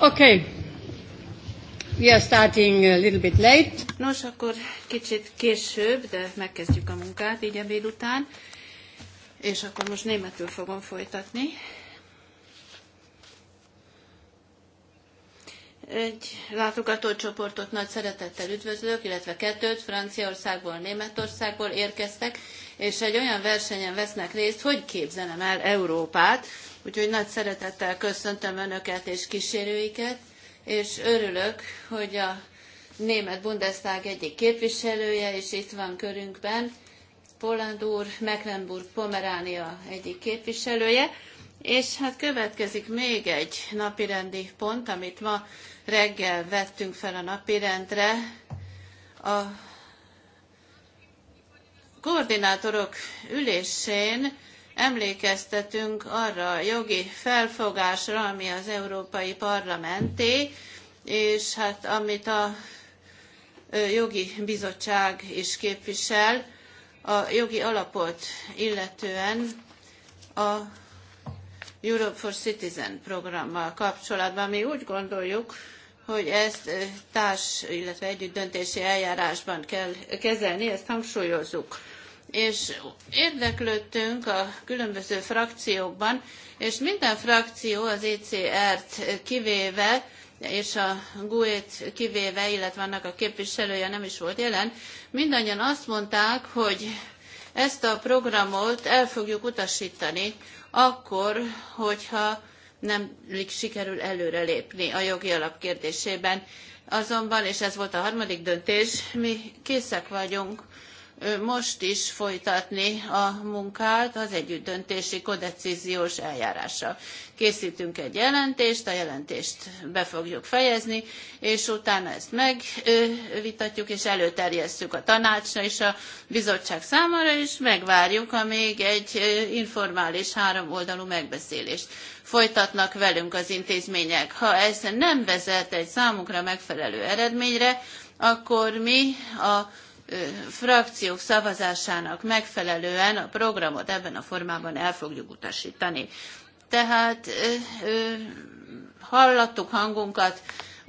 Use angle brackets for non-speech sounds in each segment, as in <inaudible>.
Okay. We are starting a little bit late. Nos, akkor kicsit később, de megkezdjük a munkát így ebéd után, és akkor most németül fogom folytatni. Egy látogatócsoportot nagy szeretettel üdvözlök, illetve kettőt Franciaországból, Németországból érkeztek, és egy olyan versenyen vesznek részt, hogy képzelem el Európát. Úgyhogy nagy szeretettel köszöntöm Önöket és kísérőiket, és örülök, hogy a német Bundestag egyik képviselője, is itt van körünkben, Poland úr, Mecklenburg-Pomeránia egyik képviselője, és hát következik még egy napirendi pont, amit ma reggel vettünk fel a napirendre. A koordinátorok ülésén emlékeztetünk arra a jogi felfogásra, ami az Európai Parlamenté, és hát amit a jogi bizottság is képvisel, a jogi alapot illetően a Europe for Citizen programmal kapcsolatban. Mi úgy gondoljuk, hogy ezt társ, illetve együtt döntési eljárásban kell kezelni, ezt hangsúlyozzuk. És érdeklődtünk a különböző frakciókban, és minden frakció az ECR-t kivéve, és a GUE-t kivéve, illetve annak a képviselője nem is volt jelen, mindannyian azt mondták, hogy ezt a programot el fogjuk utasítani, akkor, hogyha nem sikerül előrelépni a jogi alap kérdésében. Azonban, és ez volt a harmadik döntés, mi készek vagyunk most is folytatni a munkát az együttdöntési kodecíziós eljárással. Készítünk egy jelentést, a jelentést be fogjuk fejezni, és utána ezt megvitatjuk, és előterjesztjük a tanácsra és a bizottság számára, és megvárjuk, amíg egy informális háromoldalú megbeszélést folytatnak velünk az intézmények. Ha ez nem vezet egy számunkra megfelelő eredményre, akkor mi a frakciók szavazásának megfelelően a programot ebben a formában el fogjuk utasítani. Tehát hallattuk hangunkat,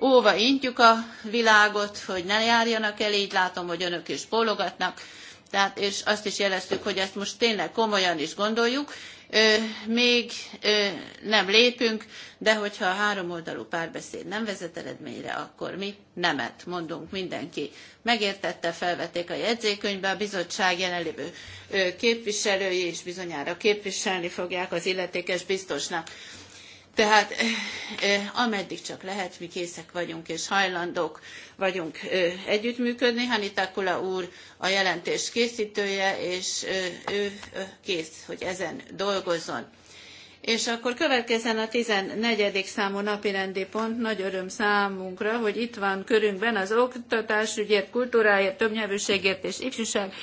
óva intjük a világot, hogy ne járjanak el, így látom, hogy önök is bólogatnak. Tehát, és azt is jeleztük, hogy ezt most tényleg komolyan is gondoljuk, még nem lépünk, de hogyha a háromoldalú párbeszéd nem vezet eredményre, akkor mi nemet mondunk mindenki. Megértette, felvették a jegyzékönyvbe, a bizottság jelenlévő képviselői is bizonyára képviselni fogják az illetékes biztosnak. Tehát eh, eh, ameddig csak lehet, mi készek vagyunk és hajlandók vagyunk eh, együttműködni. Hanitakula úr a jelentés készítője, és ő kész, hogy ezen dolgozzon. És akkor következzen a 14. számú napirendi pont. Nagy öröm számunkra, hogy itt van körünkben az oktatásügyért, kultúráért, többnyelvűségért és ifjúság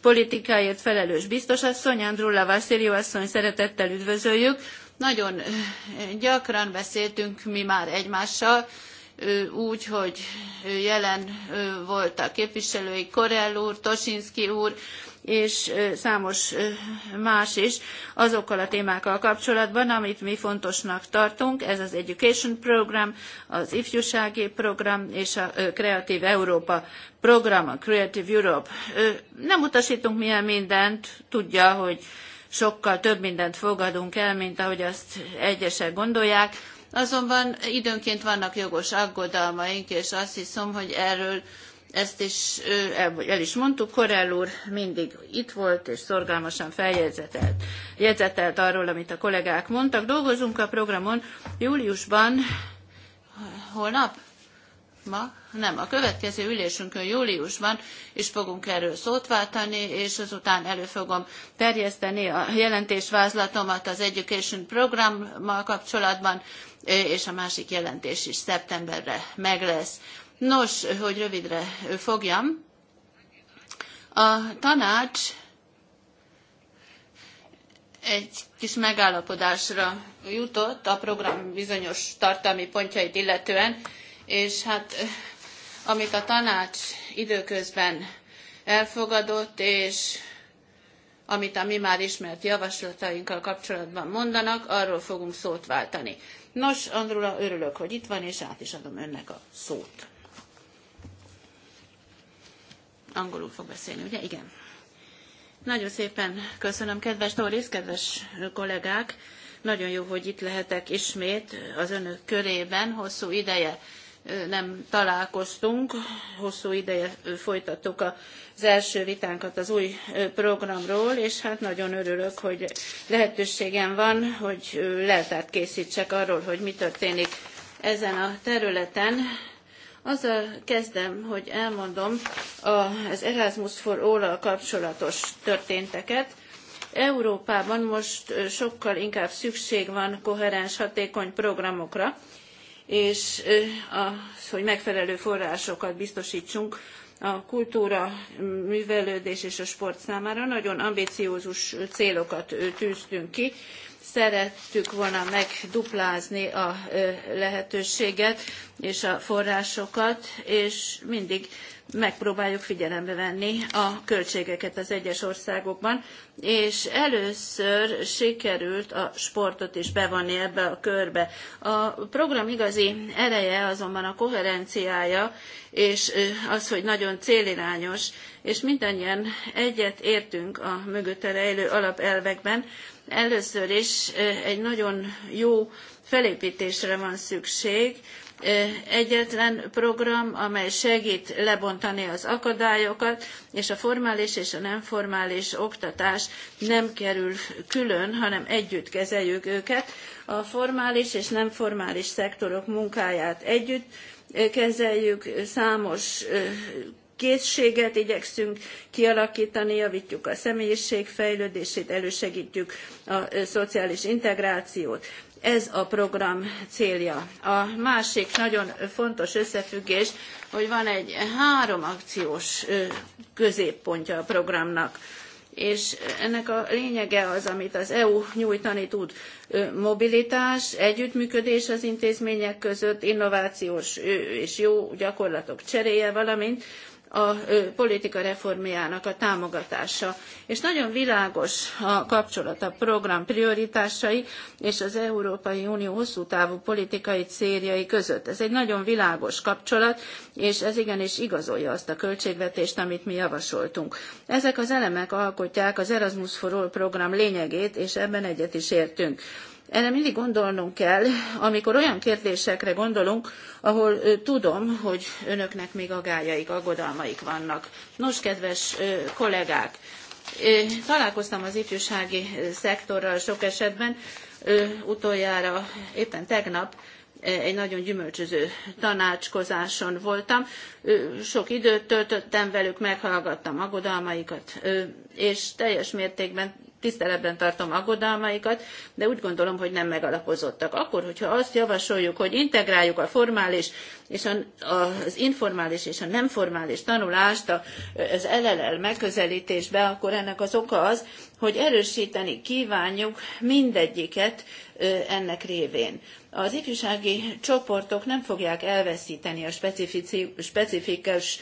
politikáért felelős biztosasszony, Andrulla Vasszilió asszony, szeretettel üdvözöljük. Nagyon gyakran beszéltünk mi már egymással, úgy, hogy jelen voltak képviselői Korell úr, Tosinski úr, és számos más is azokkal a témákkal kapcsolatban, amit mi fontosnak tartunk. Ez az Education Program, az ifjúsági program és a Creative Európa program, a Creative Europe. Nem utasítunk milyen mindent, tudja, hogy sokkal több mindent fogadunk el, mint ahogy azt egyesek gondolják. Azonban időnként vannak jogos aggodalmaink, és azt hiszem, hogy erről ezt is el, el is mondtuk, Korell úr mindig itt volt, és szorgalmasan feljegyzetelt jegyzetelt arról, amit a kollégák mondtak. Dolgozunk a programon júliusban, holnap? Ma? Nem, a következő ülésünkön júliusban is fogunk erről szót váltani, és azután elő fogom terjeszteni a jelentésvázlatomat az Education programmal kapcsolatban, és a másik jelentés is szeptemberre meg lesz. Nos, hogy rövidre fogjam, a tanács egy kis megállapodásra jutott a program bizonyos tartalmi pontjait illetően, és hát amit a tanács időközben elfogadott, és amit a mi már ismert javaslatainkkal kapcsolatban mondanak, arról fogunk szót váltani. Nos, Andrula, örülök, hogy itt van, és át is adom önnek a szót. Angolul fog beszélni, ugye? Igen. Nagyon szépen köszönöm, kedves Doris, kedves kollégák. Nagyon jó, hogy itt lehetek ismét az önök körében. Hosszú ideje nem találkoztunk, hosszú ideje folytattuk az első vitánkat az új programról, és hát nagyon örülök, hogy lehetőségem van, hogy leltárt készítsek arról, hogy mi történik ezen a területen. Azzal kezdem, hogy elmondom az Erasmus for all kapcsolatos történteket. Európában most sokkal inkább szükség van koherens, hatékony programokra, és az, hogy megfelelő forrásokat biztosítsunk a kultúra, művelődés és a sport számára. Nagyon ambiciózus célokat tűztünk ki. Szerettük volna megduplázni a lehetőséget és a forrásokat, és mindig megpróbáljuk figyelembe venni a költségeket az egyes országokban, és először sikerült a sportot is bevonni ebbe a körbe. A program igazi ereje azonban a koherenciája, és az, hogy nagyon célirányos, és mindannyian egyet értünk a mögötte rejlő alapelvekben. Először is egy nagyon jó felépítésre van szükség, egyetlen program, amely segít lebontani az akadályokat, és a formális és a nem formális oktatás nem kerül külön, hanem együtt kezeljük őket. A formális és nem formális szektorok munkáját együtt kezeljük, számos készséget igyekszünk kialakítani, javítjuk a személyiség fejlődését, elősegítjük a szociális integrációt ez a program célja. A másik nagyon fontos összefüggés, hogy van egy három akciós középpontja a programnak és ennek a lényege az, amit az EU nyújtani tud. Mobilitás, együttműködés az intézmények között, innovációs és jó gyakorlatok cseréje, valamint a politika reformjának a támogatása. És nagyon világos a kapcsolat a program prioritásai és az Európai Unió hosszú távú politikai céljai között. Ez egy nagyon világos kapcsolat, és ez igenis igazolja azt a költségvetést, amit mi javasoltunk. Ezek az elemek alkotják az Erasmus for All program lényegét, és ebben egyet is értünk erre mindig gondolnunk kell, amikor olyan kérdésekre gondolunk, ahol tudom, hogy önöknek még agájaik, aggodalmaik vannak. Nos, kedves kollégák, találkoztam az ifjúsági szektorral sok esetben, utoljára éppen tegnap egy nagyon gyümölcsöző tanácskozáson voltam. Sok időt töltöttem velük, meghallgattam aggodalmaikat, és teljes mértékben tiszteletben tartom aggodalmaikat, de úgy gondolom, hogy nem megalapozottak. Akkor, hogyha azt javasoljuk, hogy integráljuk a formális és az informális és a nem formális tanulást az LLL megközelítésbe, akkor ennek az oka az, hogy erősíteni kívánjuk mindegyiket ennek révén. Az ifjúsági csoportok nem fogják elveszíteni a specifikus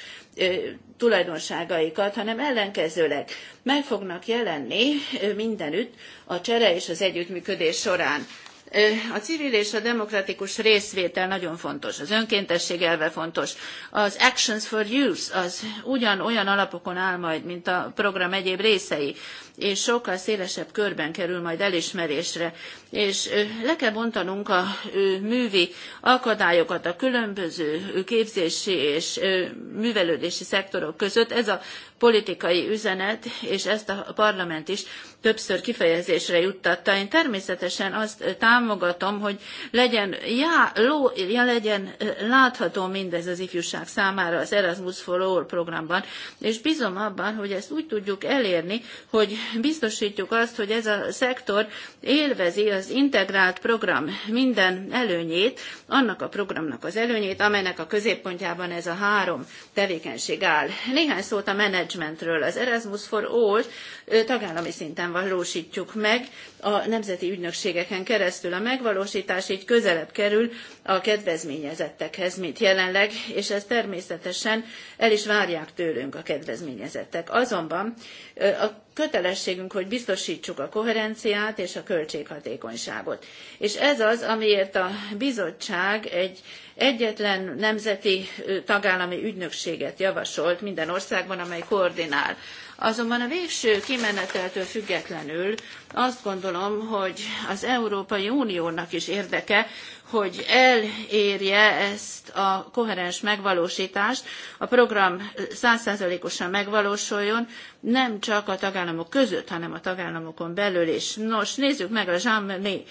tulajdonságaikat, hanem ellenkezőleg meg fognak jelenni mindenütt a csere és az együttműködés során. A civil és a demokratikus részvétel nagyon fontos, az önkéntesség elve fontos. Az Actions for Youth az ugyanolyan alapokon áll majd, mint a program egyéb részei, és sokkal szélesebb körben kerül majd elismerésre. És le kell bontanunk a művi akadályokat a különböző képzési és művelődési szektorok között. Ez a politikai üzenet, és ezt a parlament is többször kifejezésre juttatta. Én természetesen azt támogatom, hogy legyen, já, ló, já, legyen látható mindez az ifjúság számára az Erasmus for All programban, és bízom abban, hogy ezt úgy tudjuk elérni, hogy biztosítjuk azt, hogy ez a szektor élvezi az integrált program minden előnyét, annak a programnak az előnyét, amelynek a középpontjában ez a három tevékenység áll. Néhány szót a menedzsmentről. Az Erasmus for All tagállami szinten szinten valósítjuk meg a nemzeti ügynökségeken keresztül. A megvalósítás így közelebb kerül a kedvezményezettekhez, mint jelenleg, és ezt természetesen el is várják tőlünk a kedvezményezettek. Azonban a kötelességünk, hogy biztosítsuk a koherenciát és a költséghatékonyságot. És ez az, amiért a bizottság egy egyetlen nemzeti tagállami ügynökséget javasolt minden országban, amely koordinál Azonban a végső kimeneteltől függetlenül azt gondolom, hogy az Európai Uniónak is érdeke, hogy elérje ezt a koherens megvalósítást, a program százszázalékosan megvalósuljon, nem csak a tagállamok között, hanem a tagállamokon belül is. Nos, nézzük meg a zsámmi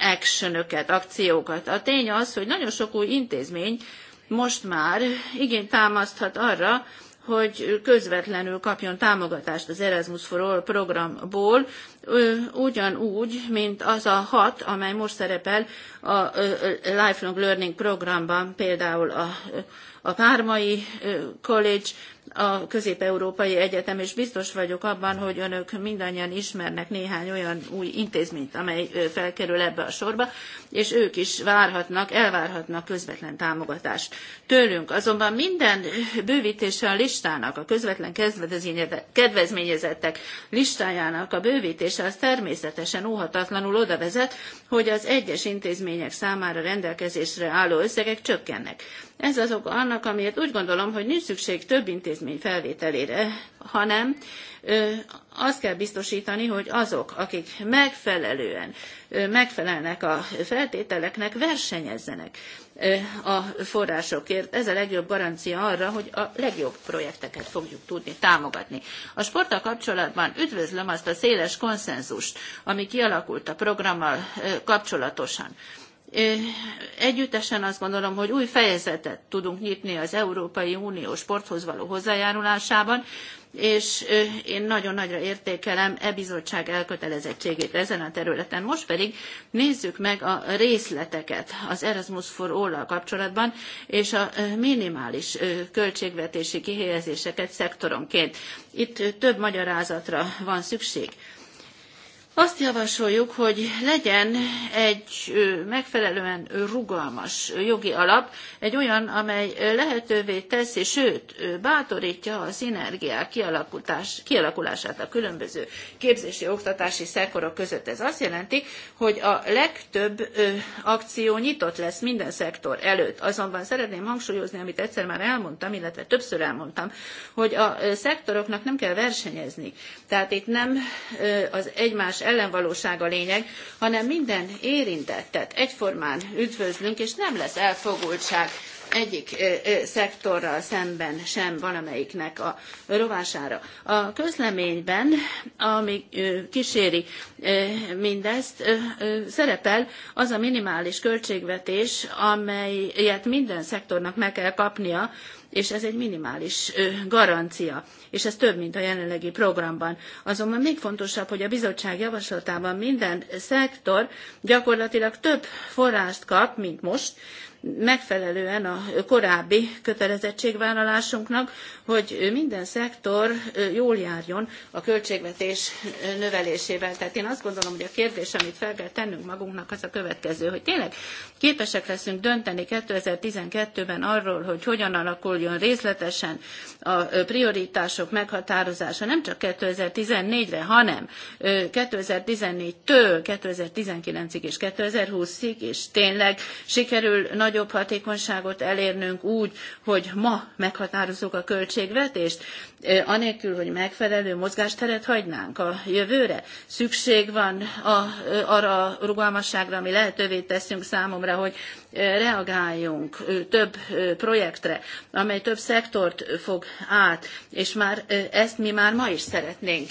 actionöket, akciókat. A tény az, hogy nagyon sok új intézmény most már igényt támaszthat arra, hogy közvetlenül kapjon támogatást az Erasmus for All programból, ugyanúgy, mint az a hat, amely most szerepel a Lifelong Learning programban, például a, a Pármai College, a Közép-Európai Egyetem, és biztos vagyok abban, hogy önök mindannyian ismernek néhány olyan új intézményt, amely felkerül ebbe a sorba, és ők is várhatnak, elvárhatnak közvetlen támogatást tőlünk. Azonban minden bővítése a listának, a közvetlen kedvezményezettek listájának a bővítése az természetesen óhatatlanul oda vezet, hogy az egyes intézmények számára rendelkezésre álló összegek csökkennek. Ez az oka annak, amiért úgy gondolom, hogy nincs szükség több intézmény felvételére, hanem azt kell biztosítani, hogy azok, akik megfelelően megfelelnek a feltételeknek, versenyezzenek a forrásokért. Ez a legjobb garancia arra, hogy a legjobb projekteket fogjuk tudni támogatni. A sporttal kapcsolatban üdvözlöm azt a széles konszenzust, ami kialakult a programmal kapcsolatosan Eh, együttesen azt gondolom, hogy új fejezetet tudunk nyitni az Európai Unió sporthoz való hozzájárulásában, és eh, én nagyon nagyra értékelem e bizottság elkötelezettségét ezen a területen. Most pedig nézzük meg a részleteket az Erasmus for all kapcsolatban, és a eh, minimális költségvetési kihelyezéseket szektoronként. Itt több magyarázatra van szükség. Azt javasoljuk, hogy legyen egy megfelelően rugalmas jogi alap, egy olyan, amely lehetővé teszi, sőt, bátorítja a szinergiák kialakulását a különböző képzési oktatási szektorok között. Ez azt jelenti, hogy a legtöbb akció nyitott lesz minden szektor előtt. Azonban szeretném hangsúlyozni, amit egyszer már elmondtam, illetve többször elmondtam, hogy a szektoroknak nem kell versenyezni. Tehát itt nem az egymás ellenvalóság a lényeg, hanem minden érintettet egyformán üdvözlünk, és nem lesz elfogultság egyik szektorral szemben sem valamelyiknek a rovására. A közleményben, ami kíséri mindezt, szerepel az a minimális költségvetés, amelyet minden szektornak meg kell kapnia, és ez egy minimális garancia és ez több, mint a jelenlegi programban. Azonban még fontosabb, hogy a bizottság javaslatában minden szektor gyakorlatilag több forrást kap, mint most, megfelelően a korábbi kötelezettségvállalásunknak, hogy minden szektor jól járjon a költségvetés növelésével. Tehát én azt gondolom, hogy a kérdés, amit fel kell tennünk magunknak, az a következő, hogy tényleg képesek leszünk dönteni 2012-ben arról, hogy hogyan alakuljon részletesen a prioritások források meghatározása nem csak 2014-re, hanem 2014-től 2019-ig és 2020-ig, és tényleg sikerül nagyobb hatékonyságot elérnünk úgy, hogy ma meghatározzuk a költségvetést, anélkül, hogy megfelelő mozgásteret hagynánk a jövőre. Szükség van a, arra a rugalmasságra, ami lehetővé teszünk számomra, hogy reagáljunk több projektre, amely több szektort fog át, és már ezt mi már ma is szeretnénk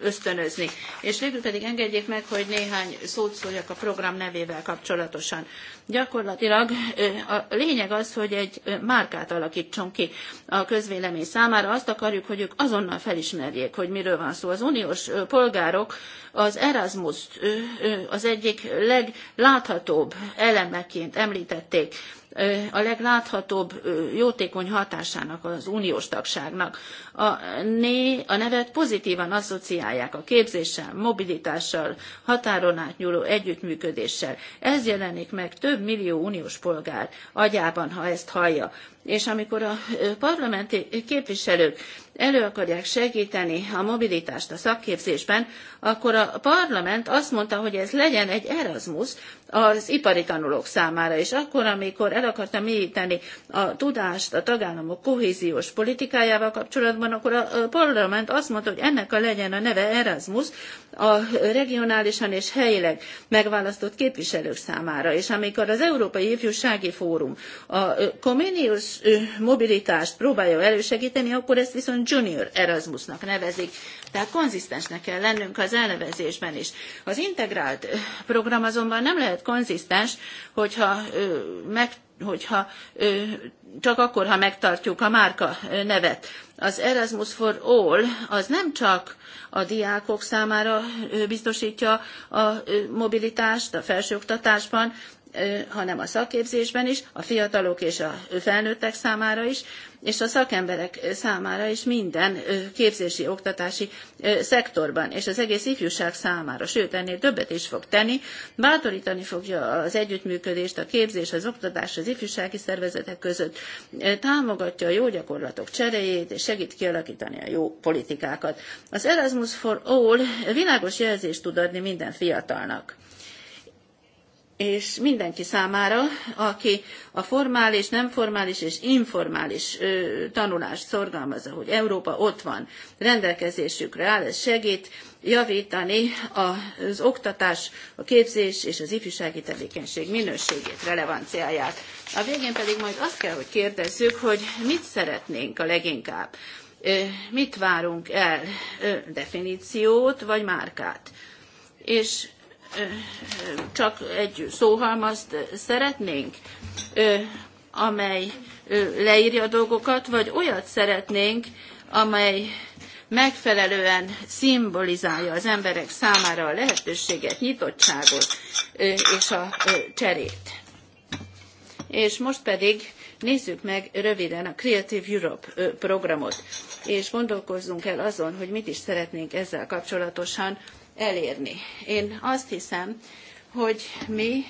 ösztönözni. És végül pedig engedjék meg, hogy néhány szót szóljak a program nevével kapcsolatosan. Gyakorlatilag a lényeg az, hogy egy márkát alakítson ki a közvélemény számára. Azt akarjuk, hogy ők azonnal felismerjék, hogy miről van szó. Az uniós polgárok az Erasmus az egyik legláthatóbb elemeként említették a legláthatóbb jótékony hatásának az uniós tagságnak. A, né, a nevet pozitívan asszociálják a képzéssel, mobilitással, határon átnyúló együttműködéssel. Ez jelenik meg több millió uniós polgár agyában, ha ezt hallja. És amikor a parlamenti képviselők elő akarják segíteni a mobilitást a szakképzésben, akkor a parlament azt mondta, hogy ez legyen egy Erasmus az ipari tanulók számára, és akkor, amikor el akarta mélyíteni a tudást a tagállamok kohéziós politikájával kapcsolatban, akkor a parlament azt mondta, hogy ennek a legyen a neve Erasmus a regionálisan és helyileg megválasztott képviselők számára. És amikor az Európai Ifjúsági Fórum a Comenius mobilitást próbálja elősegíteni, akkor ezt viszont junior Erasmusnak nevezik. Tehát konzisztensnek kell lennünk az elnevezésben is. Az integrált program azonban nem lehet konzisztens, hogyha ö, meg hogyha ö, csak akkor, ha megtartjuk a márka nevet. Az Erasmus for All az nem csak a diákok számára biztosítja a mobilitást a felsőoktatásban, hanem a szakképzésben is, a fiatalok és a felnőttek számára is, és a szakemberek számára is minden képzési, oktatási szektorban, és az egész ifjúság számára, sőt, ennél többet is fog tenni, bátorítani fogja az együttműködést, a képzés, az oktatás, az ifjúsági szervezetek között, támogatja a jó gyakorlatok cseréjét, és segít kialakítani a jó politikákat. Az Erasmus for All világos jelzést tud adni minden fiatalnak és mindenki számára, aki a formális, nem formális és informális ö, tanulást szorgalmazza, hogy Európa ott van, rendelkezésükre áll, ez segít javítani az oktatás, a képzés és az ifjúsági tevékenység minőségét, relevanciáját. A végén pedig majd azt kell, hogy kérdezzük, hogy mit szeretnénk a leginkább. Mit várunk el? Definíciót vagy márkát? És csak egy szóhalmazt szeretnénk, amely leírja a dolgokat, vagy olyat szeretnénk, amely megfelelően szimbolizálja az emberek számára a lehetőséget, nyitottságot és a cserét. És most pedig nézzük meg röviden a Creative Europe programot, és gondolkozzunk el azon, hogy mit is szeretnénk ezzel kapcsolatosan elérni. Én azt hiszem, hogy mi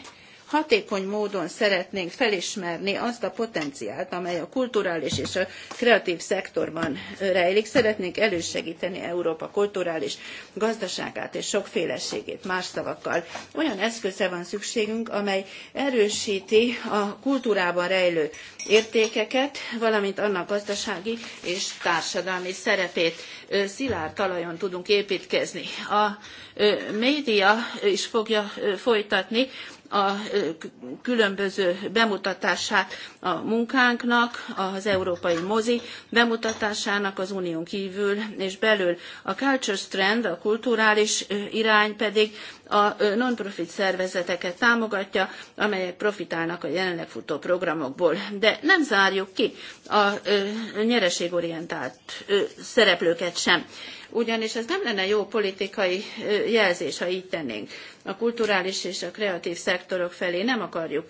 hatékony módon szeretnénk felismerni azt a potenciált, amely a kulturális és a kreatív szektorban rejlik. Szeretnénk elősegíteni Európa kulturális gazdaságát és sokféleségét más szavakkal. Olyan eszközre van szükségünk, amely erősíti a kultúrában rejlő értékeket, valamint annak gazdasági és társadalmi szerepét szilárd talajon tudunk építkezni. A média is fogja folytatni a különböző bemutatását a munkánknak, az európai mozi bemutatásának az unión kívül és belül. A Culture trend a kulturális irány pedig a non-profit szervezeteket támogatja, amelyek profitálnak a jelenleg futó programokból. De nem zárjuk ki a nyereségorientált szereplőket sem ugyanis ez nem lenne jó politikai jelzés, ha így tennénk. A kulturális és a kreatív szektorok felé nem akarjuk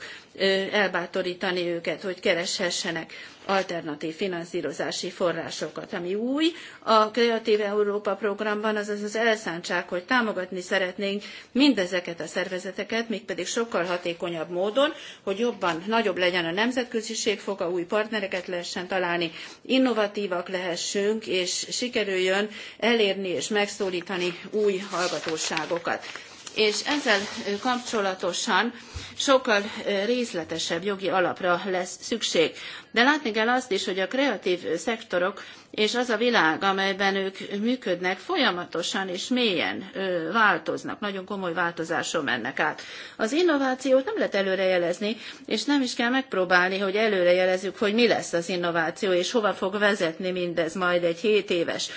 elbátorítani őket, hogy kereshessenek alternatív finanszírozási forrásokat. Ami új a Kreatív Európa programban, az az, elszántság, hogy támogatni szeretnénk mindezeket a szervezeteket, mégpedig sokkal hatékonyabb módon, hogy jobban, nagyobb legyen a nemzetköziség foga, új partnereket lehessen találni, innovatívak lehessünk, és sikerüljön elérni és megszólítani új hallgatóságokat. És ezzel kapcsolatosan sokkal részletesebb jogi alapra lesz szükség. De látni kell azt is, hogy a kreatív szektorok és az a világ, amelyben ők működnek, folyamatosan és mélyen változnak, nagyon komoly változáson mennek át. Az innovációt nem lehet előrejelezni, és nem is kell megpróbálni, hogy előrejelezzük, hogy mi lesz az innováció, és hova fog vezetni mindez majd egy 7 éves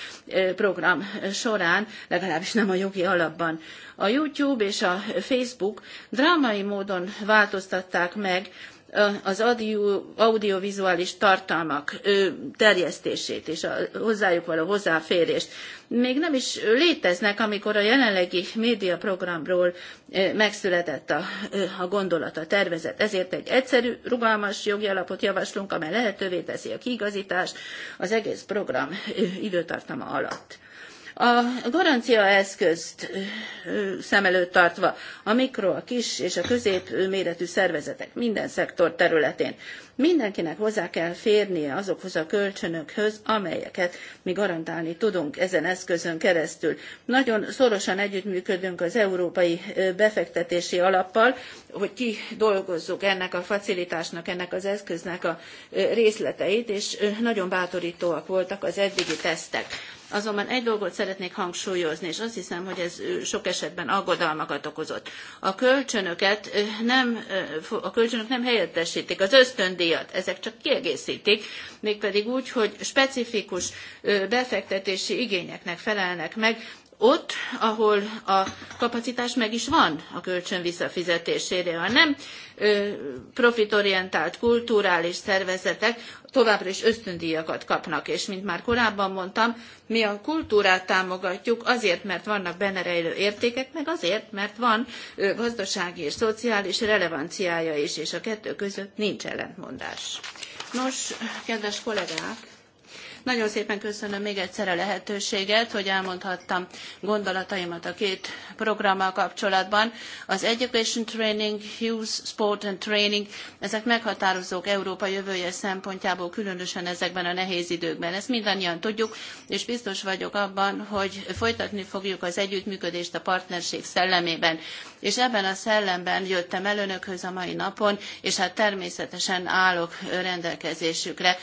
program során, legalábbis nem a jogi alapban. A YouTube és a Facebook drámai módon változtatták meg az audio, audiovizuális tartalmak terjesztését és a hozzájuk való hozzáférést. Még nem is léteznek, amikor a jelenlegi médiaprogramról megszületett a, a gondolat, a tervezet. Ezért egy egyszerű, rugalmas jogi alapot javaslunk, amely lehetővé teszi a kiigazítást az egész program időtartama alatt. A garancia eszközt szem előtt tartva a mikro, a kis és a középméretű szervezetek minden szektor területén mindenkinek hozzá kell férnie azokhoz a kölcsönökhöz, amelyeket mi garantálni tudunk ezen eszközön keresztül. Nagyon szorosan együttműködünk az Európai Befektetési Alappal, hogy kidolgozzuk ennek a facilitásnak, ennek az eszköznek a részleteit, és nagyon bátorítóak voltak az eddigi tesztek Azonban egy dolgot szeretnék hangsúlyozni, és azt hiszem, hogy ez sok esetben aggodalmakat okozott. A kölcsönöket nem, a kölcsönök nem helyettesítik az ösztöndíjat, ezek csak kiegészítik, mégpedig úgy, hogy specifikus befektetési igényeknek felelnek meg, ott, ahol a kapacitás meg is van a kölcsön visszafizetésére. A nem profitorientált kulturális szervezetek továbbra is ösztöndíjakat kapnak, és mint már korábban mondtam, mi a kultúrát támogatjuk azért, mert vannak benne rejlő értékek, meg azért, mert van gazdasági és szociális relevanciája is, és a kettő között nincs ellentmondás. Nos, kedves kollégák, nagyon szépen köszönöm még egyszer a lehetőséget, hogy elmondhattam gondolataimat a két programmal kapcsolatban. Az Education Training, Youth Sport and Training, ezek meghatározók Európa jövője szempontjából, különösen ezekben a nehéz időkben. Ezt mindannyian tudjuk, és biztos vagyok abban, hogy folytatni fogjuk az együttműködést a partnerség szellemében. És ebben a szellemben jöttem el önökhöz a mai napon, és hát természetesen állok rendelkezésükre,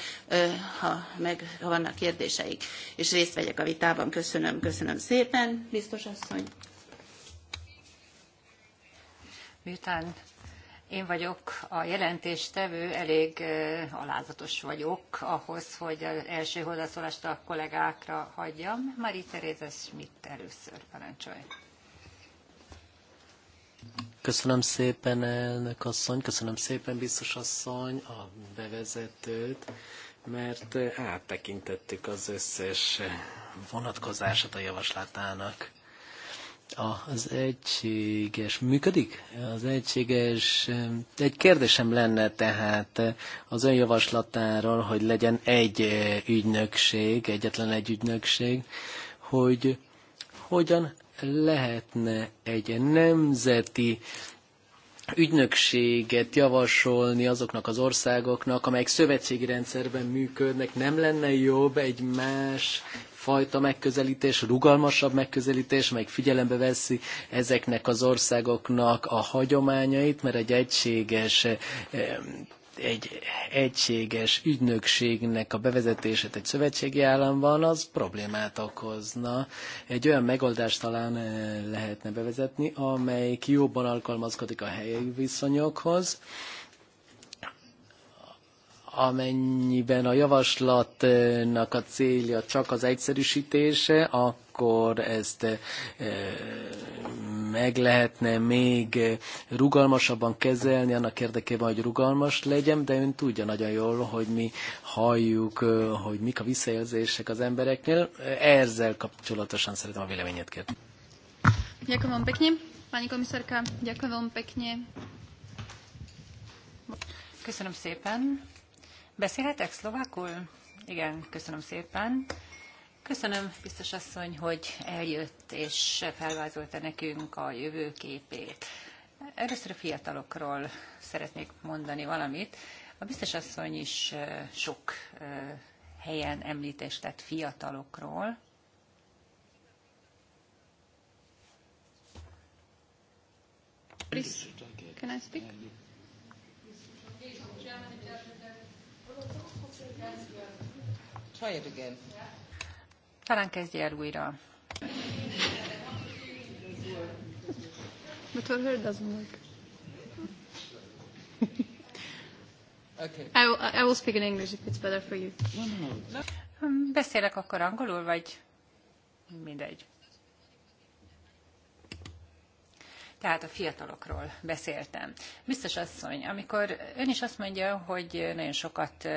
ha meg hogyha vannak kérdéseik, és részt vegyek a vitában. Köszönöm, köszönöm szépen, biztos asszony. Miután én vagyok a jelentéstevő, elég alázatos vagyok ahhoz, hogy az első hozzászólást a kollégákra hagyjam. Mari Teréza Schmidt először parancsolj. Köszönöm szépen, elnök asszony, köszönöm szépen, biztos asszony, a bevezetőt mert áttekintettük az összes vonatkozását a javaslatának. Az egységes működik? Az egységes... Egy kérdésem lenne tehát az ön javaslatáról, hogy legyen egy ügynökség, egyetlen egy ügynökség, hogy hogyan lehetne egy nemzeti ügynökséget javasolni azoknak az országoknak, amelyek szövetségi rendszerben működnek, nem lenne jobb egy más fajta megközelítés, rugalmasabb megközelítés, meg figyelembe veszi ezeknek az országoknak a hagyományait, mert egy egységes egy egységes ügynökségnek a bevezetését egy szövetségi államban, az problémát okozna. Egy olyan megoldást talán eh, lehetne bevezetni, amelyik jobban alkalmazkodik a helyi viszonyokhoz, amennyiben a javaslatnak a célja csak az egyszerűsítése, akkor akkor ezt eh, meg lehetne még eh, rugalmasabban kezelni, annak érdekében, hogy rugalmas legyen, de ön tudja nagyon jól, hogy mi halljuk, eh, hogy mik a visszajelzések az embereknél. Ezzel kapcsolatosan szeretem a véleményet kérni. Ďakujem vám Pani komisarka, ďakujem vám Köszönöm szépen. Beszélhetek szlovákul? Igen, köszönöm szépen. Köszönöm, biztos asszony, hogy eljött és felvázolta nekünk a jövőképét. Először a fiatalokról szeretnék mondani valamit. A biztos asszony is sok helyen említést tett fiatalokról. can I speak? Try it again. Talán kezdje el újra. doesn't work. <laughs> okay. I, will, I will speak in English if it's better for you. Um, beszélek akkor angolul, vagy mindegy. tehát a fiatalokról beszéltem. Biztos asszony, amikor ön is azt mondja, hogy nagyon sokat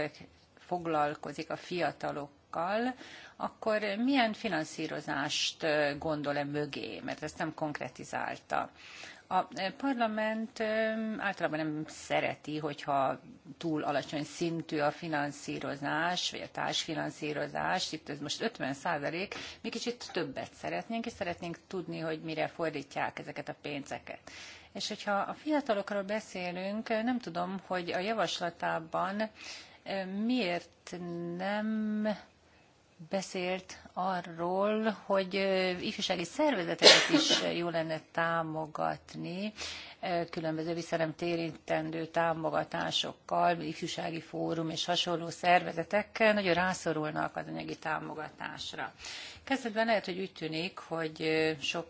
foglalkozik a fiatalokkal, akkor milyen finanszírozást gondol-e mögé, mert ezt nem konkretizálta. A parlament általában nem szereti, hogyha túl alacsony szintű a finanszírozás, vagy a társfinanszírozás, itt ez most 50 százalék, mi kicsit többet szeretnénk, és szeretnénk tudni, hogy mire fordítják ezeket a pénzeket. És hogyha a fiatalokról beszélünk, nem tudom, hogy a javaslatában miért nem beszélt arról, hogy ifjúsági szervezeteket is jó lenne támogatni, különböző térintendő támogatásokkal, ifjúsági fórum és hasonló szervezetekkel nagyon rászorulnak az anyagi támogatásra. Kezdetben lehet, hogy úgy tűnik, hogy sok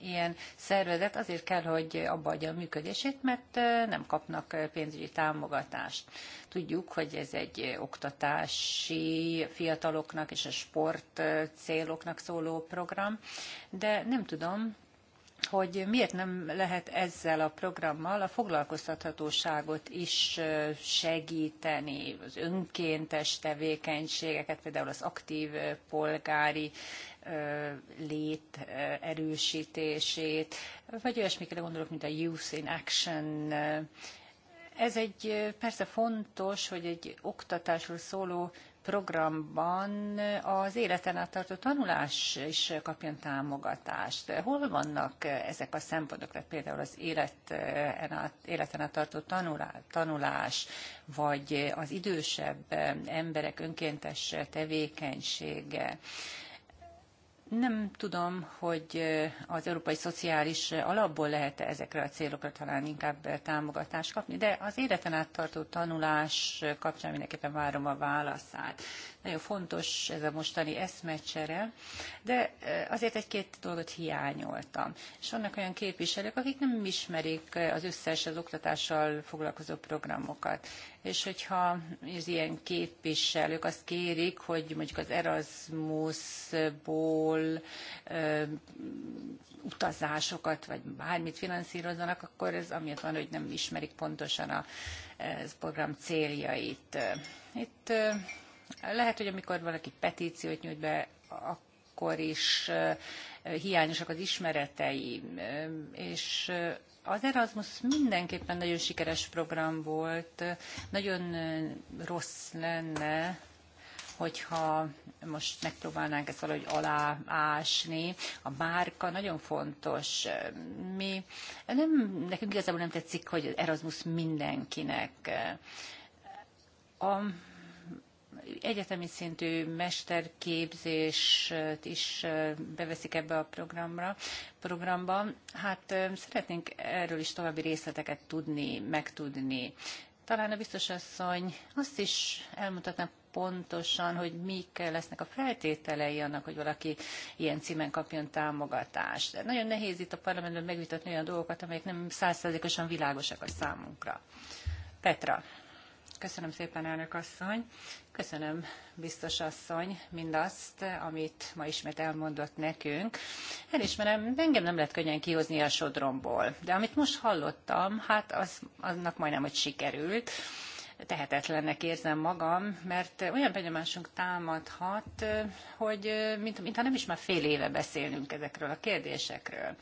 ilyen szervezet azért kell, hogy abba adja a működését, mert nem kapnak pénzügyi támogatást. Tudjuk, hogy ez egy oktatási fiataloknak és a sport céloknak szóló program, de nem tudom, hogy miért nem lehet ezzel a programmal a foglalkoztathatóságot is segíteni, az önkéntes tevékenységeket, például az aktív polgári lét erősítését, vagy olyasmikre gondolok, mint a Youth in Action. Ez egy persze fontos, hogy egy oktatásról szóló programban az életen át tartó tanulás is kapjon támogatást. Hol vannak ezek a szempontok, tehát például az életen át, életen át tartó tanulás, vagy az idősebb emberek önkéntes tevékenysége, nem tudom, hogy az európai szociális alapból lehet -e ezekre a célokra talán inkább támogatást kapni, de az életen át tartó tanulás kapcsán mindenképpen várom a válaszát. Nagyon fontos ez a mostani eszmecsere, de azért egy-két dolgot hiányoltam. És vannak olyan képviselők, akik nem ismerik az összes az oktatással foglalkozó programokat és hogyha az ilyen képviselők azt kérik, hogy mondjuk az Erasmusból ö, utazásokat, vagy bármit finanszírozzanak, akkor ez amiatt van, hogy nem ismerik pontosan a ez program céljait. Itt ö, lehet, hogy amikor valaki petíciót nyújt be, akkor is ö, hiányosak az ismeretei, és az Erasmus mindenképpen nagyon sikeres program volt. Nagyon rossz lenne, hogyha most megpróbálnánk ezt valahogy aláásni. A márka nagyon fontos. Mi, nem, nekünk igazából nem tetszik, hogy Erasmus mindenkinek. A egyetemi szintű mesterképzést is beveszik ebbe a programra, programba. Hát szeretnénk erről is további részleteket tudni, megtudni. Talán a biztos asszony azt is elmutatná pontosan, hogy mik lesznek a feltételei annak, hogy valaki ilyen címen kapjon támogatást. De nagyon nehéz itt a parlamentben megvitatni olyan dolgokat, amelyek nem százszerzékosan világosak a számunkra. Petra. Köszönöm szépen, elnök asszony. Köszönöm, biztos asszony, mindazt, amit ma ismét elmondott nekünk. Elismerem, engem nem lehet könnyen kihozni a sodromból, de amit most hallottam, hát az, annak majdnem, hogy sikerült tehetetlennek érzem magam, mert olyan benyomásunk támadhat, hogy mintha mint, mint ha nem is már fél éve beszélünk ezekről a kérdésekről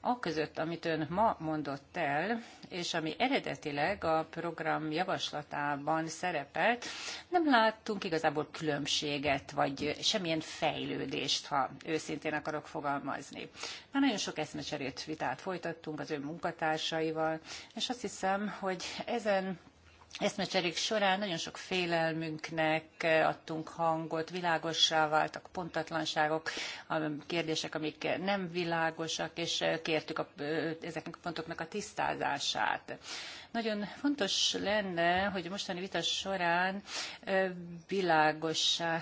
a között, amit ön ma mondott el, és ami eredetileg a program javaslatában szerepelt, nem láttunk igazából különbséget, vagy semmilyen fejlődést, ha őszintén akarok fogalmazni. Már nagyon sok eszmecserét vitát folytattunk az ön munkatársaival, és azt hiszem, hogy ezen eszmecserék során nagyon sok félelmünknek adtunk hangot, világossá váltak pontatlanságok, a kérdések, amik nem világosak, és kértük a, ezeknek a pontoknak a tisztázását. Nagyon fontos lenne, hogy a mostani vita során világossá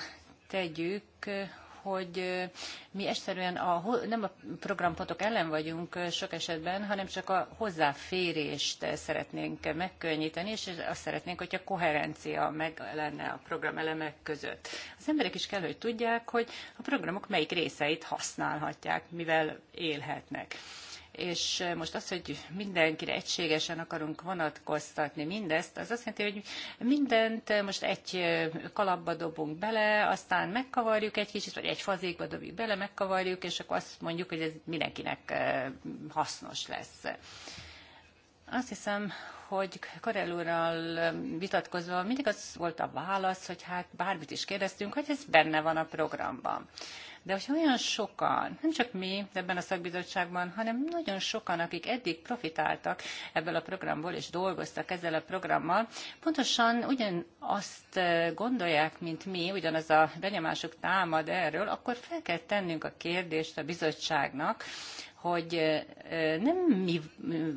tegyük, hogy mi egyszerűen a, nem a programpontok ellen vagyunk sok esetben, hanem csak a hozzáférést szeretnénk megkönnyíteni, és azt szeretnénk, hogyha koherencia meg lenne a programelemek között. Az emberek is kell, hogy tudják, hogy a programok melyik részeit használhatják, mivel élhetnek és eh, most az, hogy mindenkire egységesen akarunk vonatkoztatni mindezt, az azt jelenti, hogy mindent eh, most egy eh, kalapba dobunk bele, aztán megkavarjuk egy kicsit, vagy egy fazékba dobjuk bele, megkavarjuk, és akkor azt mondjuk, hogy ez mindenkinek hasznos lesz. Azt hiszem, hogy Karel úrral vitatkozva mindig az volt a válasz, hogy hát bármit is kérdeztünk, hogy ez benne van a programban. De hogy olyan sokan, nem csak mi ebben a szakbizottságban, hanem nagyon sokan, akik eddig profitáltak ebből a programból és dolgoztak ezzel a programmal, pontosan ugyanazt eh, gondolják, mint mi, ugyanaz a benyomásuk támad erről, akkor fel kell tennünk a kérdést a bizottságnak, hogy nem mi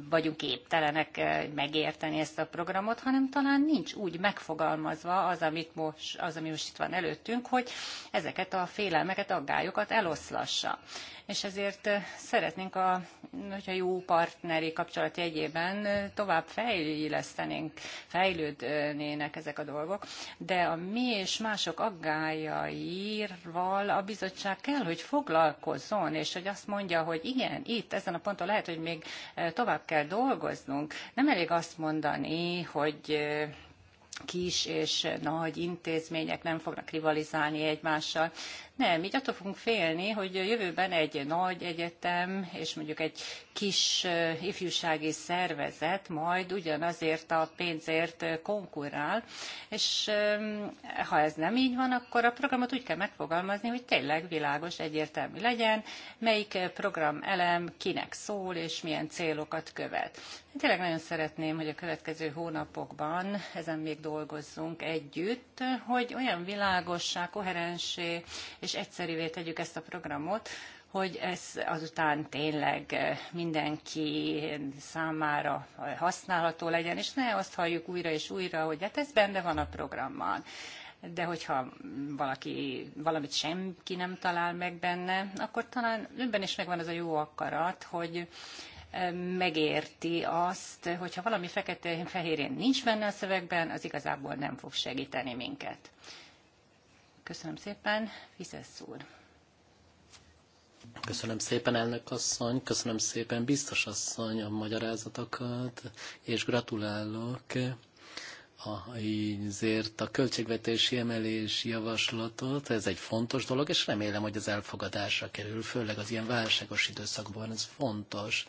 vagyunk képtelenek megérteni ezt a programot, hanem talán nincs úgy megfogalmazva az, amit most, az ami most itt van előttünk, hogy ezeket a félelmeket, aggályokat eloszlassa és ezért eh, szeretnénk, a, hogyha jó partneri kapcsolat jegyében eh, tovább fejlesztenénk, fejlődnének ezek a dolgok, de a mi és mások aggájaival a bizottság kell, hogy foglalkozzon, és hogy azt mondja, hogy igen, itt, ezen a ponton lehet, hogy még eh, tovább kell dolgoznunk. Nem elég azt mondani, hogy kis és nagy intézmények nem fognak rivalizálni egymással. Nem, így attól fogunk félni, hogy jövőben egy nagy egyetem és mondjuk egy kis ifjúsági szervezet majd ugyanazért a pénzért konkurál, és ha ez nem így van, akkor a programot úgy kell megfogalmazni, hogy tényleg világos, egyértelmű legyen, melyik programelem kinek szól és milyen célokat követ. Én tényleg nagyon szeretném, hogy a következő hónapokban ezen még dolgozzunk együtt, hogy olyan világossá, koherensé és és egyszerűvé tegyük ezt a programot, hogy ez azután tényleg eh, mindenki számára használható legyen, és ne azt halljuk újra és újra, hogy hát ez benne van a programban. De hogyha valaki, valamit senki nem talál meg benne, akkor talán önben is megvan az a jó akarat, hogy eh, megérti azt, hogyha valami fekete-fehérén nincs benne a szövegben, az igazából nem fog segíteni minket. Köszönöm szépen, Fizesz úr. Köszönöm szépen, elnök asszony, köszönöm szépen, biztos asszony a magyarázatokat, és gratulálok azért a költségvetési emelés javaslatot, ez egy fontos dolog, és remélem, hogy az elfogadásra kerül, főleg az ilyen válságos időszakban, ez fontos.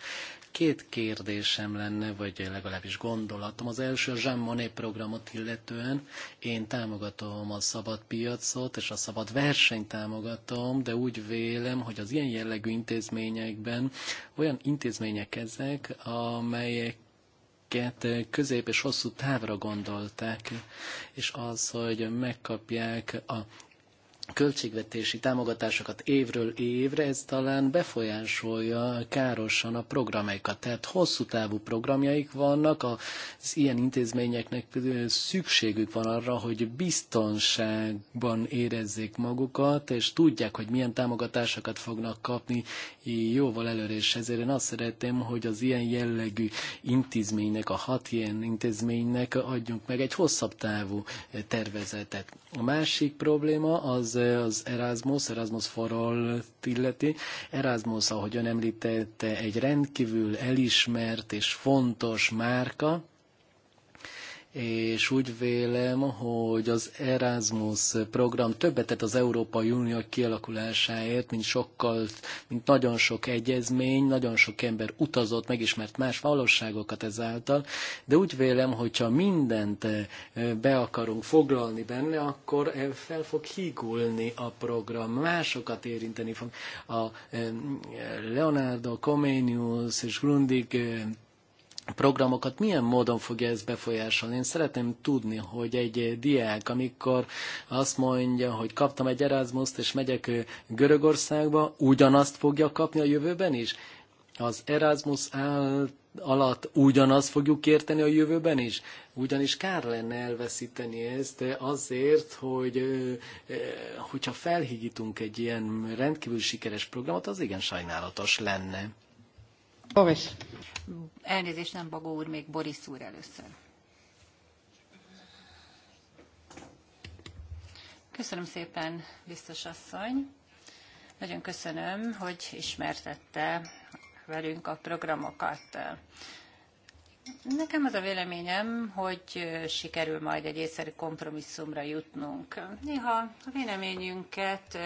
Két kérdésem lenne, vagy legalábbis gondolatom. Az első a Jean Monnet programot illetően. Én támogatom a szabad piacot, és a szabad versenyt támogatom, de úgy vélem, hogy az ilyen jellegű intézményekben olyan intézmények ezek, amelyek közép és hosszú távra gondolták, és az, hogy megkapják a költségvetési támogatásokat évről évre, ez talán befolyásolja károsan a programjaikat. Tehát hosszú távú programjaik vannak, az ilyen intézményeknek szükségük van arra, hogy biztonságban érezzék magukat, és tudják, hogy milyen támogatásokat fognak kapni jóval előre, és ezért én azt szeretném, hogy az ilyen jellegű intézménynek, a hat ilyen intézménynek adjunk meg egy hosszabb távú tervezetet. A másik probléma az az Erasmus, Erasmus forol illeti. Erasmus, ahogy ön említette, egy rendkívül elismert és fontos márka, és úgy vélem, hogy az Erasmus program többet tett az Európai Unió kialakulásáért, mint sokkal, mint nagyon sok egyezmény, nagyon sok ember utazott, megismert más valóságokat ezáltal, de úgy vélem, hogyha mindent eh, be akarunk foglalni benne, akkor eh, fel fog hígulni a program, másokat érinteni fog. A eh, Leonardo Comenius és Grundig programokat milyen módon fogja ez befolyásolni. Én szeretném tudni, hogy egy diák, amikor azt mondja, hogy kaptam egy Erasmus-t, és megyek Görögországba, ugyanazt fogja kapni a jövőben is? Az Erasmus áll alatt ugyanazt fogjuk érteni a jövőben is? Ugyanis kár lenne elveszíteni ezt azért, hogy hogyha felhigítunk egy ilyen rendkívül sikeres programot, az igen sajnálatos lenne. Boris. Elnézést, nem Bagó úr, még Boris úr először. Köszönöm szépen, biztos asszony. Nagyon köszönöm, hogy ismertette velünk a programokat. Nekem az a véleményem, hogy sikerül majd egy észszerű kompromisszumra jutnunk. Néha a véleményünket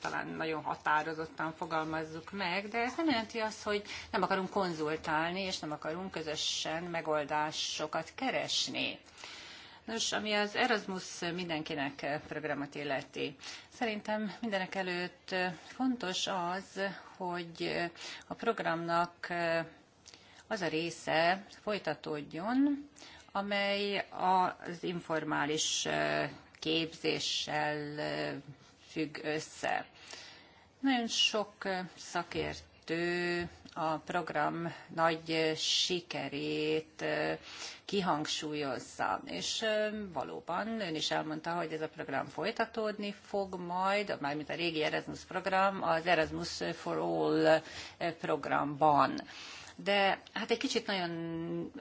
talán nagyon határozottan fogalmazzuk meg, de ez nem jelenti azt, hogy nem akarunk konzultálni, és nem akarunk közösen megoldásokat keresni. Nos, ami az Erasmus mindenkinek programot illeti. Szerintem mindenek előtt fontos az, hogy a programnak az a része folytatódjon, amely az informális képzéssel függ össze. Nagyon sok szakértő a program nagy sikerét kihangsúlyozza. És valóban ön is elmondta, hogy ez a program folytatódni fog majd, mármint a régi Erasmus program, az Erasmus for All programban de hát egy kicsit nagyon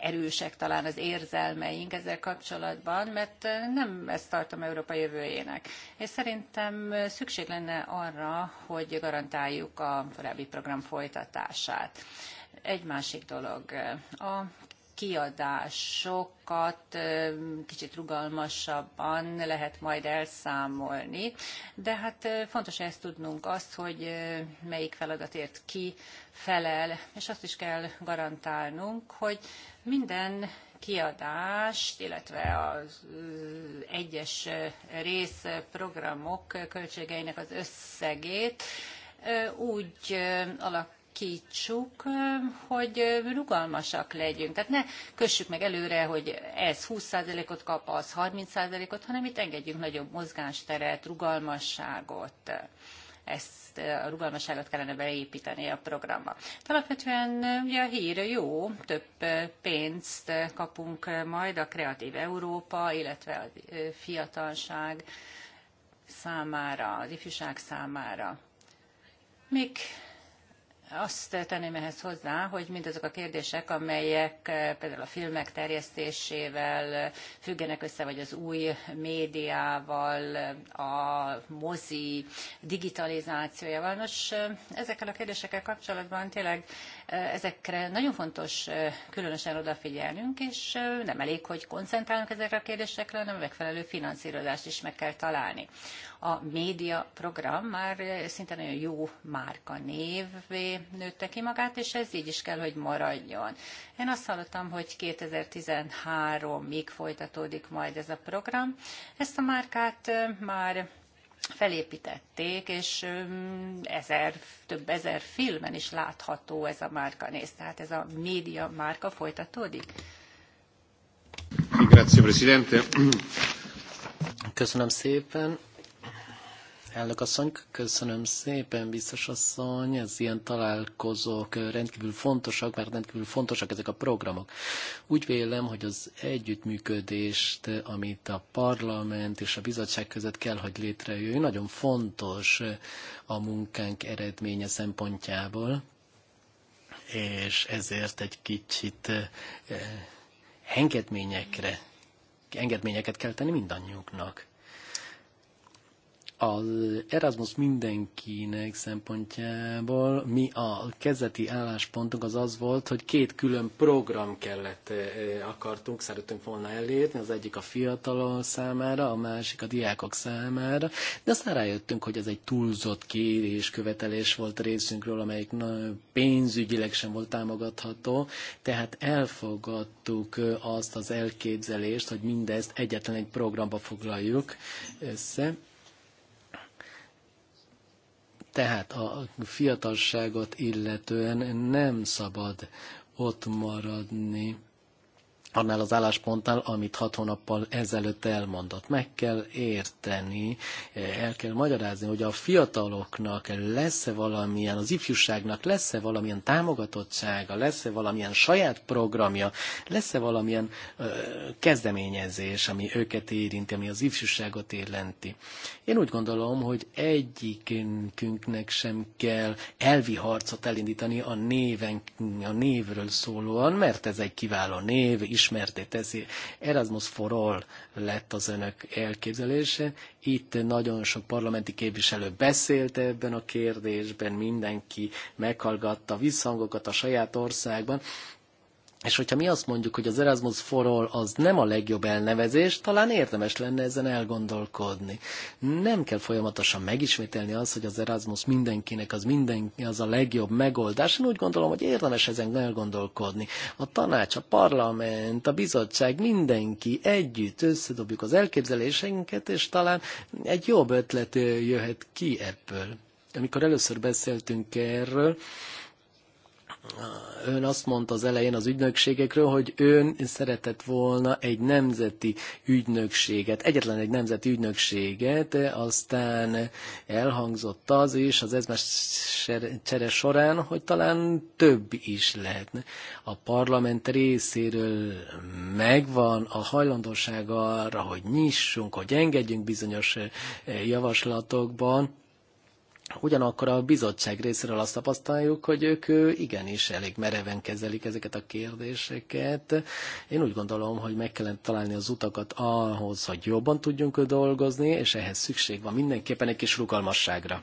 erősek talán az érzelmeink ezzel kapcsolatban, mert nem ezt tartom Európa jövőjének. És szerintem szükség lenne arra, hogy garantáljuk a korábbi program folytatását. Egy másik dolog. A kiadásokat kicsit rugalmasabban lehet majd elszámolni, de hát fontos ezt tudnunk azt, hogy melyik feladatért ki felel, és azt is kell garantálnunk, hogy minden kiadást, illetve az egyes részprogramok költségeinek az összegét úgy alak alakítsuk, hogy rugalmasak legyünk. Tehát ne kössük meg előre, hogy ez 20%-ot kap, az 30%-ot, hanem itt engedjünk nagyobb mozgásteret, rugalmasságot ezt a rugalmasságot kellene beépíteni a programba. Alapvetően ugye a hír jó, több pénzt kapunk majd a Kreatív Európa, illetve a fiatalság számára, az ifjúság számára. Még azt tenném ehhez hozzá, hogy mindazok a kérdések, amelyek eh, például a filmek terjesztésével eh, függenek össze, vagy az új médiával, eh, a mozi digitalizációjával. Nos, ezekkel a kérdésekkel kapcsolatban tényleg Ezekre nagyon fontos különösen odafigyelnünk, és nem elég, hogy koncentrálunk ezekre a kérdésekre, hanem a megfelelő finanszírozást is meg kell találni. A média program már szinte nagyon jó márka névvé nőtte ki magát, és ez így is kell, hogy maradjon. Én azt hallottam, hogy 2013-ig folytatódik majd ez a program. Ezt a márkát már felépítették, és ezer, több ezer filmen is látható ez a márka néz. Tehát ez a média márka folytatódik. Grazie, Presidente. Köszönöm szépen. Elnök asszony, köszönöm szépen, biztos asszony, ez ilyen találkozók rendkívül fontosak, mert rendkívül fontosak ezek a programok. Úgy vélem, hogy az együttműködést, amit a parlament és a bizottság között kell, hogy létrejöjjön, nagyon fontos a munkánk eredménye szempontjából, és ezért egy kicsit engedményekre, engedményeket kell tenni mindannyiunknak az Erasmus mindenkinek szempontjából mi a kezdeti álláspontunk az az volt, hogy két külön program kellett, eh, eh, akartunk, szerettünk volna elérni, az egyik a fiatalok számára, a másik a diákok számára, de aztán rájöttünk, hogy ez egy túlzott kérés, követelés volt részünkről, amelyik pénzügyileg sem volt támogatható, tehát elfogadtuk eh, azt az elképzelést, hogy mindezt egyetlen egy programba foglaljuk össze, tehát a fiatalságot illetően nem szabad ott maradni annál az álláspontnál, amit hat hónappal ezelőtt elmondott. Meg kell érteni, eh, el kell magyarázni, hogy a fiataloknak lesz-e valamilyen, az ifjúságnak lesz-e valamilyen támogatottsága, lesz-e valamilyen saját programja, lesz-e valamilyen ö, eh, kezdeményezés, ami őket érinti, ami az ifjúságot érinti. Én úgy gondolom, hogy egyikünknek sem kell elvi harcot elindítani a néven, a névről szólóan, mert ez egy kiváló név, is ismerté teszi. Erasmus for All lett az önök elképzelése. Itt nagyon sok parlamenti képviselő beszélt ebben a kérdésben, mindenki meghallgatta visszhangokat a saját országban. És hogyha mi azt mondjuk, hogy az Erasmus for All az nem a legjobb elnevezés, talán érdemes lenne ezen elgondolkodni. Nem kell folyamatosan megismételni azt, hogy az Erasmus mindenkinek az, minden, az a legjobb megoldás. Én úgy gondolom, hogy érdemes ezen elgondolkodni. A tanács, a parlament, a bizottság, mindenki együtt összedobjuk az elképzeléseinket, és talán egy jobb ötlet jöhet ki ebből. Amikor először beszéltünk erről, ön azt mondta az elején az ügynökségekről, hogy ön szeretett volna egy nemzeti ügynökséget, egyetlen egy nemzeti ügynökséget, aztán elhangzott az is az ezmes csere során, hogy talán több is lehetne. A parlament részéről megvan a hajlandóság arra, hogy nyissunk, hogy engedjünk bizonyos eh, javaslatokban, Ugyanakkor a bizottság részéről azt tapasztaljuk, hogy ők igenis elég mereven kezelik ezeket a kérdéseket. Én úgy gondolom, hogy meg kellene találni az utakat ahhoz, hogy jobban tudjunk dolgozni, és ehhez szükség van mindenképpen egy kis rugalmasságra.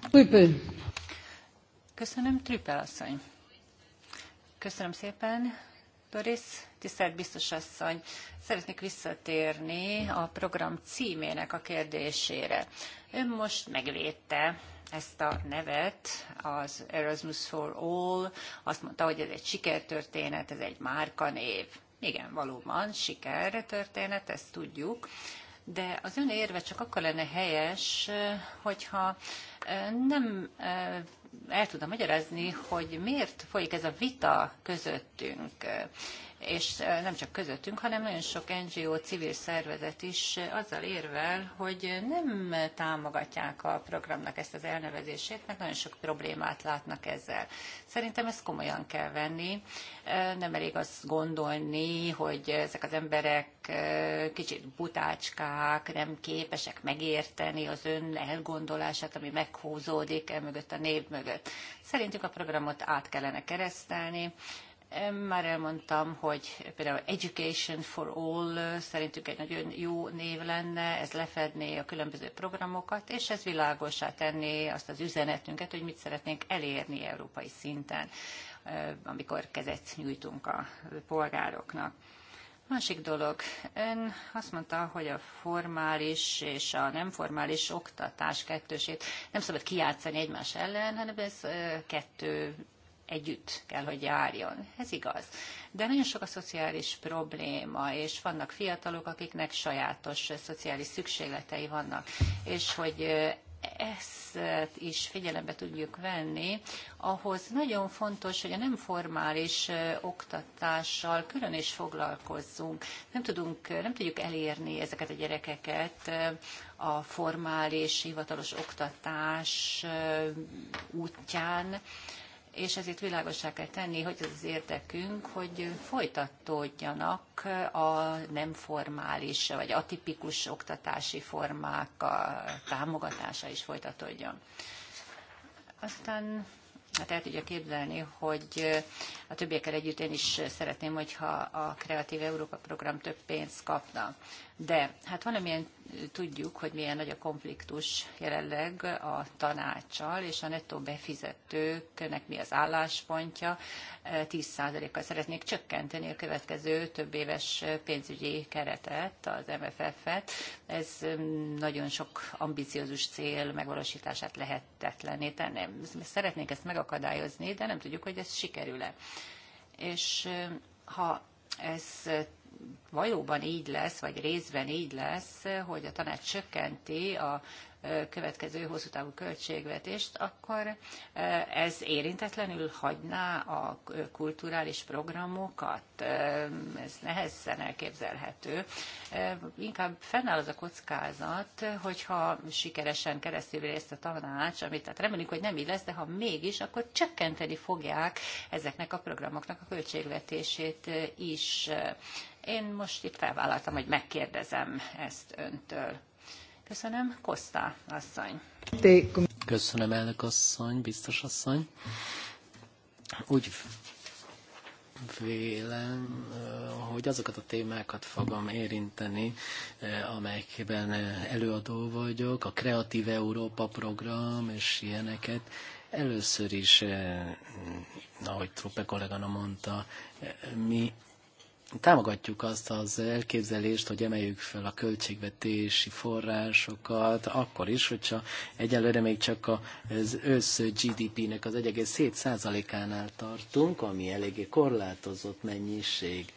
Köszönöm, Trüppel asszony. Köszönöm szépen. Doris, tisztelt biztos asszony, szeretnék visszatérni a program címének a kérdésére. Ön most megvédte ezt a nevet, az Erasmus for All, azt mondta, hogy ez egy sikertörténet, ez egy márkanév. Igen, valóban sikertörténet, ezt tudjuk, de az ön érve csak akkor lenne helyes, hogyha e, nem e, el tudom magyarázni, hogy miért folyik ez a vita közöttünk és nem csak közöttünk, hanem nagyon sok NGO civil szervezet is azzal érvel, hogy nem támogatják a programnak ezt az elnevezését, mert nagyon sok problémát látnak ezzel. Szerintem ezt komolyan kell venni. Nem elég azt gondolni, hogy ezek az emberek kicsit butácskák, nem képesek megérteni az ön elgondolását, ami meghúzódik el mögött a név mögött. Szerintük a programot át kellene keresztelni, már elmondtam, hogy például Education for All szerintük egy nagyon jó név lenne, ez lefedné a különböző programokat, és ez világosá tenné azt az üzenetünket, hogy mit szeretnénk elérni európai szinten, amikor kezet nyújtunk a polgároknak. Másik dolog, ön azt mondta, hogy a formális és a nem formális oktatás kettősét nem szabad kijátszani egymás ellen, hanem ez kettő együtt kell, hogy járjon. Ez igaz. De nagyon sok a szociális probléma, és vannak fiatalok, akiknek sajátos szociális szükségletei vannak, és hogy ezt is figyelembe tudjuk venni, ahhoz nagyon fontos, hogy a nem formális oktatással külön is foglalkozzunk. Nem, tudunk, nem tudjuk elérni ezeket a gyerekeket a formális, hivatalos oktatás útján, és ezért világosá kell tenni, hogy az az érdekünk, hogy folytatódjanak a nem formális vagy atipikus oktatási formák a támogatása is folytatódjon. Aztán hát el tudja képzelni, hogy a többiekkel együtt én is szeretném, hogyha a Kreatív Európa program több pénzt kapna. De hát valamilyen tudjuk, hogy milyen nagy a konfliktus jelenleg a tanácsal, és a nettó befizetőknek mi az álláspontja. 10%-kal szeretnék csökkenteni a következő több éves pénzügyi keretet, az MFF-et. Ez nagyon sok ambiciózus cél megvalósítását lehetetlené tenni. Szeretnék ezt megakadályozni, de nem tudjuk, hogy ez sikerül-e. És ha ez valóban így lesz, vagy részben így lesz, hogy a tanács csökkenti a következő hosszú távú költségvetést, akkor ez érintetlenül hagyná a kulturális programokat? Ez nehezen elképzelhető. Inkább fennáll az a kockázat, hogyha sikeresen keresztül ezt a tanács, amit tehát reméljük, hogy nem így lesz, de ha mégis, akkor csökkenteni fogják ezeknek a programoknak a költségvetését is. Én most itt felvállaltam, hogy megkérdezem ezt öntől. Köszönöm. Kosta asszony. Köszönöm, elnök asszony, biztos asszony. Úgy vélem, eh, hogy azokat a témákat fogom érinteni, eh, amelyekben eh, előadó vagyok, a Kreatív Európa program és ilyeneket. Először is, ahogy Truppe kollégana mondta, mi támogatjuk azt az elképzelést, hogy emeljük fel a költségvetési forrásokat, akkor is, hogyha egyelőre még csak az össz GDP-nek az 1,7%-ánál tartunk, ami eléggé korlátozott mennyiség.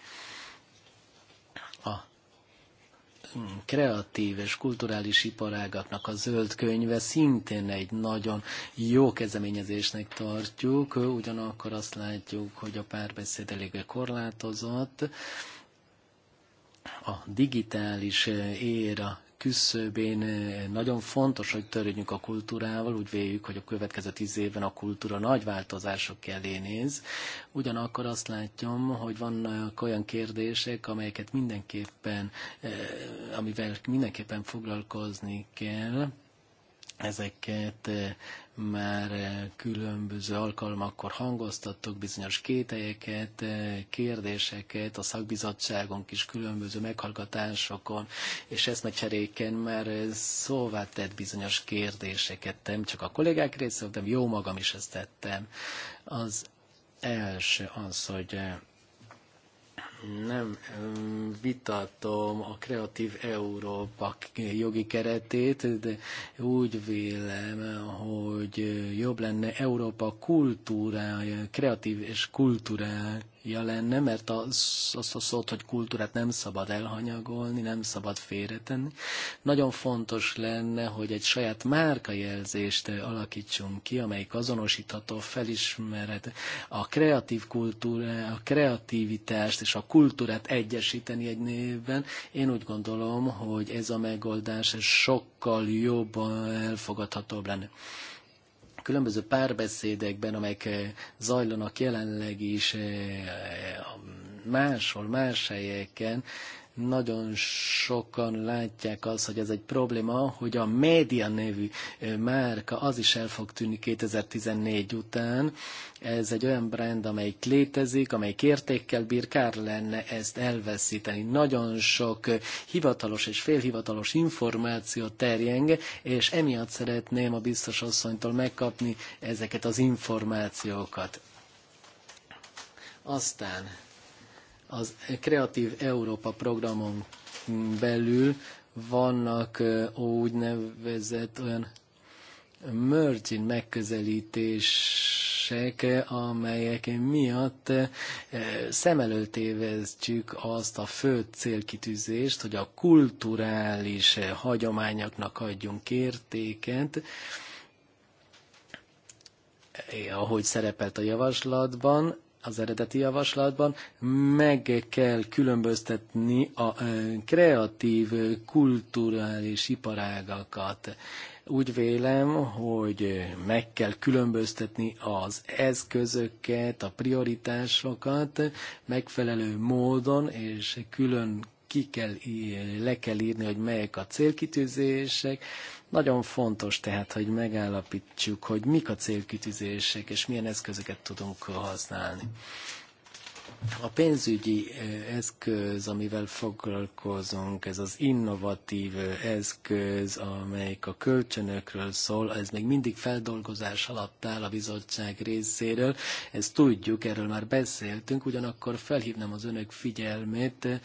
Hmm, kreatív és kulturális iparágaknak a zöld könyve szintén egy nagyon jó kezeményezésnek tartjuk, ugyanakkor azt látjuk, hogy a párbeszéd eléggé korlátozott, a digitális éra küszöbén eh, nagyon fontos, hogy törődjünk a kultúrával. Úgy véljük, hogy a következő tíz évben a kultúra nagy változások elé néz. Ugyanakkor azt látjam, hogy vannak olyan kérdések, amelyeket mindenképpen, eh, amivel mindenképpen foglalkozni kell ezeket eh, már különböző alkalmakkor hangoztattok bizonyos kételyeket, kérdéseket a szakbizottságon is különböző meghallgatásokon, és cseréken, már szóvá tett bizonyos kérdéseket, nem csak a kollégák részéről, de jó magam is ezt tettem. Az első az, hogy nem vitatom a Kreatív Európa jogi keretét, de úgy vélem, hogy jobb lenne Európa kultúrája, kreatív és kultúrája ja lenne, mert az, azt a szót, hogy kultúrát nem szabad elhanyagolni, nem szabad félretenni. Nagyon fontos lenne, hogy egy saját márkajelzést alakítsunk ki, amelyik azonosítható, felismerhető. A kreatív kultúra, a kreativitást és a kultúrát egyesíteni egy névben, én úgy gondolom, hogy ez a megoldás sokkal jobban elfogadhatóbb lenne különböző párbeszédekben, amelyek eh, zajlanak jelenleg is eh, máshol, más helyeken, nagyon sokan látják azt, hogy ez egy probléma, hogy a média nevű márka az is el fog tűnni 2014 után. Ez egy olyan brand, amelyik létezik, amelyik értékkel bír, kár lenne ezt elveszíteni. Nagyon sok hivatalos és félhivatalos információ terjeng, és emiatt szeretném a biztos asszonytól megkapni ezeket az információkat. Aztán az Kreatív Európa programon belül vannak úgynevezett olyan merging megközelítések, amelyek miatt szem előtt éveztjük azt a fő célkitűzést, hogy a kulturális hagyományoknak adjunk értéket, ahogy szerepelt a javaslatban, az eredeti javaslatban meg kell különböztetni a kreatív, kulturális iparágakat. Úgy vélem, hogy meg kell különböztetni az eszközöket, a prioritásokat megfelelő módon, és külön ki kell, le kell írni, hogy melyek a célkitűzések, nagyon fontos tehát, hogy megállapítsuk, hogy mik a célkitűzések, és milyen eszközöket tudunk használni. A pénzügyi eh, eszköz, amivel foglalkozunk, ez az innovatív eh, eszköz, amelyik a kölcsönökről szól, ez még mindig feldolgozás alatt áll a bizottság részéről. Ezt tudjuk, erről már beszéltünk, ugyanakkor felhívnám az önök figyelmét eh,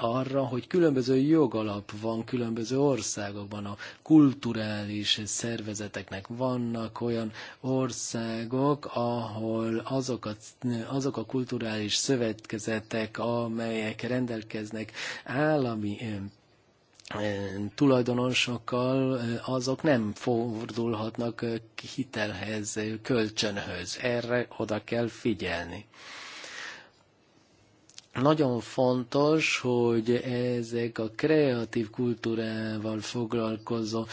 arra, hogy különböző jogalap van különböző országokban. A kulturális szervezeteknek vannak olyan országok, ahol azok a, azok a kulturális és szövetkezetek, amelyek rendelkeznek állami tulajdonosokkal, azok nem fordulhatnak hitelhez, kölcsönhöz. Erre oda kell figyelni. Nagyon fontos, hogy ezek a kreatív kultúrával foglalkozó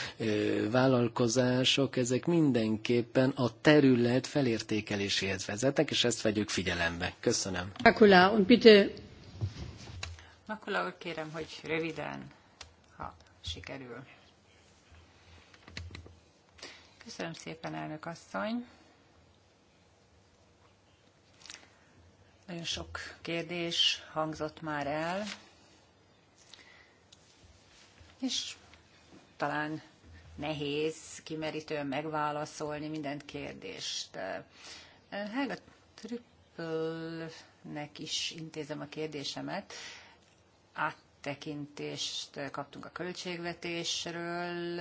vállalkozások, ezek mindenképpen a terület felértékeléséhez vezetnek, és ezt vegyük figyelembe. Köszönöm. Makula, und bitte. Makula úr, kérem, hogy röviden, ha sikerül. Köszönöm szépen, elnök asszony. Nagyon sok kérdés hangzott már el, és talán nehéz kimerítően megválaszolni minden kérdést. Helga Trüppelnek is intézem a kérdésemet. Át áttekintést kaptunk a költségvetésről,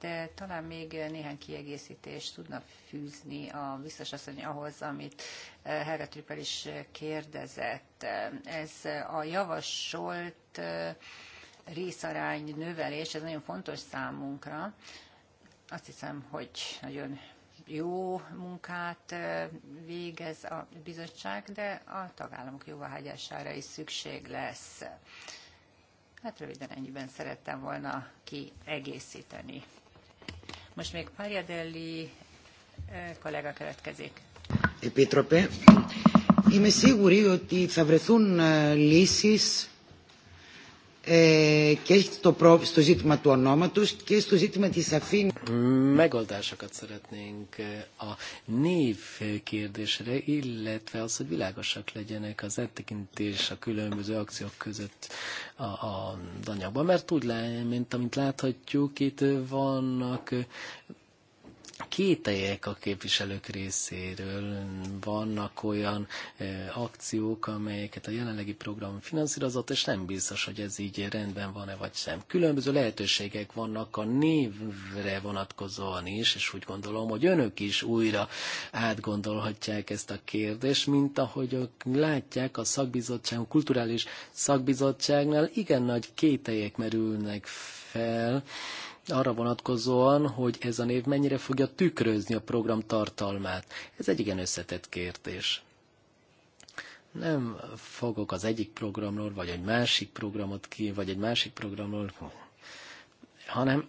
de talán még néhány kiegészítést tudna fűzni a biztos asszony ahhoz, amit eh, Herre Trüppel is kérdezett. Ez a javasolt eh, részarány növelés, ez nagyon fontos számunkra. Azt hiszem, hogy nagyon jó munkát eh, végez a bizottság, de a tagállamok jóváhagyására is szükség lesz. Hát röviden ennyiben szerettem volna kiegészíteni. Most még Pariadelli eh, kollega következik. Επίτροπε, είμαι σίγουρη ότι ti βρεθούν eh, λύσεις και στο ζήτημα του ονόματος και στο ζήτημα της αφήνης. Megoldásokat szeretnénk a név kérdésre, illetve az, hogy világosak legyenek az eltekintés a különböző akciók között a, a anyagban, mert úgy, mint amint láthatjuk, itt vannak kételjek a képviselők részéről. Vannak olyan eh, akciók, amelyeket a jelenlegi program finanszírozott, és nem biztos, hogy ez így rendben van-e vagy sem. Különböző lehetőségek vannak a névre vonatkozóan is, és úgy gondolom, hogy önök is újra átgondolhatják ezt a kérdést, mint ahogy látják a szakbizottság, a kulturális szakbizottságnál igen nagy kételjek merülnek fel, fel arra vonatkozóan, hogy ez a név mennyire fogja tükrözni a program tartalmát. Ez egy igen összetett kérdés. Nem fogok az egyik programról, vagy egy másik programot ki, vagy egy másik programról, hanem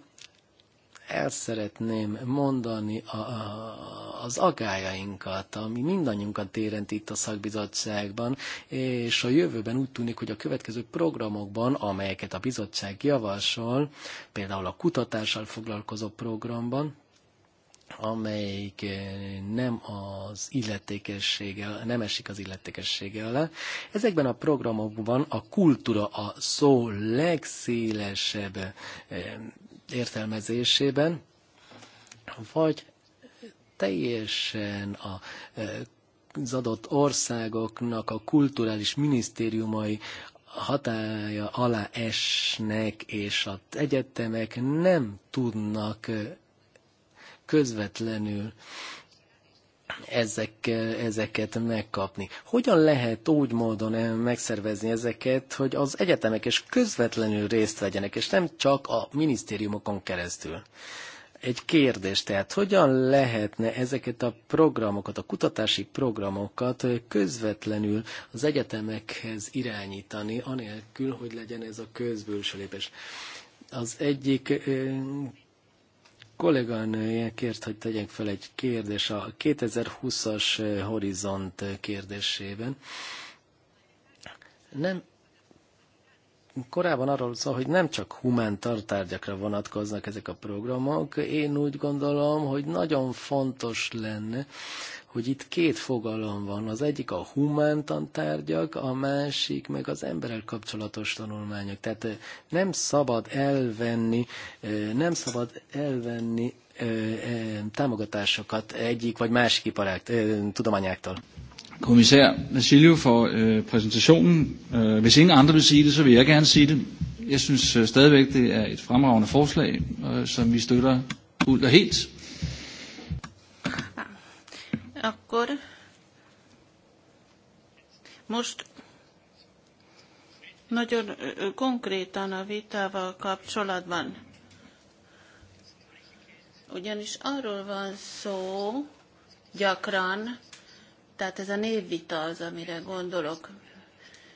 el szeretném mondani a, a, az agályainkat, ami mindannyiunkat érint itt a szakbizottságban, és a jövőben úgy tűnik, hogy a következő programokban, amelyeket a bizottság javasol, például a kutatással foglalkozó programban, amelyik nem az illetékessége, nem esik az illetékessége alá. Ezekben a programokban a kultúra a szó legszélesebb értelmezésében, vagy teljesen a e, az adott országoknak a kulturális minisztériumai hatája alá esnek, és az egyetemek nem tudnak e, közvetlenül ezek, ezeket megkapni. Hogyan lehet úgy módon eh, megszervezni ezeket, hogy az egyetemek és közvetlenül részt vegyenek, és nem csak a minisztériumokon keresztül? Egy kérdés, tehát hogyan lehetne ezeket a programokat, a kutatási programokat eh, közvetlenül az egyetemekhez irányítani, anélkül, hogy legyen ez a közbülső lépés? Az egyik eh, kolléganője kért, hogy tegyek fel egy kérdés a 2020-as horizont kérdésében. Nem korábban arról szól, hogy nem csak humán tartárgyakra vonatkoznak ezek a programok. Én úgy gondolom, hogy nagyon fontos lenne, hogy itt két fogalom van. Az egyik a humántan tárgyak, a másik meg az emberrel kapcsolatos tanulmányok. Tehát nem szabad elvenni, nem szabad elvenni támogatásokat egyik vagy másik iparág, tudományáktól. Kommissær Vasiljev for øh, præsentationen. Øh, hvis ingen andre vil sige det, så vil jeg gerne sige det. Jeg synes øh, stadigvæk, det er et fremragende forslag, øh, som vi støtter ud og helt akkor most nagyon konkrétan a vitával kapcsolatban. Ugyanis arról van szó gyakran, tehát ez a névvita az, amire gondolok,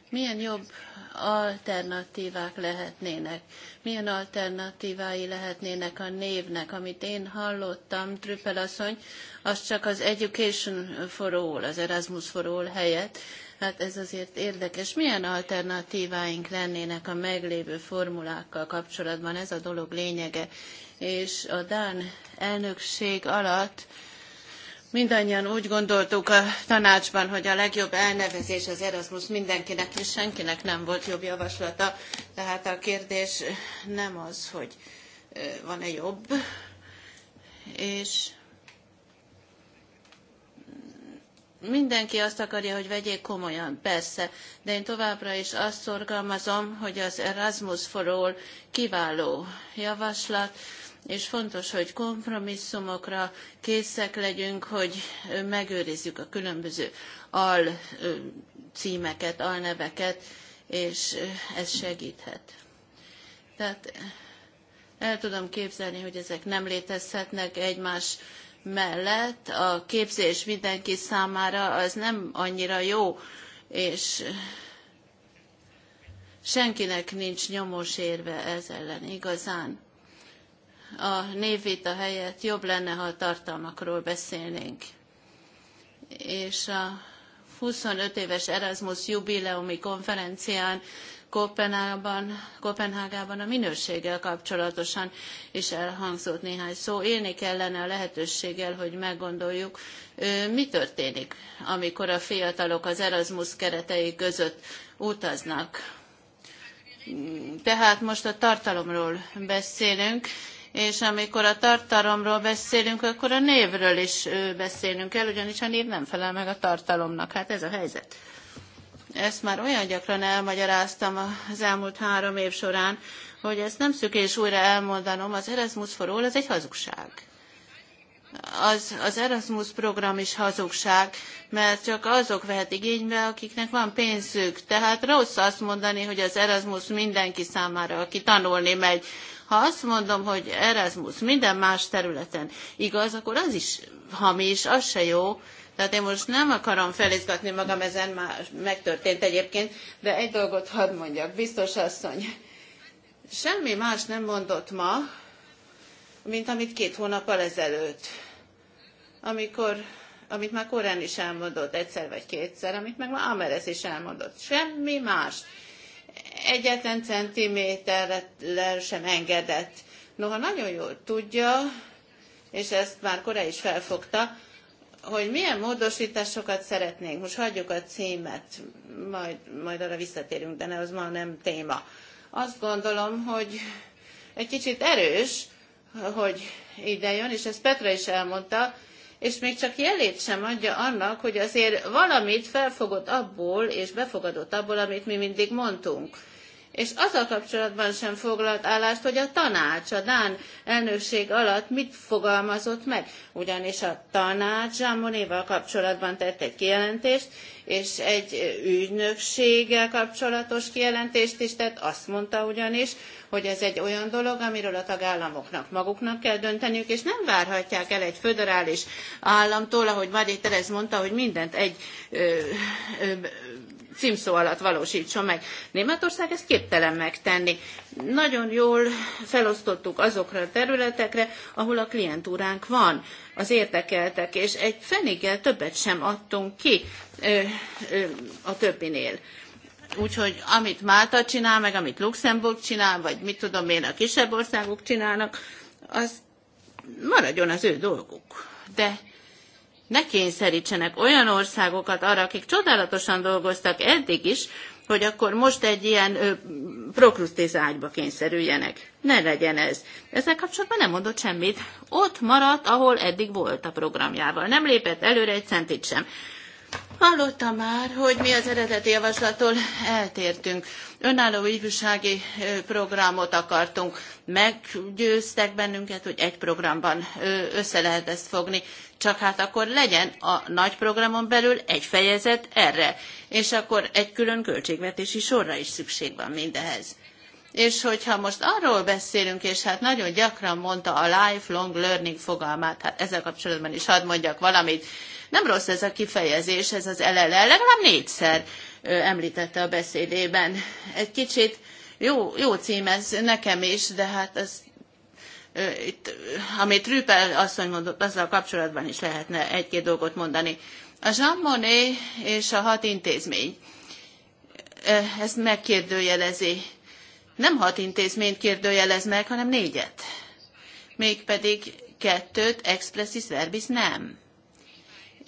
milyen jobb alternatívák lehetnének, milyen alternatívái lehetnének a névnek, amit én hallottam, Trüppel asszony, az csak az Education for All, az Erasmus for All helyett, Hát ez azért érdekes. Milyen alternatíváink lennének a meglévő formulákkal kapcsolatban? Ez a dolog lényege. És a Dán elnökség alatt Mindannyian úgy gondoltuk a tanácsban, hogy a legjobb elnevezés az Erasmus mindenkinek, és senkinek nem volt jobb javaslata. Tehát a kérdés nem az, hogy van-e jobb, és mindenki azt akarja, hogy vegyék komolyan, persze, de én továbbra is azt szorgalmazom, hogy az Erasmus for All kiváló javaslat, és fontos, hogy kompromisszumokra készek legyünk, hogy megőrizzük a különböző al címeket, alneveket, és ez segíthet. Tehát el tudom képzelni, hogy ezek nem létezhetnek egymás mellett. A képzés mindenki számára az nem annyira jó, és senkinek nincs nyomós érve ez ellen igazán a névvita helyett jobb lenne, ha a tartalmakról beszélnénk. És a 25 éves Erasmus jubileumi konferencián Kopenhágában, Kopenhágában a minőséggel kapcsolatosan is elhangzott néhány szó. Élni kellene a lehetőséggel, hogy meggondoljuk, mi történik, amikor a fiatalok az Erasmus keretei között utaznak. Tehát most a tartalomról beszélünk, és amikor a tartalomról beszélünk, akkor a névről is beszélünk el, ugyanis a név nem felel meg a tartalomnak. Hát ez a helyzet. Ezt már olyan gyakran elmagyaráztam az elmúlt három év során, hogy ezt nem szükés újra elmondanom, az Erasmus for All, ez egy hazugság az, az Erasmus program is hazugság, mert csak azok vehet igénybe, akiknek van pénzük. Tehát rossz azt mondani, hogy az Erasmus mindenki számára, aki tanulni megy. Ha azt mondom, hogy Erasmus minden más területen igaz, akkor az is hamis, az se jó. Tehát én most nem akarom felizgatni magam, ezen már megtörtént egyébként, de egy dolgot hadd mondjak, biztos asszony. Semmi más nem mondott ma, mint amit két hónappal ezelőtt, amikor, amit már korán is elmondott egyszer vagy kétszer, amit meg már Amerez is elmondott. Semmi más egyetlen centiméterre sem engedett. Noha nagyon jól tudja, és ezt már korábban is felfogta, hogy milyen módosításokat szeretnénk. Most hagyjuk a címet, majd, majd arra visszatérünk, de ne, az ma nem téma. Azt gondolom, hogy egy kicsit erős, hogy ide jön, és ezt Petra is elmondta, és még csak jelét sem adja annak, hogy azért valamit felfogott abból, és befogadott abból, amit mi mindig mondtunk és azzal kapcsolatban sem foglalt állást, hogy a tanács, a Dán elnökség alatt mit fogalmazott meg. Ugyanis a tanács Zsámonéval kapcsolatban tett egy kijelentést, és egy ügynökséggel kapcsolatos kijelentést is tett, azt mondta ugyanis, hogy ez egy olyan dolog, amiről a tagállamoknak maguknak kell dönteniük, és nem várhatják el egy föderális államtól, ahogy Marie Terez mondta, hogy mindent egy ö, ö, címszó alatt valósítson meg. Németország ezt képtelen megtenni. Nagyon jól felosztottuk azokra a területekre, ahol a klientúránk van az érdekeltek, és egy fenéggel többet sem adtunk ki ö, ö, a többinél. Úgyhogy amit Málta csinál, meg amit Luxemburg csinál, vagy mit tudom én, a kisebb országok csinálnak, az maradjon az ő dolguk. De ne kényszerítsenek olyan országokat arra, akik csodálatosan dolgoztak eddig is, hogy akkor most egy ilyen prokrusztész ágyba kényszerüljenek. Ne legyen ez. Ezzel kapcsolatban nem mondott semmit. Ott maradt, ahol eddig volt a programjával. Nem lépett előre egy centit sem. Hallotta már, hogy mi az eredeti javaslattól eltértünk. Önálló ifjúsági programot akartunk. Meggyőztek bennünket, hogy egy programban össze lehet ezt fogni. Csak hát akkor legyen a nagy programon belül egy fejezet erre. És akkor egy külön költségvetési sorra is szükség van mindehez. És hogyha most arról beszélünk, és hát nagyon gyakran mondta a lifelong learning fogalmát, hát ezzel kapcsolatban is hadd mondjak valamit, nem rossz ez a kifejezés, ez az LLL, legalább négyszer említette a beszédében. Egy kicsit jó, jó cím ez nekem is, de hát az itt, amit Rüpel asszony mondott, azzal kapcsolatban is lehetne egy-két dolgot mondani. A Jean Monnet és a hat intézmény ezt megkérdőjelezi. Nem hat intézményt kérdőjelez meg, hanem négyet. Mégpedig kettőt expressis verbis nem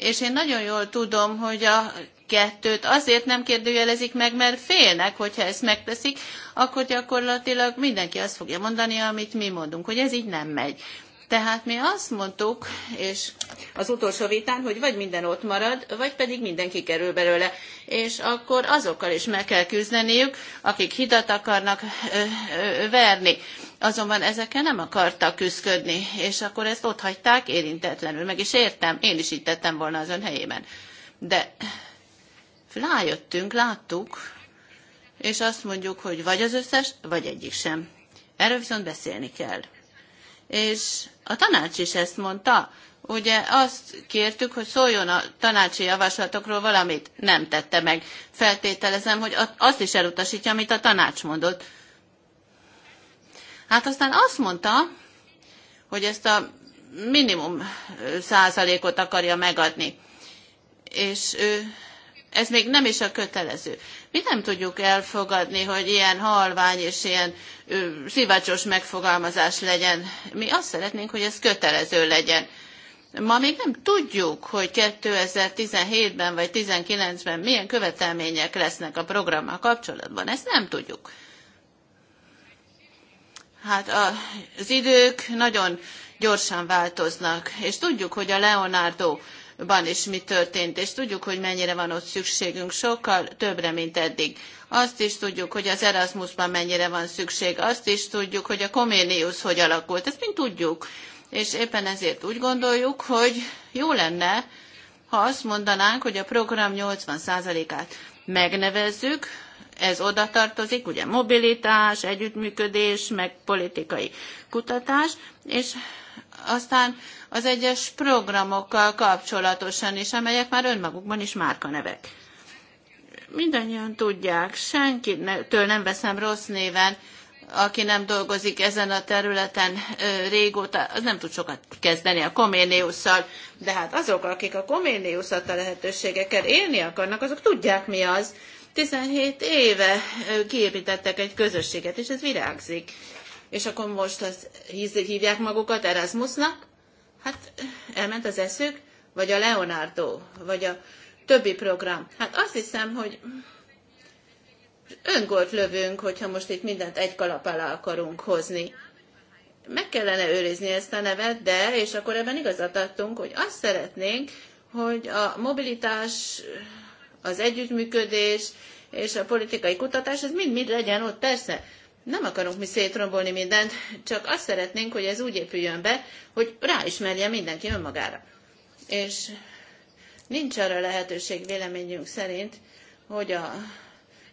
és én nagyon jól tudom, hogy a kettőt azért nem kérdőjelezik meg, mert félnek, hogyha ezt megteszik, akkor gyakorlatilag mindenki azt fogja mondani, amit mi mondunk, hogy ez így nem megy. Tehát mi azt mondtuk, és az utolsó vitán, hogy vagy minden ott marad, vagy pedig mindenki kerül belőle. És akkor azokkal is meg kell küzdeniük, akik hidat akarnak ö, ö, verni azonban ezekkel nem akartak küzdködni, és akkor ezt ott hagyták érintetlenül. Meg is értem, én is így tettem volna az ön helyében. De rájöttünk, láttuk, és azt mondjuk, hogy vagy az összes, vagy egyik sem. Erről viszont beszélni kell. És a tanács is ezt mondta, ugye azt kértük, hogy szóljon a tanácsi javaslatokról valamit, nem tette meg. Feltételezem, hogy azt is elutasítja, amit a tanács mondott. Hát aztán azt mondta, hogy ezt a minimum százalékot akarja megadni. És ő, ez még nem is a kötelező. Mi nem tudjuk elfogadni, hogy ilyen halvány és ilyen ő, szivacsos megfogalmazás legyen. Mi azt szeretnénk, hogy ez kötelező legyen. Ma még nem tudjuk, hogy 2017-ben vagy 2019-ben milyen követelmények lesznek a programmal kapcsolatban. Ezt nem tudjuk. Hát a, az idők nagyon gyorsan változnak, és tudjuk, hogy a Leonardo ban is mi történt, és tudjuk, hogy mennyire van ott szükségünk, sokkal többre, mint eddig. Azt is tudjuk, hogy az Erasmusban mennyire van szükség, azt is tudjuk, hogy a Comenius hogy alakult, ezt mind tudjuk. És éppen ezért úgy gondoljuk, hogy jó lenne, ha azt mondanánk, hogy a program 80%-át megnevezzük, ez oda tartozik, ugye mobilitás, együttműködés, meg politikai kutatás, és aztán az egyes programokkal kapcsolatosan is, amelyek már önmagukban is nevek. Mindannyian tudják, senkitől nem veszem rossz néven, aki nem dolgozik ezen a területen régóta, az nem tud sokat kezdeni a koméniusszal, de hát azok, akik a koméniusszal a lehetőségekkel élni akarnak, azok tudják mi az, 17 éve kiépítettek egy közösséget, és ez virágzik. És akkor most az, hívják magukat Erasmusnak, hát elment az eszük, vagy a Leonardo, vagy a többi program. Hát azt hiszem, hogy öngolt lövünk, hogyha most itt mindent egy kalap alá akarunk hozni. Meg kellene őrizni ezt a nevet, de, és akkor ebben igazat adtunk, hogy azt szeretnénk, hogy a mobilitás az együttműködés és a politikai kutatás, ez mind-mind legyen ott, persze. Nem akarunk mi szétrombolni mindent, csak azt szeretnénk, hogy ez úgy épüljön be, hogy ráismerje mindenki önmagára. És nincs arra lehetőség véleményünk szerint, hogy a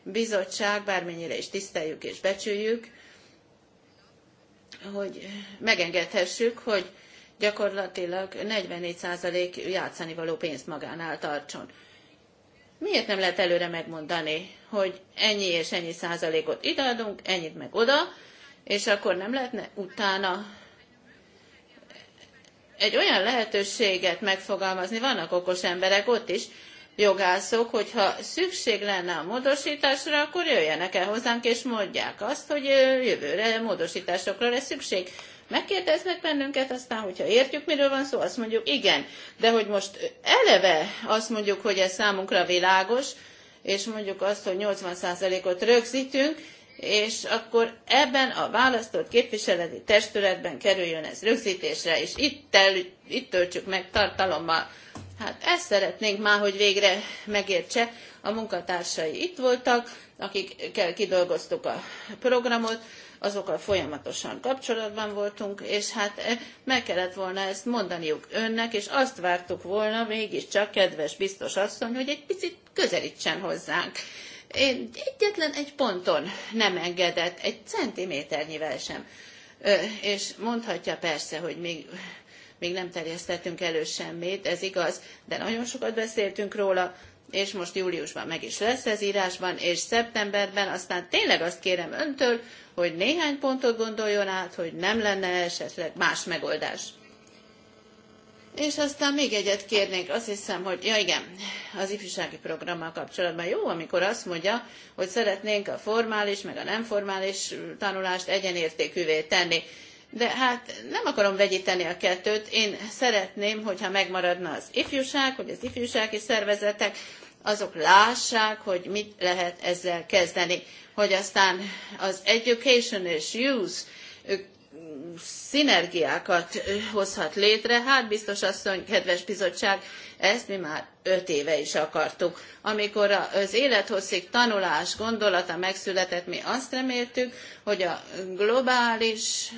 bizottság, bármennyire is tiszteljük és becsüljük, hogy megengedhessük, hogy gyakorlatilag 44% játszani való pénzt magánál tartson. Miért nem lehet előre megmondani, hogy ennyi és ennyi százalékot ideadunk, ennyit meg oda, és akkor nem lehetne utána egy olyan lehetőséget megfogalmazni, vannak okos emberek ott is, jogászok, hogyha szükség lenne a módosításra, akkor jöjjenek el hozzánk és mondják azt, hogy jövőre módosításokra lesz szükség. Megkérdeznek bennünket, aztán, hogyha értjük, miről van szó, azt mondjuk igen. De hogy most eleve azt mondjuk, hogy ez számunkra világos, és mondjuk azt, hogy 80%-ot rögzítünk, és akkor ebben a választott képviseleti testületben kerüljön ez rögzítésre, és itt, el, itt töltsük meg tartalommal. Hát ezt szeretnénk már, hogy végre megértse. A munkatársai itt voltak, akikkel kidolgoztuk a programot, azokkal folyamatosan kapcsolatban voltunk, és hát eh, meg kellett volna ezt mondaniuk önnek, és azt vártuk volna mégiscsak, kedves biztos asszony, hogy egy picit közelítsen hozzánk. Én egyetlen egy ponton nem engedett, egy centiméternyivel sem. Ö, és mondhatja persze, hogy még még nem terjesztettünk elő semmit, ez igaz, de nagyon sokat beszéltünk róla, és most júliusban meg is lesz ez írásban, és szeptemberben aztán tényleg azt kérem öntől, hogy néhány pontot gondoljon át, hogy nem lenne esetleg más megoldás. És aztán még egyet kérnék, azt hiszem, hogy ja igen, az ifjúsági programmal kapcsolatban jó, amikor azt mondja, hogy szeretnénk a formális meg a nem formális tanulást egyenértékűvé tenni de hát nem akarom vegyíteni a kettőt, én szeretném, hogyha megmaradna az ifjúság, hogy az ifjúsági szervezetek, azok lássák, hogy mit lehet ezzel kezdeni, hogy aztán az education és use szinergiákat hozhat létre. Hát biztos asszony, kedves bizottság, ezt mi már öt éve is akartuk. Amikor az élethosszig tanulás gondolata megszületett, mi azt reméltük, hogy a globális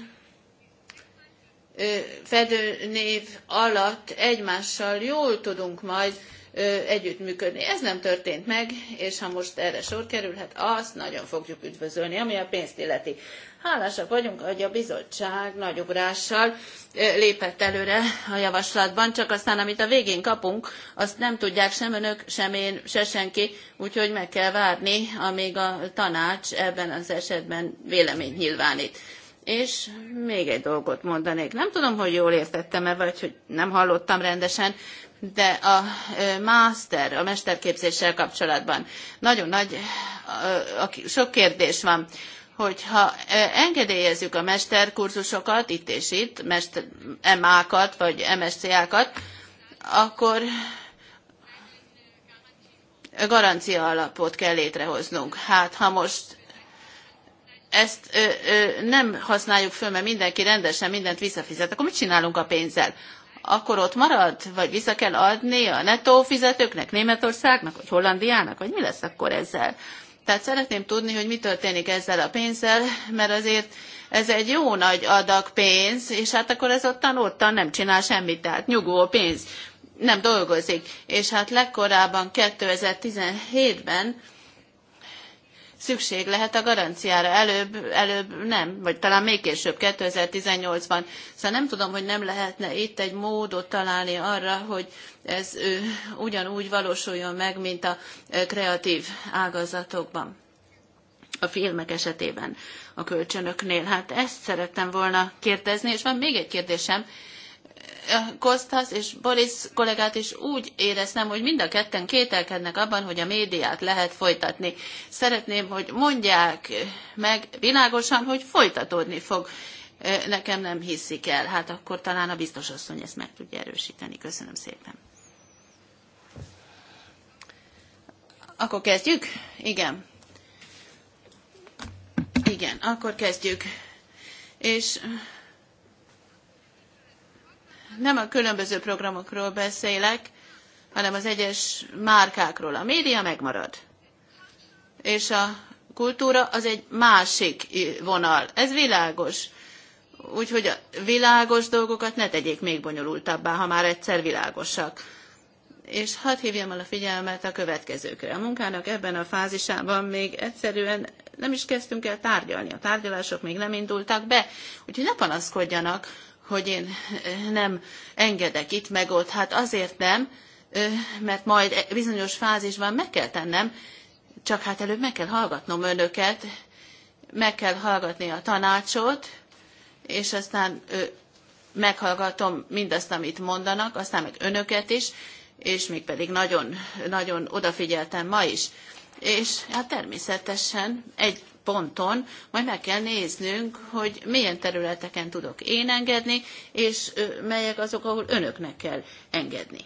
fedőnév alatt egymással jól tudunk majd együttműködni. Ez nem történt meg, és ha most erre sor kerül, hát azt nagyon fogjuk üdvözölni, ami a pénzt illeti. Hálásak vagyunk, hogy a bizottság nagy ugrással lépett előre a javaslatban, csak aztán, amit a végén kapunk, azt nem tudják sem önök, sem én, se senki, úgyhogy meg kell várni, amíg a tanács ebben az esetben véleményt nyilvánít. És még egy dolgot mondanék. Nem tudom, hogy jól értettem-e, vagy hogy nem hallottam rendesen, de a master, a mesterképzéssel kapcsolatban nagyon nagy, sok kérdés van hogyha engedélyezzük a mesterkurzusokat, itt és itt, mester, MA-kat vagy msc kat akkor garancia alapot kell létrehoznunk. Hát ha most ezt ö, ö, nem használjuk föl, mert mindenki rendesen mindent visszafizet, akkor mit csinálunk a pénzzel? Akkor ott marad, vagy vissza kell adni a nettó fizetőknek, Németországnak, vagy Hollandiának, vagy mi lesz akkor ezzel? Tehát szeretném tudni, hogy mi történik ezzel a pénzzel, mert azért ez egy jó nagy adag pénz, és hát akkor ez ottan, ottan nem csinál semmit, tehát nyugvó pénz, nem dolgozik. És hát legkorábban 2017-ben szükség lehet a garanciára, előbb, előbb nem, vagy talán még később, 2018-ban. Szóval nem tudom, hogy nem lehetne itt egy módot találni arra, hogy ez ő, ugyanúgy valósuljon meg, mint a kreatív ágazatokban a filmek esetében a kölcsönöknél. Hát ezt szerettem volna kérdezni, és van még egy kérdésem, Kostas és Boris kollégát is úgy éreztem, hogy mind a ketten kételkednek abban, hogy a médiát lehet folytatni. Szeretném, hogy mondják meg világosan, hogy folytatódni fog. Nekem nem hiszik el. Hát akkor talán a biztos asszony ezt meg tudja erősíteni. Köszönöm szépen. Akkor kezdjük? Igen. Igen, akkor kezdjük. És nem a különböző programokról beszélek, hanem az egyes márkákról. A média megmarad. És a kultúra az egy másik vonal. Ez világos. Úgyhogy a világos dolgokat ne tegyék még bonyolultabbá, ha már egyszer világosak. És hadd hívjam el a figyelmet a következőkre. A munkának ebben a fázisában még egyszerűen nem is kezdtünk el tárgyalni. A tárgyalások még nem indultak be, úgyhogy ne panaszkodjanak, hogy én eh, nem engedek itt meg ott. Hát azért nem, eh, mert majd e- bizonyos fázisban meg kell tennem, csak hát előbb meg kell hallgatnom önöket, meg kell hallgatni a tanácsot, és aztán eh, meghallgatom mindazt, amit mondanak, aztán meg önöket is, és még pedig nagyon, nagyon odafigyeltem ma is és hát természetesen egy ponton majd meg kell néznünk, hogy milyen területeken tudok én engedni, és melyek azok, ahol önöknek kell engedni.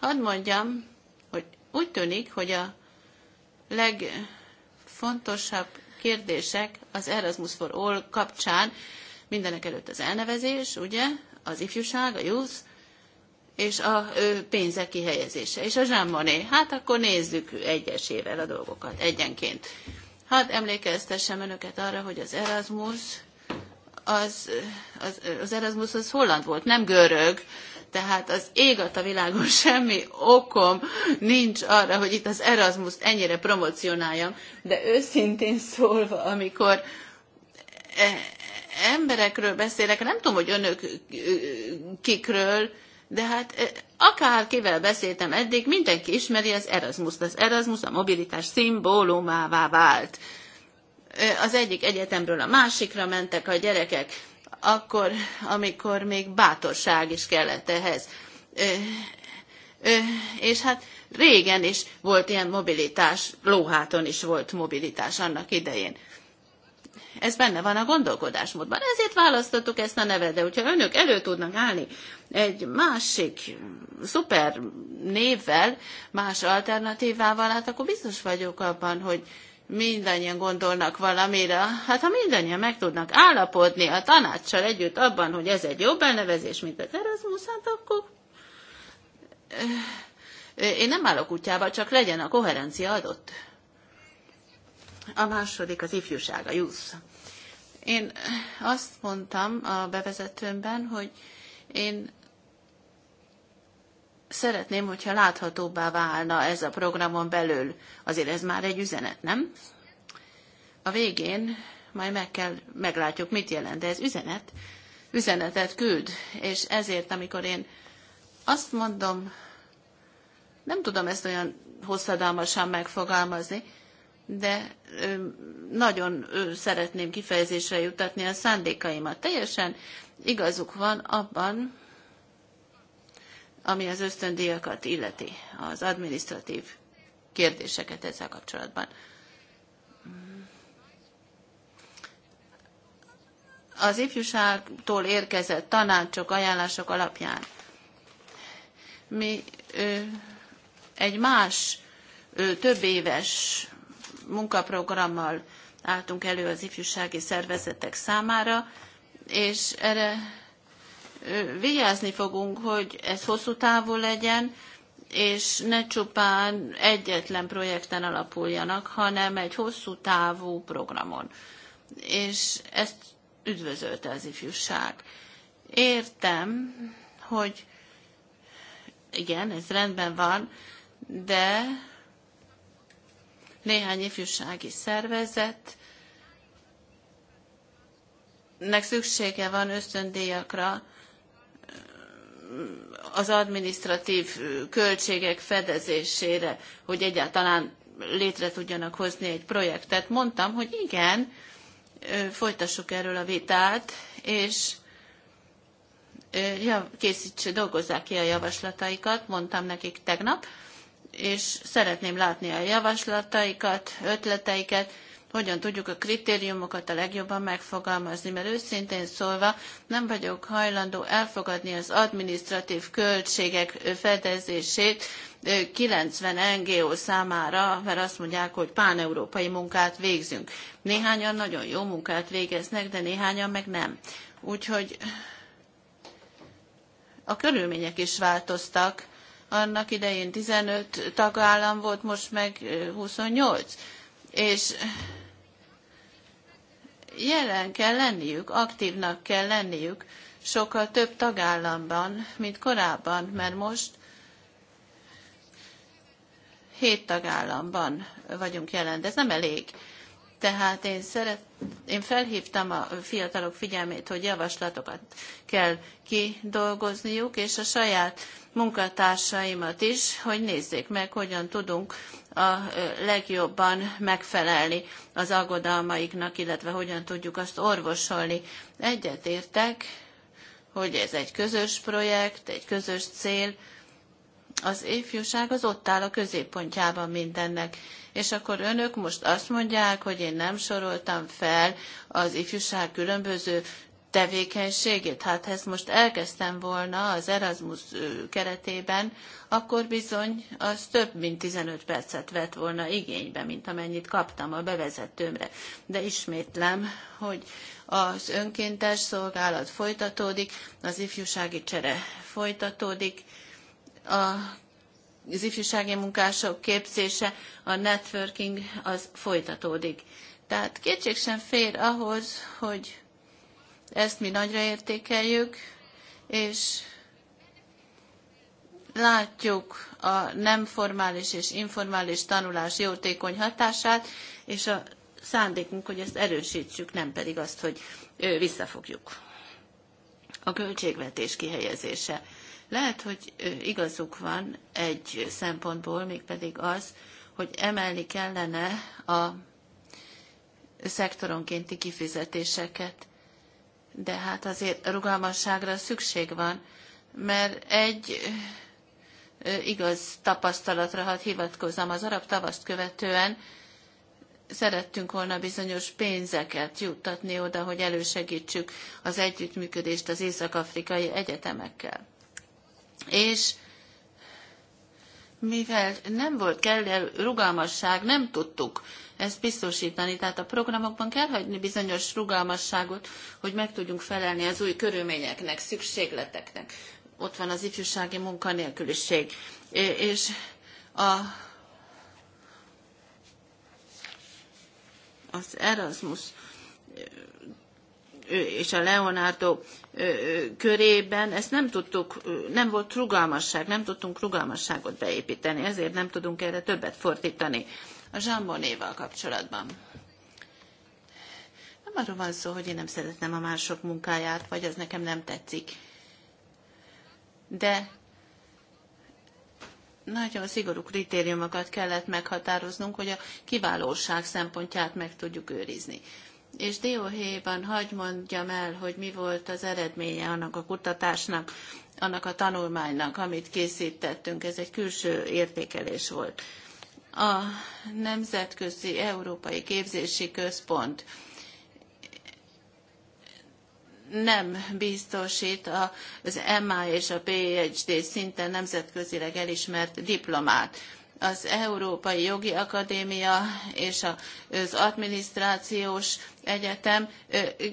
Hadd mondjam, hogy úgy tűnik, hogy a legfontosabb kérdések az Erasmus for All kapcsán mindenek előtt az elnevezés, ugye, az ifjúság, a youth, és a pénzek kihelyezése, és a zsámmoné. Hát akkor nézzük egyesével a dolgokat, egyenként. Hát emlékeztessem önöket arra, hogy az Erasmus, az, az, az Erasmus az holland volt, nem görög, tehát az ég a világon <laughs> semmi okom nincs arra, hogy itt az Erasmus ennyire promocionáljam, de őszintén szólva, amikor e, emberekről beszélek, nem tudom, hogy önök kikről, de hát akárkivel beszéltem eddig, mindenki ismeri az Erasmus. Az Erasmus a mobilitás szimbólumává vált. Az egyik egyetemről a másikra mentek a gyerekek, akkor, amikor még bátorság is kellett ehhez. És hát régen is volt ilyen mobilitás, lóháton is volt mobilitás annak idején. Ez benne van a gondolkodásmódban. Ezért választottuk ezt a nevet, de hogyha önök elő tudnak állni egy másik szuper névvel, más alternatívával, hát akkor biztos vagyok abban, hogy mindannyian gondolnak valamire, hát ha mindannyian meg tudnak állapodni a tanácssal együtt abban, hogy ez egy jobb elnevezés, mint az Erasmus, hát akkor eh, én nem állok útjába, csak legyen a koherencia adott a második az ifjúság, a youth. Én azt mondtam a bevezetőmben, hogy én szeretném, hogyha láthatóbbá válna ez a programon belül. Azért ez már egy üzenet, nem? A végén majd meg kell, meglátjuk, mit jelent, de ez üzenet, üzenetet küld. És ezért, amikor én azt mondom, nem tudom ezt olyan hosszadalmasan megfogalmazni, de nagyon szeretném kifejezésre jutatni a szándékaimat. Teljesen igazuk van abban, ami az ösztöndíjakat illeti, az administratív kérdéseket ezzel kapcsolatban. Az ifjúságtól érkezett tanácsok, ajánlások alapján mi ö, egy más ö, több éves munkaprogrammal álltunk elő az ifjúsági szervezetek számára, és erre vigyázni fogunk, hogy ez hosszú távú legyen, és ne csupán egyetlen projekten alapuljanak, hanem egy hosszú távú programon. És ezt üdvözölte az ifjúság. Értem, hogy igen, ez rendben van, de néhány ifjúsági szervezet, nek szüksége van ösztöndíjakra az administratív költségek fedezésére, hogy egyáltalán létre tudjanak hozni egy projektet. Mondtam, hogy igen, folytassuk erről a vitát, és ja, készíts, dolgozzák ki a javaslataikat, mondtam nekik tegnap, és szeretném látni a javaslataikat, ötleteiket, hogyan tudjuk a kritériumokat a legjobban megfogalmazni, mert őszintén szólva nem vagyok hajlandó elfogadni az administratív költségek fedezését 90 NGO számára, mert azt mondják, hogy páneurópai munkát végzünk. Néhányan nagyon jó munkát végeznek, de néhányan meg nem. Úgyhogy a körülmények is változtak, annak idején 15 tagállam volt, most meg 28. És jelen kell lenniük, aktívnak kell lenniük sokkal több tagállamban, mint korábban, mert most hét tagállamban vagyunk jelen, de ez nem elég tehát én, szeret, én felhívtam a fiatalok figyelmét, hogy javaslatokat kell kidolgozniuk, és a saját munkatársaimat is, hogy nézzék meg, hogyan tudunk a legjobban megfelelni az aggodalmaiknak, illetve hogyan tudjuk azt orvosolni. Egyetértek, hogy ez egy közös projekt, egy közös cél. Az ifjúság az ott áll a középpontjában mindennek és akkor önök most azt mondják, hogy én nem soroltam fel az ifjúság különböző tevékenységét. Hát ha ezt most elkezdtem volna az Erasmus keretében, akkor bizony az több mint 15 percet vett volna igénybe, mint amennyit kaptam a bevezetőmre. De ismétlem, hogy az önkéntes szolgálat folytatódik, az ifjúsági csere folytatódik, a az ifjúsági munkások képzése, a networking az folytatódik. Tehát kétség sem fér ahhoz, hogy ezt mi nagyra értékeljük, és látjuk a nem formális és informális tanulás jótékony hatását, és a szándékunk, hogy ezt erősítsük, nem pedig azt, hogy visszafogjuk. A költségvetés kihelyezése. Lehet, hogy igazuk van egy szempontból, mégpedig az, hogy emelni kellene a szektoronkénti kifizetéseket. De hát azért rugalmasságra szükség van, mert egy igaz tapasztalatra, hadd hivatkozzam, az arab tavaszt követően szerettünk volna bizonyos pénzeket juttatni oda, hogy elősegítsük az együttműködést az észak-afrikai egyetemekkel és mivel nem volt kellő rugalmasság, nem tudtuk ezt biztosítani. Tehát a programokban kell hagyni bizonyos rugalmasságot, hogy meg tudjunk felelni az új körülményeknek, szükségleteknek. Ott van az ifjúsági munkanélküliség. És a, az Erasmus és a Leonardo körében ezt nem tudtuk, nem volt rugalmasság, nem tudtunk rugalmasságot beépíteni, ezért nem tudunk erre többet fordítani. A Zsambonéval kapcsolatban. Nem arról van szó, hogy én nem szeretem a mások munkáját, vagy az nekem nem tetszik. De nagyon szigorú kritériumokat kellett meghatároznunk, hogy a kiválóság szempontját meg tudjuk őrizni és dióhéjban hagy mondjam el, hogy mi volt az eredménye annak a kutatásnak, annak a tanulmánynak, amit készítettünk. Ez egy külső értékelés volt. A Nemzetközi Európai Képzési Központ nem biztosít az MA és a PhD szinten nemzetközileg elismert diplomát az Európai Jogi Akadémia és az Adminisztrációs Egyetem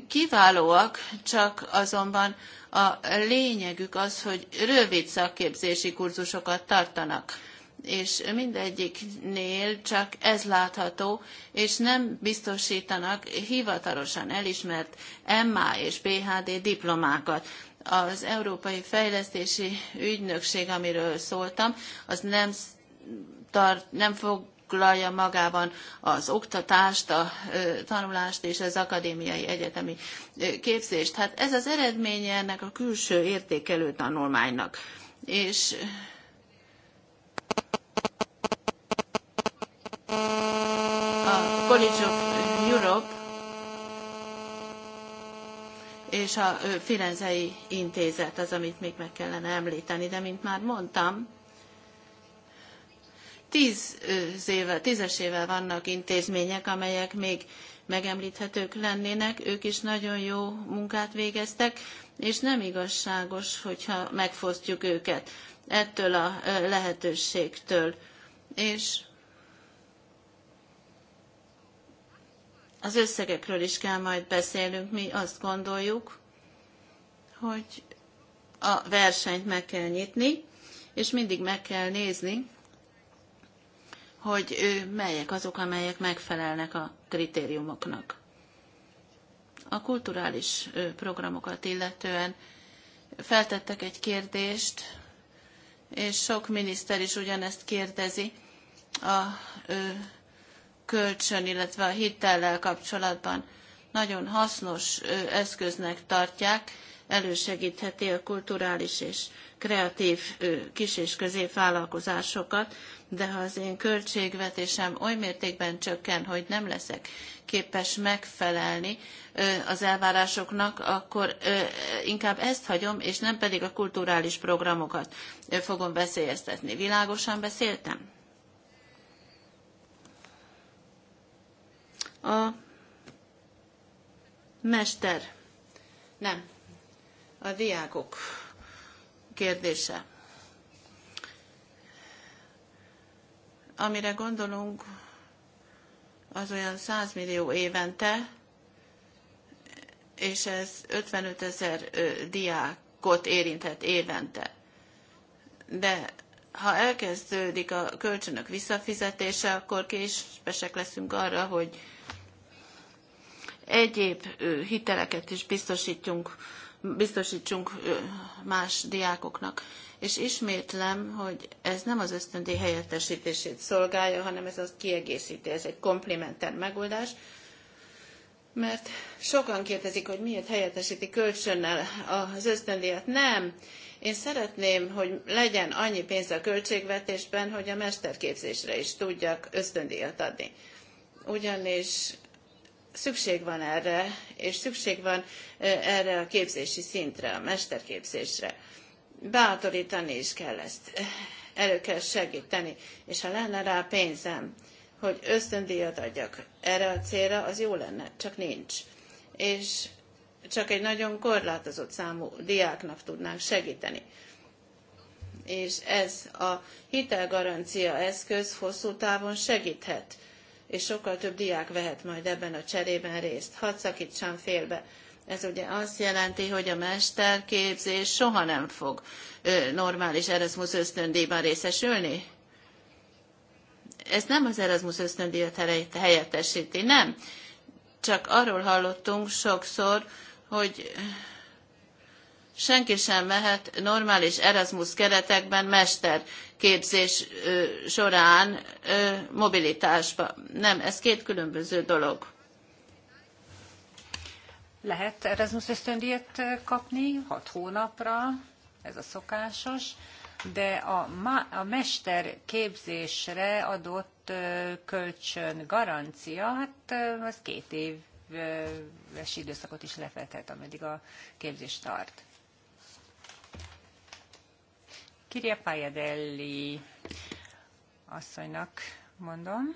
kiválóak, csak azonban a lényegük az, hogy rövid szakképzési kurzusokat tartanak és mindegyiknél csak ez látható, és nem biztosítanak hivatalosan elismert MA és PHD diplomákat az Európai Fejlesztési Ügynökség, amiről szóltam, az nem tart, nem foglalja magában az oktatást, a tanulást és az akadémiai egyetemi képzést. Hát ez az eredménye ennek a külső értékelő tanulmánynak. És a College of Europe és a Firenzei Intézet az, amit még meg kellene említeni, de mint már mondtam, tíz éve, tízesével vannak intézmények, amelyek még megemlíthetők lennének, ők is nagyon jó munkát végeztek, és nem igazságos, hogyha megfosztjuk őket ettől a lehetőségtől. És az összegekről is kell majd beszélnünk. Mi azt gondoljuk, hogy a versenyt meg kell nyitni, és mindig meg kell nézni, hogy ő melyek azok, amelyek megfelelnek a kritériumoknak. A kulturális programokat illetően feltettek egy kérdést, és sok miniszter is ugyanezt kérdezi a kölcsön, illetve a hitellel kapcsolatban. Nagyon hasznos eszköznek tartják, elősegítheti a kulturális és kreatív kis- és középvállalkozásokat, de ha az én költségvetésem oly mértékben csökken, hogy nem leszek képes megfelelni az elvárásoknak, akkor inkább ezt hagyom, és nem pedig a kulturális programokat fogom veszélyeztetni. Világosan beszéltem? A mester. Nem, a diákok kérdése. Amire gondolunk, az olyan 100 millió évente, és ez 55 ezer diákot érintett évente. De ha elkezdődik a kölcsönök visszafizetése, akkor késpesek leszünk arra, hogy egyéb hiteleket is biztosítjunk biztosítsunk más diákoknak. És ismétlem, hogy ez nem az ösztöndi helyettesítését szolgálja, hanem ez az kiegészíti, ez egy komplementer megoldás, mert sokan kérdezik, hogy miért helyettesíti kölcsönnel az ösztöndíjat. Nem! Én szeretném, hogy legyen annyi pénz a költségvetésben, hogy a mesterképzésre is tudjak ösztöndíjat adni. Ugyanis szükség van erre, és szükség van erre a képzési szintre, a mesterképzésre. Bátorítani is kell ezt, elő kell segíteni, és ha lenne rá pénzem, hogy ösztöndíjat adjak erre a célra, az jó lenne, csak nincs. És csak egy nagyon korlátozott számú diáknak tudnánk segíteni. És ez a hitelgarancia eszköz hosszú távon segíthet és sokkal több diák vehet majd ebben a cserében részt. Hadd szakítsam félbe. Ez ugye azt jelenti, hogy a mesterképzés soha nem fog ö, normális Erasmus ösztöndíjban részesülni? Ez nem az Erasmus ösztöndíjat helyettesíti, nem. Csak arról hallottunk sokszor, hogy senki sem mehet normális Erasmus keretekben mester képzés során mobilitásba. Nem, ez két különböző dolog. Lehet Erasmus ösztöndíjat kapni hat hónapra, ez a szokásos, de a, ma, a mester képzésre adott kölcsön garancia, hát az két éves időszakot is lefedhet, ameddig a képzés tart. Kiria Pajadelli asszonynak mondom.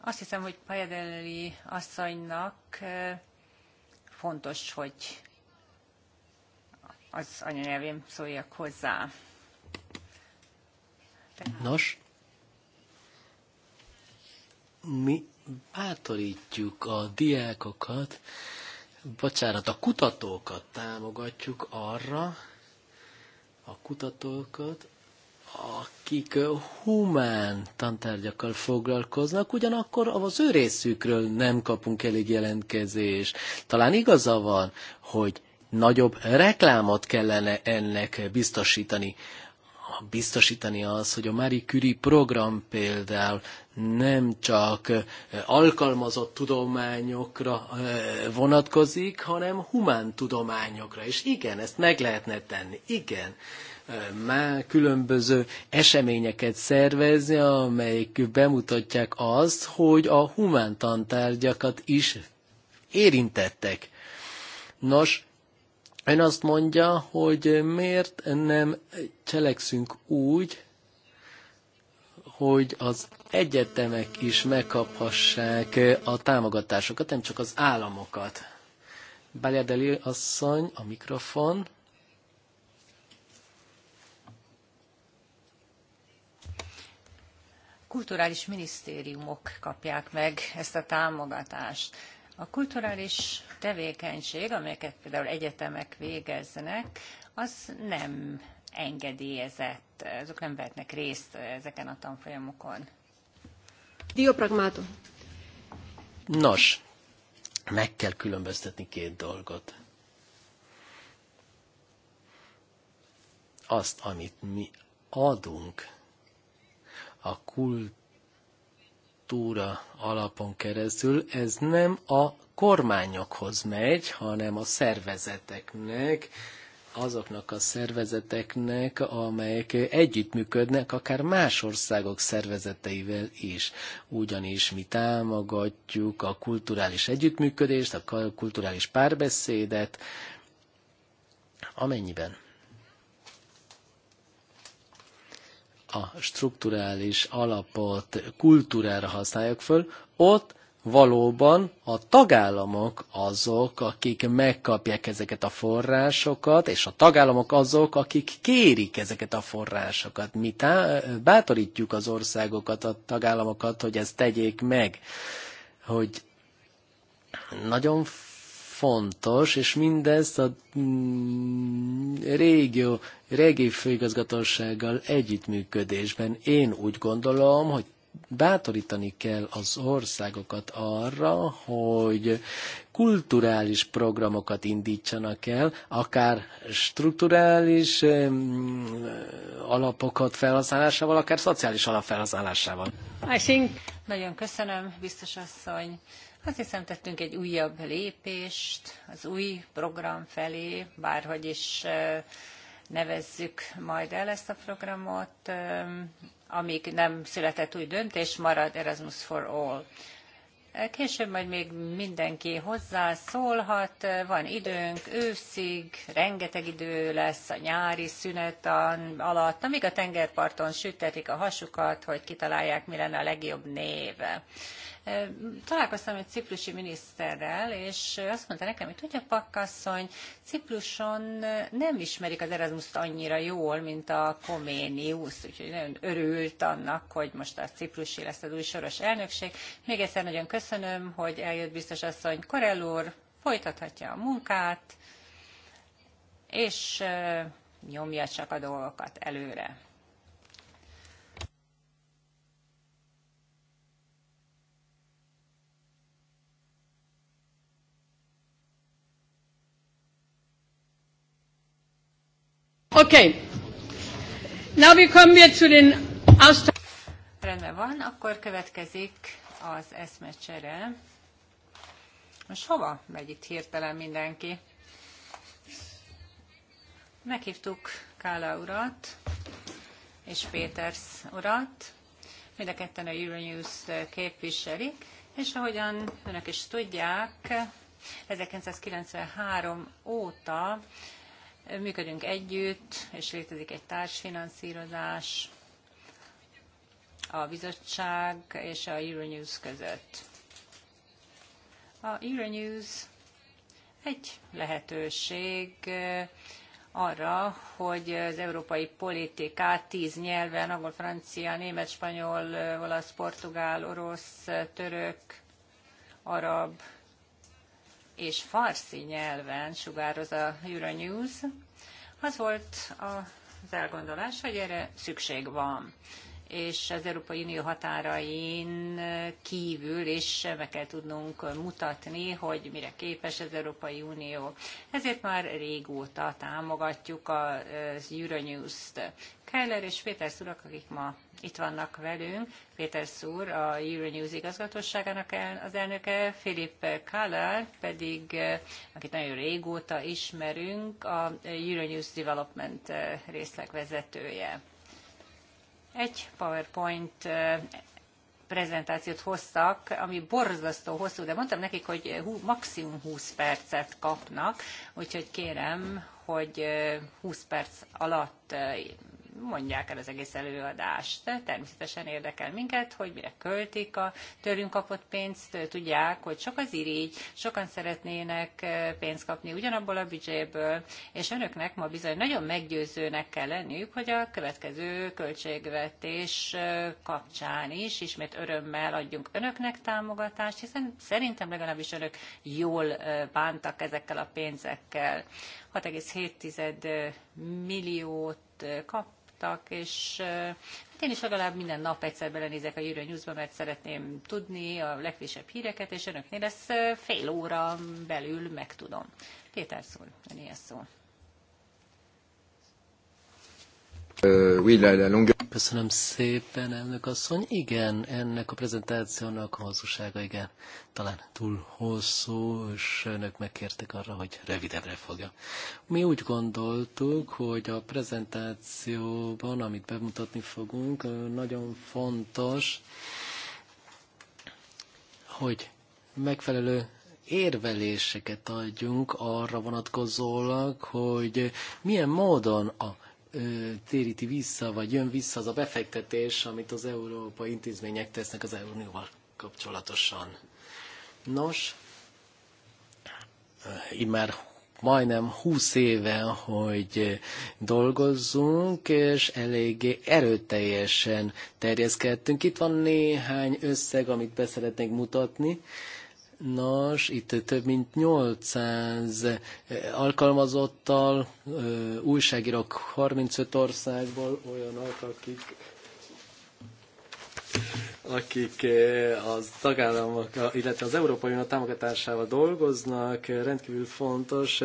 Azt hiszem, hogy Pajadelli asszonynak fontos, hogy az anyanyelvén szóljak hozzá. Tehát... Nos, mi bátorítjuk a diákokat, bocsánat, a kutatókat támogatjuk arra, a kutatókat, akik humán tantárgyakkal foglalkoznak, ugyanakkor az ő részükről nem kapunk elég jelentkezés. Talán igaza van, hogy nagyobb reklámot kellene ennek biztosítani biztosítani az, hogy a Marie Curie program például nem csak alkalmazott tudományokra vonatkozik, hanem humán tudományokra. És igen, ezt meg lehetne tenni. Igen már különböző eseményeket szervezni, amelyik bemutatják azt, hogy a tantárgyakat is érintettek. Nos, ön azt mondja, hogy miért nem cselekszünk úgy, hogy az egyetemek is megkaphassák a támogatásokat, nem csak az államokat. Baliadeli asszony, a mikrofon. Kulturális minisztériumok kapják meg ezt a támogatást. A kulturális tevékenység, amelyeket például egyetemek végeznek, az nem engedélyezett, azok nem vehetnek részt ezeken a tanfolyamokon. Dio Dioprakmátum. Nos, meg kell különböztetni két dolgot. Azt, amit mi adunk a kultúra alapon keresztül, ez nem a kormányokhoz megy, hanem a szervezeteknek, azoknak a szervezeteknek, amelyek együttműködnek akár más országok szervezeteivel is. Ugyanis mi támogatjuk a kulturális együttműködést, a kulturális párbeszédet, amennyiben a strukturális alapot kultúrára használják föl, ott valóban a tagállamok azok, akik megkapják ezeket a forrásokat, és a tagállamok azok, akik kérik ezeket a forrásokat. Mi tá- bátorítjuk az országokat, a tagállamokat, hogy ezt tegyék meg, hogy nagyon fontos, és mindezt a mm, régió, régi főigazgatósággal együttműködésben. Én úgy gondolom, hogy bátorítani kell az országokat arra, hogy kulturális programokat indítsanak el, akár strukturális alapokat felhasználásával, akár szociális alap felhasználásával. Nagyon köszönöm, biztos asszony. Azt hiszem, tettünk egy újabb lépést az új program felé, bárhogy is eh, nevezzük majd el ezt a programot eh, amíg nem született új döntés, marad Erasmus for All. Később majd még mindenki hozzászólhat, van időnk őszig, rengeteg idő lesz a nyári szünet alatt, amíg a tengerparton sütetik a hasukat, hogy kitalálják, mi lenne a legjobb név. Találkoztam egy ciprusi miniszterrel, és azt mondta nekem, hogy tudja, pakkasszony, Cipruson nem ismerik az Erasmus-t annyira jól, mint a Koménius, úgyhogy nagyon örült annak, hogy most a ciprusi lesz az új soros elnökség. Még egyszer nagyon köszönöm, hogy eljött biztos asszony Korell úr, folytathatja a munkát, és nyomja csak a dolgokat előre. Okay. Now we come here to the Rendben van, akkor következik az eszmecsere. Most hova megy itt hirtelen mindenki? Meghívtuk Kála urat és Péters urat. Mind a ketten a Euronews képviselik, és ahogyan önök is tudják, 1993 óta működünk együtt, és létezik egy társfinanszírozás a bizottság és a Euronews között. A Euronews egy lehetőség eh, arra, hogy az európai politikát tíz nyelven, angol, francia, német, spanyol, eh, olasz, portugál, orosz, eh, török, arab, és farsi nyelven sugároz a Euronews. Az volt az elgondolás, hogy erre szükség van és az Európai Unió határain kívül is meg kell tudnunk mutatni, hogy mire képes az Európai Unió. Ezért már régóta támogatjuk a Euronews-t. Keller és Péter Szurak, akik ma itt vannak velünk. Péter Szúr, a Euronews igazgatóságának el, az elnöke, Philip Keller pedig, akit nagyon régóta ismerünk, a Euronews Development részleg vezetője egy PowerPoint prezentációt hoztak, ami borzasztó hosszú, de mondtam nekik, hogy hú, maximum 20 percet kapnak, úgyhogy kérem, hogy 20 perc alatt mondják el az egész előadást. Természetesen érdekel minket, hogy mire költik a tőlünk kapott pénzt. Tudják, hogy sok az irigy, sokan szeretnének eh, pénzt kapni ugyanabból a büdzséből, és önöknek ma bizony nagyon meggyőzőnek kell lenniük, hogy a következő költségvetés eh, kapcsán is ismét örömmel adjunk önöknek támogatást, hiszen szerintem legalábbis önök jól eh, bántak ezekkel a pénzekkel. 6,7 milliót kap hallgattak, és hát én is legalább minden nap egyszer belenézek a Euro News-ba, mert szeretném tudni a legfrissebb híreket, és önöknél ezt fél óra belül megtudom. Péter szól, önéhez szól. Euh, Köszönöm szépen, elnök asszony. Igen, ennek a prezentációnak a hosszúsága, igen, talán túl hosszú, és önök megkértek arra, hogy rövidebbre fogja. Mi úgy gondoltuk, hogy a prezentációban, amit bemutatni fogunk, nagyon fontos, hogy megfelelő érveléseket adjunk arra vonatkozólag, hogy milyen módon a téríti vissza, vagy jön vissza az a befektetés, amit az európai intézmények tesznek az Unióval kapcsolatosan. Nos, így már majdnem 20 éve, hogy dolgozzunk, és eléggé erőteljesen terjeszkedtünk. Itt van néhány összeg, amit beszeretnék mutatni. Nos, itt több mint 800 eh, alkalmazottal, eh, újságírók 35 országból, olyanok, akik akik eh, az tagállamok, illetve az Európai Unió támogatásával dolgoznak, rendkívül fontos.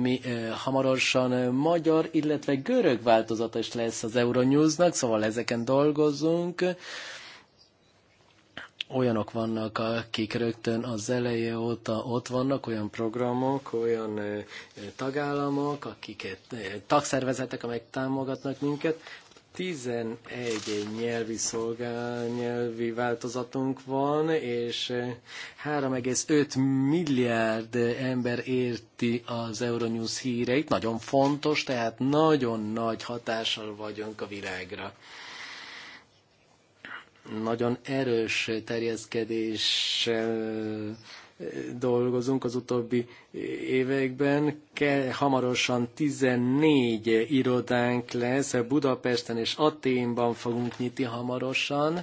Mi hamarosan magyar, illetve görög változata is lesz az Euronewsnak, szóval ezeken dolgozunk olyanok vannak, akik rögtön az eleje óta ott vannak, olyan programok, olyan tagállamok, akiket tagszervezetek, amelyek támogatnak minket. 11 nyelvi szolgál, nyelvi változatunk van, és 3,5 milliárd ember érti az Euronews híreit. Nagyon fontos, tehát nagyon nagy hatással vagyunk a világra nagyon erős terjeszkedéssel dolgozunk az utóbbi években. Ke, hamarosan 14 irodánk lesz, Budapesten és Aténban fogunk nyitni hamarosan.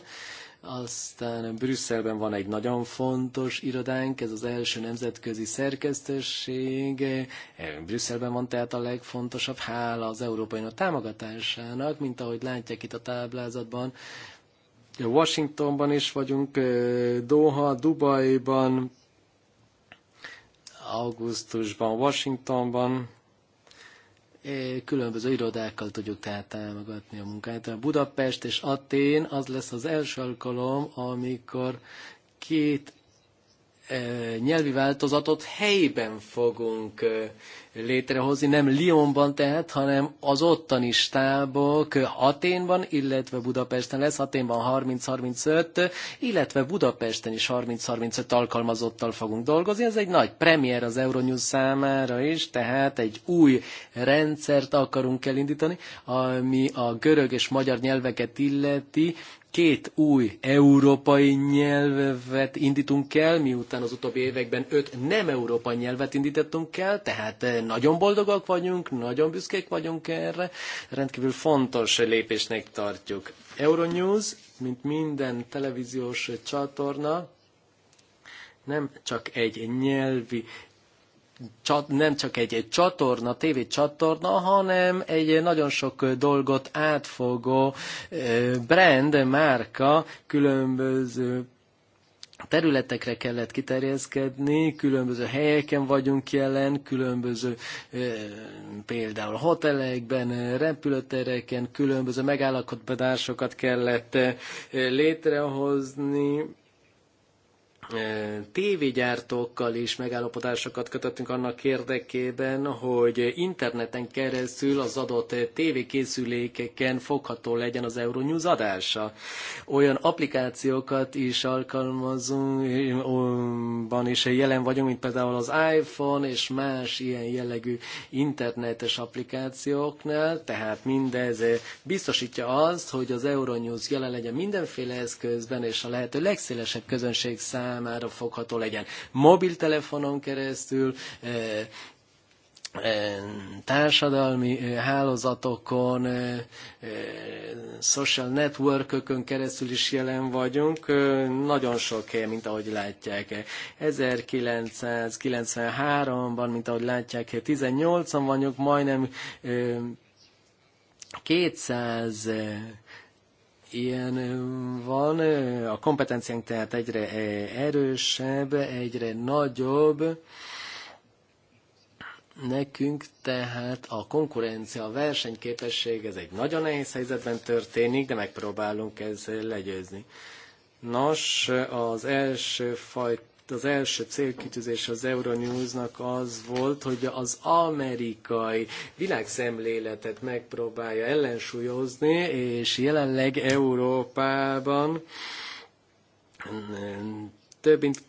Aztán Brüsszelben van egy nagyon fontos irodánk, ez az első nemzetközi szerkesztőség. E, Brüsszelben van tehát a legfontosabb, hála az Európai támogatásának, mint ahogy látják itt a táblázatban, Washingtonban is vagyunk, Doha, Dubajban, augusztusban, Washingtonban, különböző irodákkal tudjuk tehát támogatni a munkát. Budapest és Atén az lesz az első alkalom, amikor két nyelvi változatot helyben fogunk létrehozni, nem Lyonban tehát, hanem az ottani stábok Aténban, illetve Budapesten lesz, Aténban 30-35, illetve Budapesten is 30-35 alkalmazottal fogunk dolgozni. Ez egy nagy premier az Euronews számára is, tehát egy új rendszert akarunk elindítani, ami a görög és magyar nyelveket illeti, Két új európai nyelvet indítunk el, miután az utóbbi években öt nem európai nyelvet indítottunk el, tehát eh, nagyon boldogak vagyunk, nagyon büszkék vagyunk erre, rendkívül fontos lépésnek tartjuk. Euronews, mint minden televíziós csatorna, nem csak egy nyelvi nem csak egy, egy csatorna, TV csatorna, hanem egy nagyon sok dolgot átfogó brand, márka, különböző területekre kellett kiterjeszkedni, különböző helyeken vagyunk jelen, különböző például hotelekben, repülőtereken, különböző megállapodásokat kellett létrehozni, tévégyártókkal is megállapodásokat kötöttünk annak érdekében, hogy interneten keresztül az adott tévékészülékeken fogható legyen az Euronews adása. Olyan applikációkat is alkalmazunk, van is jelen vagyunk, mint például az iPhone és más ilyen jellegű internetes applikációknál, tehát mindez biztosítja azt, hogy az Euronews jelen legyen mindenféle eszközben, és a lehető legszélesebb közönség számára számára fogható legyen. Mobiltelefonon keresztül, eh, eh, társadalmi eh, hálózatokon, social networkökön keresztül is jelen vagyunk, nagyon sok hely, mint ahogy látják. 1993-ban, mint ahogy látják, 18-an vagyunk, majdnem 200 ilyen van, a kompetenciánk tehát egyre erősebb, egyre nagyobb, nekünk tehát a konkurencia, a versenyképesség, ez egy nagyon nehéz helyzetben történik, de megpróbálunk ezzel legyőzni. Nos, az első fajta az első célkitűzés az Euronewsnak az volt, hogy az amerikai világszemléletet megpróbálja ellensúlyozni, és jelenleg Európában mm, több mint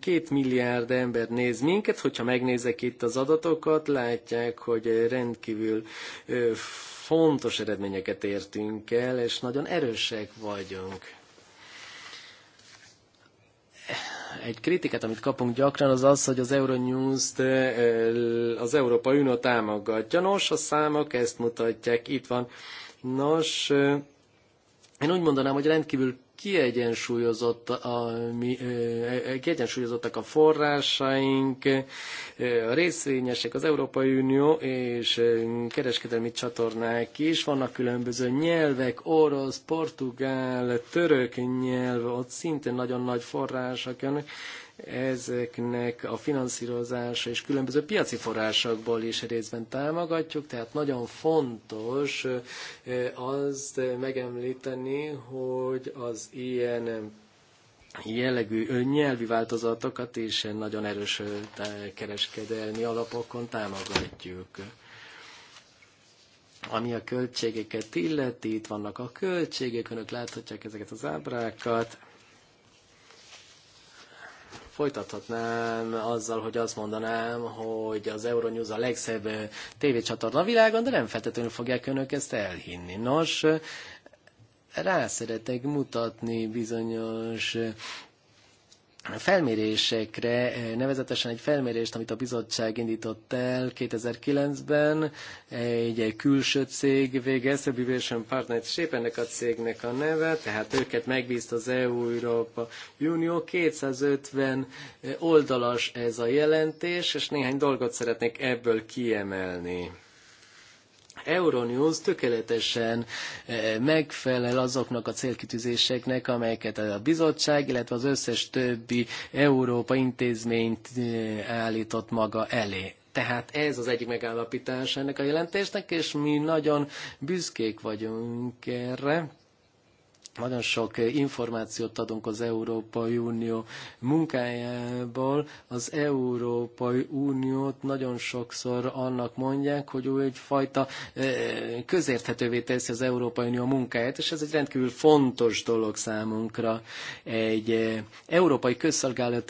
két milliárd ember néz minket, hogyha megnézek itt az adatokat, látják, hogy rendkívül fontos eredményeket értünk el, és nagyon erősek vagyunk. Egy kritikát, amit kapunk gyakran, az az, hogy az Euronews-t az Európai Unió támogatja. Nos, a számok ezt mutatják, itt van. Nos, én úgy mondanám, hogy rendkívül kiegyensúlyozott a, mi, kiegyensúlyozottak a forrásaink, a részvényesek, az Európai Unió és kereskedelmi csatornák is, vannak különböző nyelvek, orosz, portugál, török nyelv, ott szintén nagyon nagy források jönnek, ezeknek a finanszírozása és különböző piaci forrásokból is részben támogatjuk, tehát nagyon fontos azt megemlíteni, hogy az ilyen jellegű nyelvi változatokat is nagyon erős kereskedelmi alapokon támogatjuk. Ami a költségeket illeti, itt vannak a költségek, önök láthatják ezeket az ábrákat folytathatnám azzal, hogy azt mondanám, hogy az Euronews a legszebb eh, tévécsatorna a világon, de nem feltétlenül fogják önök ezt elhinni. Nos, rá szeretek mutatni bizonyos eh, felmérésekre, nevezetesen egy felmérést, amit a bizottság indított el 2009-ben, egy külső cég végezte, Bivation Partnership, ennek a cégnek a neve, tehát őket megbízta az EU-Európa Unió, 250 oldalas ez a jelentés, és néhány dolgot szeretnék ebből kiemelni. Euronews tökéletesen eh, megfelel azoknak a célkitűzéseknek, amelyeket a bizottság, illetve az összes többi Európa intézményt eh, állított maga elé. Tehát ez az egyik megállapítás ennek a jelentésnek, és mi nagyon büszkék vagyunk erre nagyon sok eh, információt adunk az Európai Unió munkájából. Az Európai Uniót nagyon sokszor annak mondják, hogy ő egyfajta eh, közérthetővé teszi az Európai Unió munkáját, és ez egy rendkívül fontos dolog számunkra. Egy eh, európai közszolgálati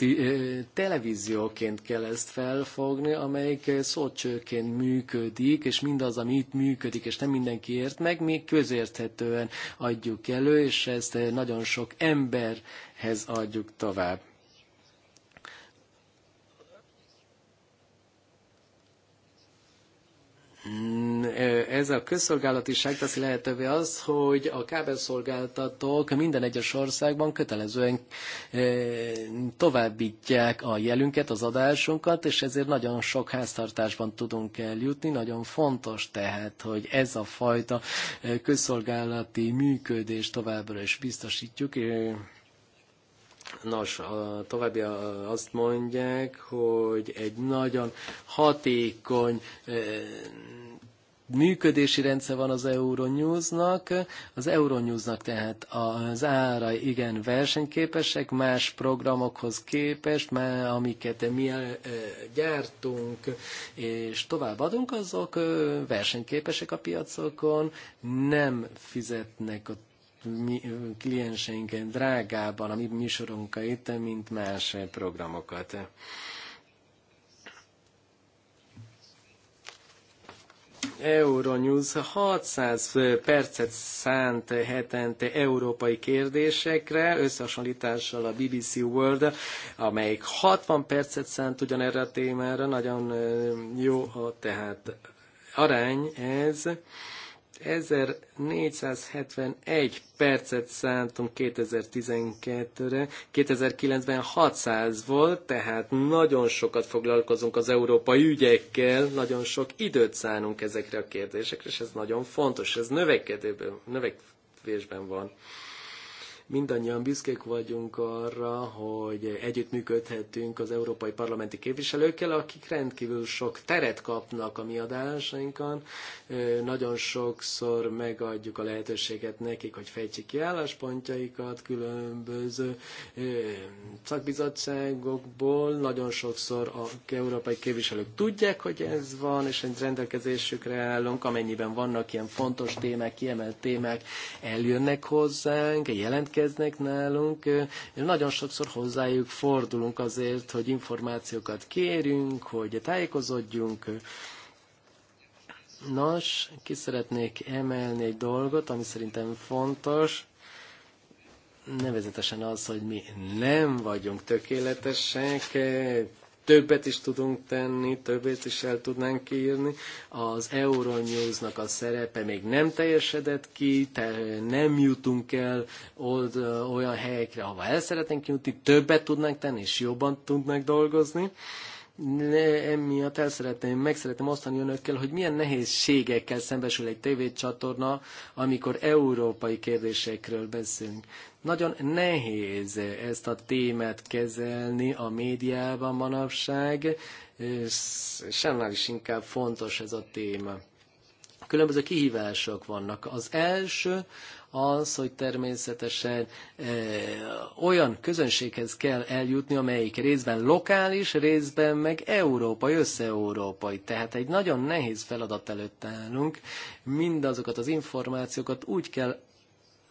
televízióként kell ezt felfogni, amelyik szócsőként működik, és mindaz, ami itt működik, és nem mindenki ért meg, mi közérthetően adjuk elő, és és ezt nagyon sok emberhez adjuk tovább. Ez a közszolgálatiság teszi lehetővé az, hogy a kábelszolgáltatók minden egyes országban kötelezően továbbítják a jelünket, az adásunkat, és ezért nagyon sok háztartásban tudunk eljutni. Nagyon fontos tehát, hogy ez a fajta közszolgálati működés továbbra is biztosítjuk. Nos, a további azt mondják, hogy egy nagyon hatékony e, működési rendszer van az Euronews-nak. Az Euronews-nak tehát az ára igen versenyképesek, más programokhoz képest, már amiket mi e, gyártunk és továbbadunk, azok e, versenyképesek a piacokon, nem fizetnek a mi, klienseinket drágában a mi műsorunkait, mint más programokat. Euronews 600 percet szánt hetente európai kérdésekre, összehasonlítással a BBC World, amelyik 60 percet szánt ugyanerre a témára, nagyon jó, tehát arány ez. 1471 percet szántunk 2012-re, 2009-ben 600 volt, tehát nagyon sokat foglalkozunk az európai ügyekkel, nagyon sok időt szánunk ezekre a kérdésekre, és ez nagyon fontos, ez növekedőben, növekvésben van. Mindannyian büszkék vagyunk arra, hogy együttműködhetünk az európai parlamenti képviselőkkel, akik rendkívül sok teret kapnak a mi adásainkon. Nagyon sokszor megadjuk a lehetőséget nekik, hogy fejtsék ki álláspontjaikat különböző szakbizottságokból. Nagyon sokszor a európai képviselők tudják, hogy ez van, és egy rendelkezésükre állunk, amennyiben vannak ilyen fontos témák, kiemelt témák, eljönnek hozzánk, jelentkeznek jelentkeznek nálunk, és nagyon sokszor hozzájuk fordulunk azért, hogy információkat kérünk, hogy tájékozódjunk, Nos, ki szeretnék emelni egy dolgot, ami szerintem fontos, nevezetesen az, hogy mi nem vagyunk tökéletesek, többet is tudunk tenni, többet is el tudnánk írni. Az Euronews-nak a szerepe még nem teljesedett ki, nem jutunk el olyan helyekre, ahova el szeretnénk jutni, többet tudnánk tenni, és jobban tudnánk dolgozni emiatt el szeretném, meg szeretném osztani önökkel, hogy milyen nehézségekkel szembesül egy tévécsatorna, amikor európai kérdésekről beszélünk. Nagyon nehéz ezt a témát kezelni a médiában manapság, és annál is inkább fontos ez a téma. Különböző kihívások vannak. Az első az, hogy természetesen e, olyan közönséghez kell eljutni, amelyik részben lokális, részben meg európai, össze-európai. Tehát egy nagyon nehéz feladat előtt állunk. Mindazokat az információkat úgy kell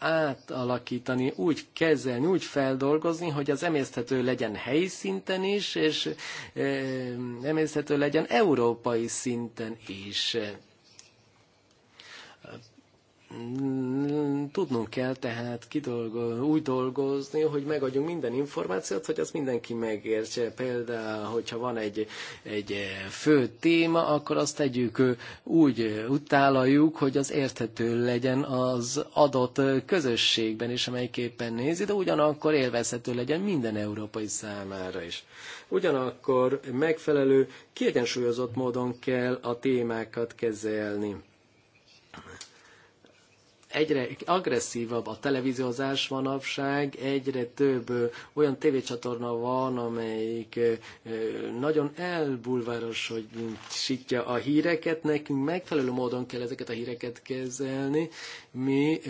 átalakítani, úgy kezelni, úgy feldolgozni, hogy az emészthető legyen helyi szinten is, és emészthető legyen európai szinten is Tudnunk kell tehát kidolgo, úgy dolgozni, hogy megadjunk minden információt, hogy azt mindenki megértse. Például, hogyha van egy, egy eh, fő téma, akkor azt tegyük úgy utálajuk, hogy az érthető legyen az adott közösségben is, amelyiképpen nézi, de ugyanakkor élvezhető legyen minden európai számára is. Ugyanakkor megfelelő, kiegyensúlyozott módon kell a témákat kezelni egyre agresszívabb a televíziózás manapság, egyre több olyan tévécsatorna van, amelyik nagyon elbulvárosítja a híreket, nekünk megfelelő módon kell ezeket a híreket kezelni. Mi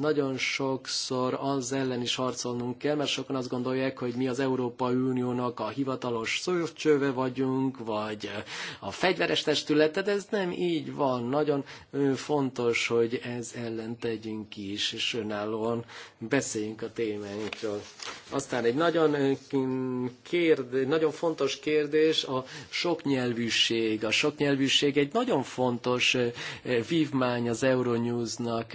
nagyon sokszor az ellen is harcolnunk kell, mert sokan azt gondolják, hogy mi az Európa Uniónak a hivatalos szócsöve vagyunk, vagy a fegyveres testülete, de ez nem így van. Nagyon fontos, hogy ez ellen ellen tegyünk is, és önállóan beszéljünk a témáinkról. Aztán egy nagyon, kérd, nagyon fontos kérdés a soknyelvűség. A soknyelvűség egy nagyon fontos vívmány az euronews nak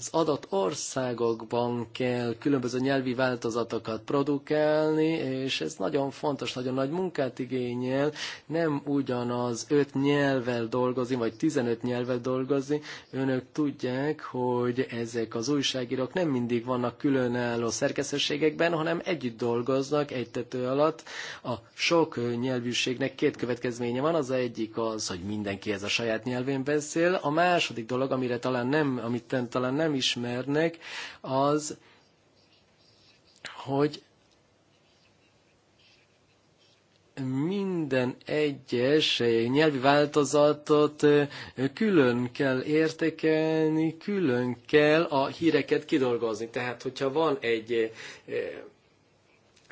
az adott országokban kell különböző nyelvi változatokat produkálni, és ez nagyon fontos, nagyon nagy munkát igényel. Nem ugyanaz öt nyelvel dolgozni, vagy 15 nyelvel dolgozni. Önök tudják, hogy ezek az újságírók nem mindig vannak különálló szerkesztőségekben, hanem együtt dolgoznak egy tető alatt. A sok nyelvűségnek két következménye van. Az egyik az, hogy mindenki ez a saját nyelvén beszél. A második dolog, amire talán nem, amit talán nem nem ismernek, az, hogy minden egyes nyelvi változatot külön kell értékelni, külön kell a híreket kidolgozni. Tehát, hogyha van egy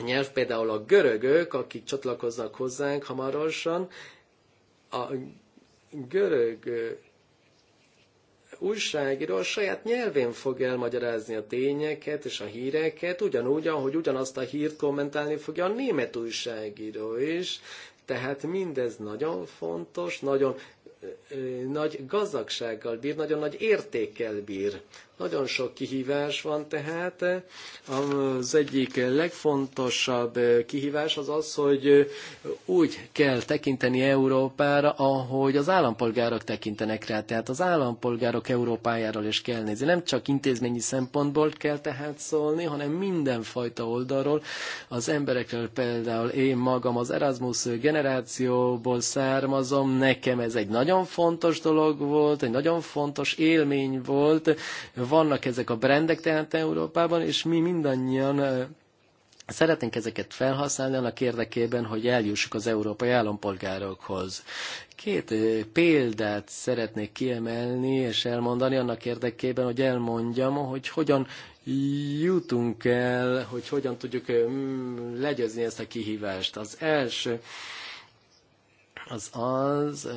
nyelv, például a görögök, akik csatlakoznak hozzánk hamarosan, a görög újságíró a saját nyelvén fog elmagyarázni a tényeket és a híreket, ugyanúgy, ahogy ugyanazt a hírt kommentálni fogja a német újságíró is. Tehát mindez nagyon fontos, nagyon ö, nagy gazdagsággal bír, nagyon nagy értékkel bír. Nagyon sok kihívás van tehát. Az egyik legfontosabb kihívás az az, hogy úgy kell tekinteni Európára, ahogy az állampolgárok tekintenek rá. Tehát az állampolgárok Európájáról is kell nézni. Nem csak intézményi szempontból kell tehát szólni, hanem mindenfajta oldalról. Az emberekről például én magam az Erasmus generációból származom, nekem ez egy nagyon fontos dolog volt, egy nagyon fontos élmény volt vannak ezek a brendek tehát Európában, és mi mindannyian Szeretnénk ezeket felhasználni annak érdekében, hogy eljussuk az európai állampolgárokhoz. Két példát szeretnék kiemelni és elmondani annak érdekében, hogy elmondjam, hogy hogyan jutunk el, hogy hogyan tudjuk legyőzni ezt a kihívást. Az első az az,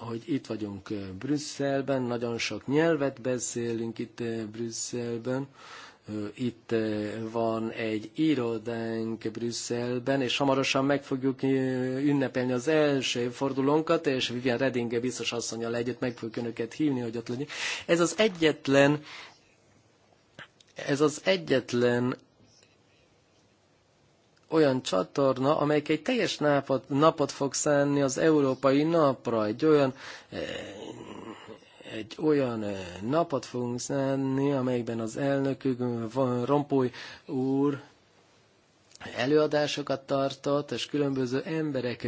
hogy itt vagyunk eh, Brüsszelben, nagyon sok nyelvet beszélünk itt eh, Brüsszelben, itt eh, van egy irodánk Brüsszelben, és hamarosan meg fogjuk ünnepelni az első fordulónkat, és Vivian Redinge biztos asszonyal együtt meg fogjuk önöket hívni, hogy ott legyünk. Ez az egyetlen ez az egyetlen olyan csatorna, amelyik egy teljes napot, napot fog szánni az Európai Napra, egy olyan eh, egy olyan eh, napot fogunk szánni, amelyikben az van Rompuy úr előadásokat tartott, és különböző emberek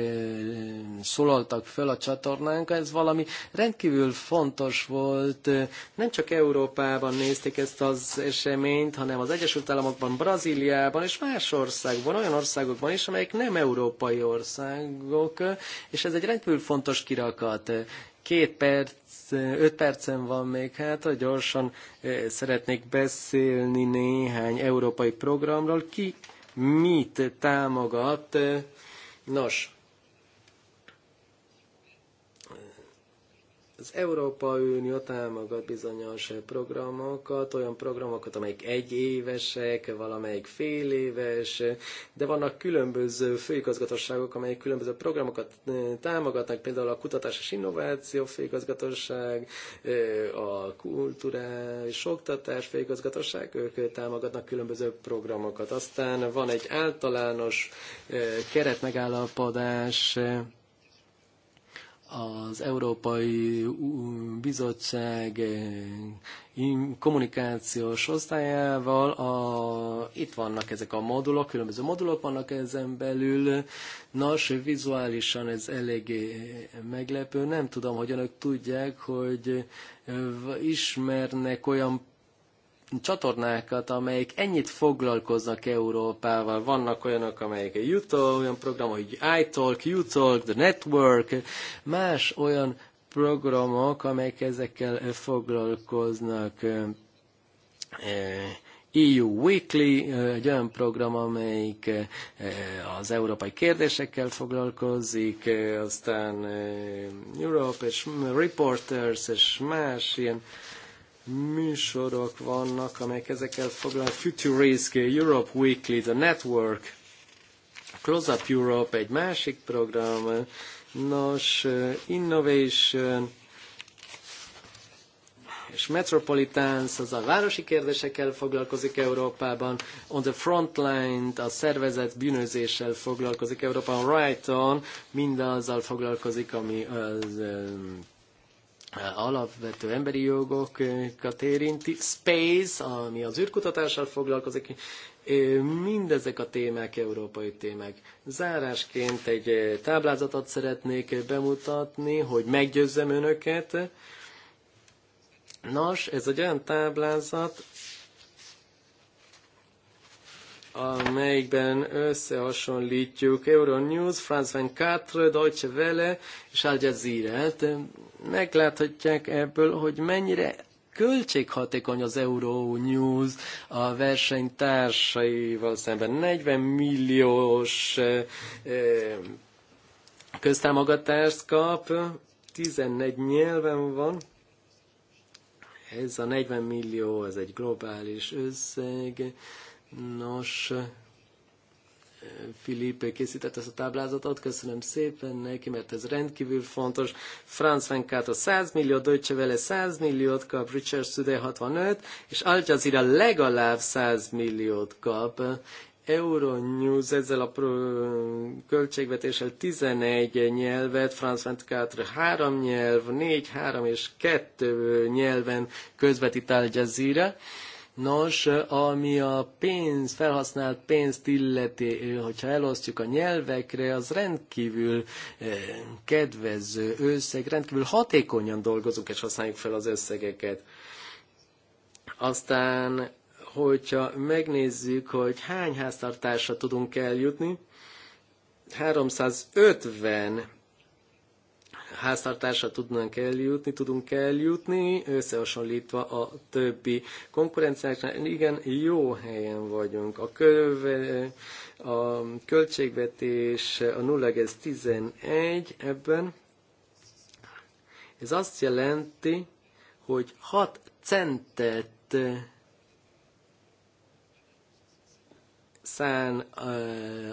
szólaltak fel a csatornánk, ez valami rendkívül fontos volt. Nem csak Európában nézték ezt az eseményt, hanem az Egyesült Államokban, Brazíliában és más országban, olyan országokban is, amelyek nem európai országok, és ez egy rendkívül fontos kirakat. Két perc öt percen van még hát, gyorsan szeretnék beszélni néhány európai programról. Ki mit támogat. Nos, Az Európa Unió támogat bizonyos programokat, olyan programokat, amelyik egyévesek, valamelyik fél éves, de vannak különböző főigazgatóságok, amelyek különböző programokat támogatnak, például a Kutatás és Innováció főigazgatóság, a Kultúra és Oktatás főigazgatóság, ők támogatnak különböző programokat. Aztán van egy általános keretmegállapodás, az Európai Bizottság eh, kommunikációs osztályával a, itt vannak ezek a modulok, különböző modulok vannak ezen belül. Nos, vizuálisan ez eléggé meglepő. Nem tudom, hogy önök tudják, hogy eh, ismernek olyan csatornákat, amelyek ennyit foglalkoznak Európával. Vannak olyanok, amelyek a YouTube, olyan program, hogy iTalk, YouTalk, The Network, más olyan programok, amelyek ezekkel foglalkoznak. EU eh, e Weekly, eh, egy olyan program, amelyik eh, az európai kérdésekkel foglalkozik, aztán Europe és Reporters és más ilyen műsorok vannak, amelyek ezekkel foglalnak. Futuristic Europe Weekly, The Network, Close Up Europe, egy másik program, nos, eh, Innovation, és Metropolitans, az a városi kérdésekkel foglalkozik Európában, on the frontline, a szervezet bűnözéssel foglalkozik Európában, right on, mindazzal foglalkozik, ami az eh, alapvető emberi jogokat érinti, Space, ami az űrkutatással foglalkozik, mindezek a témák európai témák. Zárásként egy táblázatot szeretnék bemutatni, hogy meggyőzzem önöket. Nos, ez egy olyan táblázat, amelyikben összehasonlítjuk Euronews, France 24, Deutsche Welle és Al Jazeera-t megláthatják ebből, hogy mennyire költséghatékony az Euronews a versenytársaival szemben. 40 milliós eh, eh, köztámogatást kap, 14 nyelven van, ez a 40 millió, ez egy globális összeg. Nos, Filipe készített ezt a táblázatot, köszönöm szépen neki, mert ez rendkívül fontos. Franz a 100 millió, Deutsche Welle 100 milliót kap, Richard Sude 65, és Al Jazeera legalább 100 milliót kap. Euronews ezzel a költségvetéssel 11 nyelvet, Franz Fentkátra 3 nyelv, 4, 3 és 2 nyelven közvetít Al Jazeera. Nos, ami a pénz, felhasznált pénzt illeti, hogyha elosztjuk a nyelvekre, az rendkívül eh, kedvező összeg, rendkívül hatékonyan dolgozunk és használjuk fel az összegeket. Aztán, hogyha megnézzük, hogy hány háztartásra tudunk eljutni, 350 háztartásra tudnánk eljutni, tudunk eljutni, összehasonlítva a többi konkurenciáknál. Igen, jó helyen vagyunk. A, köve, a költségvetés a 0,11 ebben. Ez azt jelenti, hogy 6 centet szán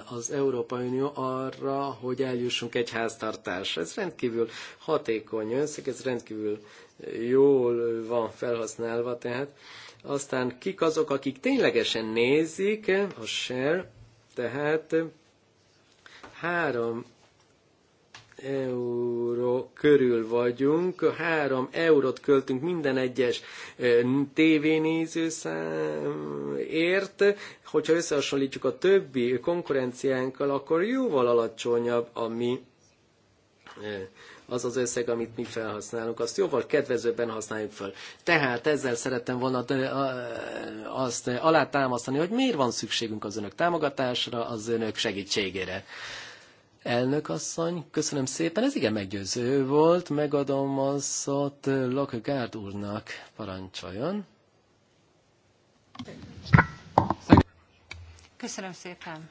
az Európai Unió arra, hogy eljussunk egy háztartásra. Ez rendkívül hatékony összeg, ez rendkívül jól van felhasználva tehát. Aztán kik azok, akik ténylegesen nézik, a share, tehát három euró körül vagyunk, három eurót költünk minden egyes tévénézőszámért, hogyha összehasonlítjuk a többi konkurenciánkkal, akkor jóval alacsonyabb a mi az az összeg, amit mi felhasználunk, azt jóval kedvezőbben használjuk fel. Tehát ezzel szerettem volna azt alátámasztani, hogy miért van szükségünk az önök támogatásra, az önök segítségére. Elnök asszony, köszönöm szépen, ez igen meggyőző volt, megadom a szót Lockhart úrnak, parancsoljon. Köszönöm szépen.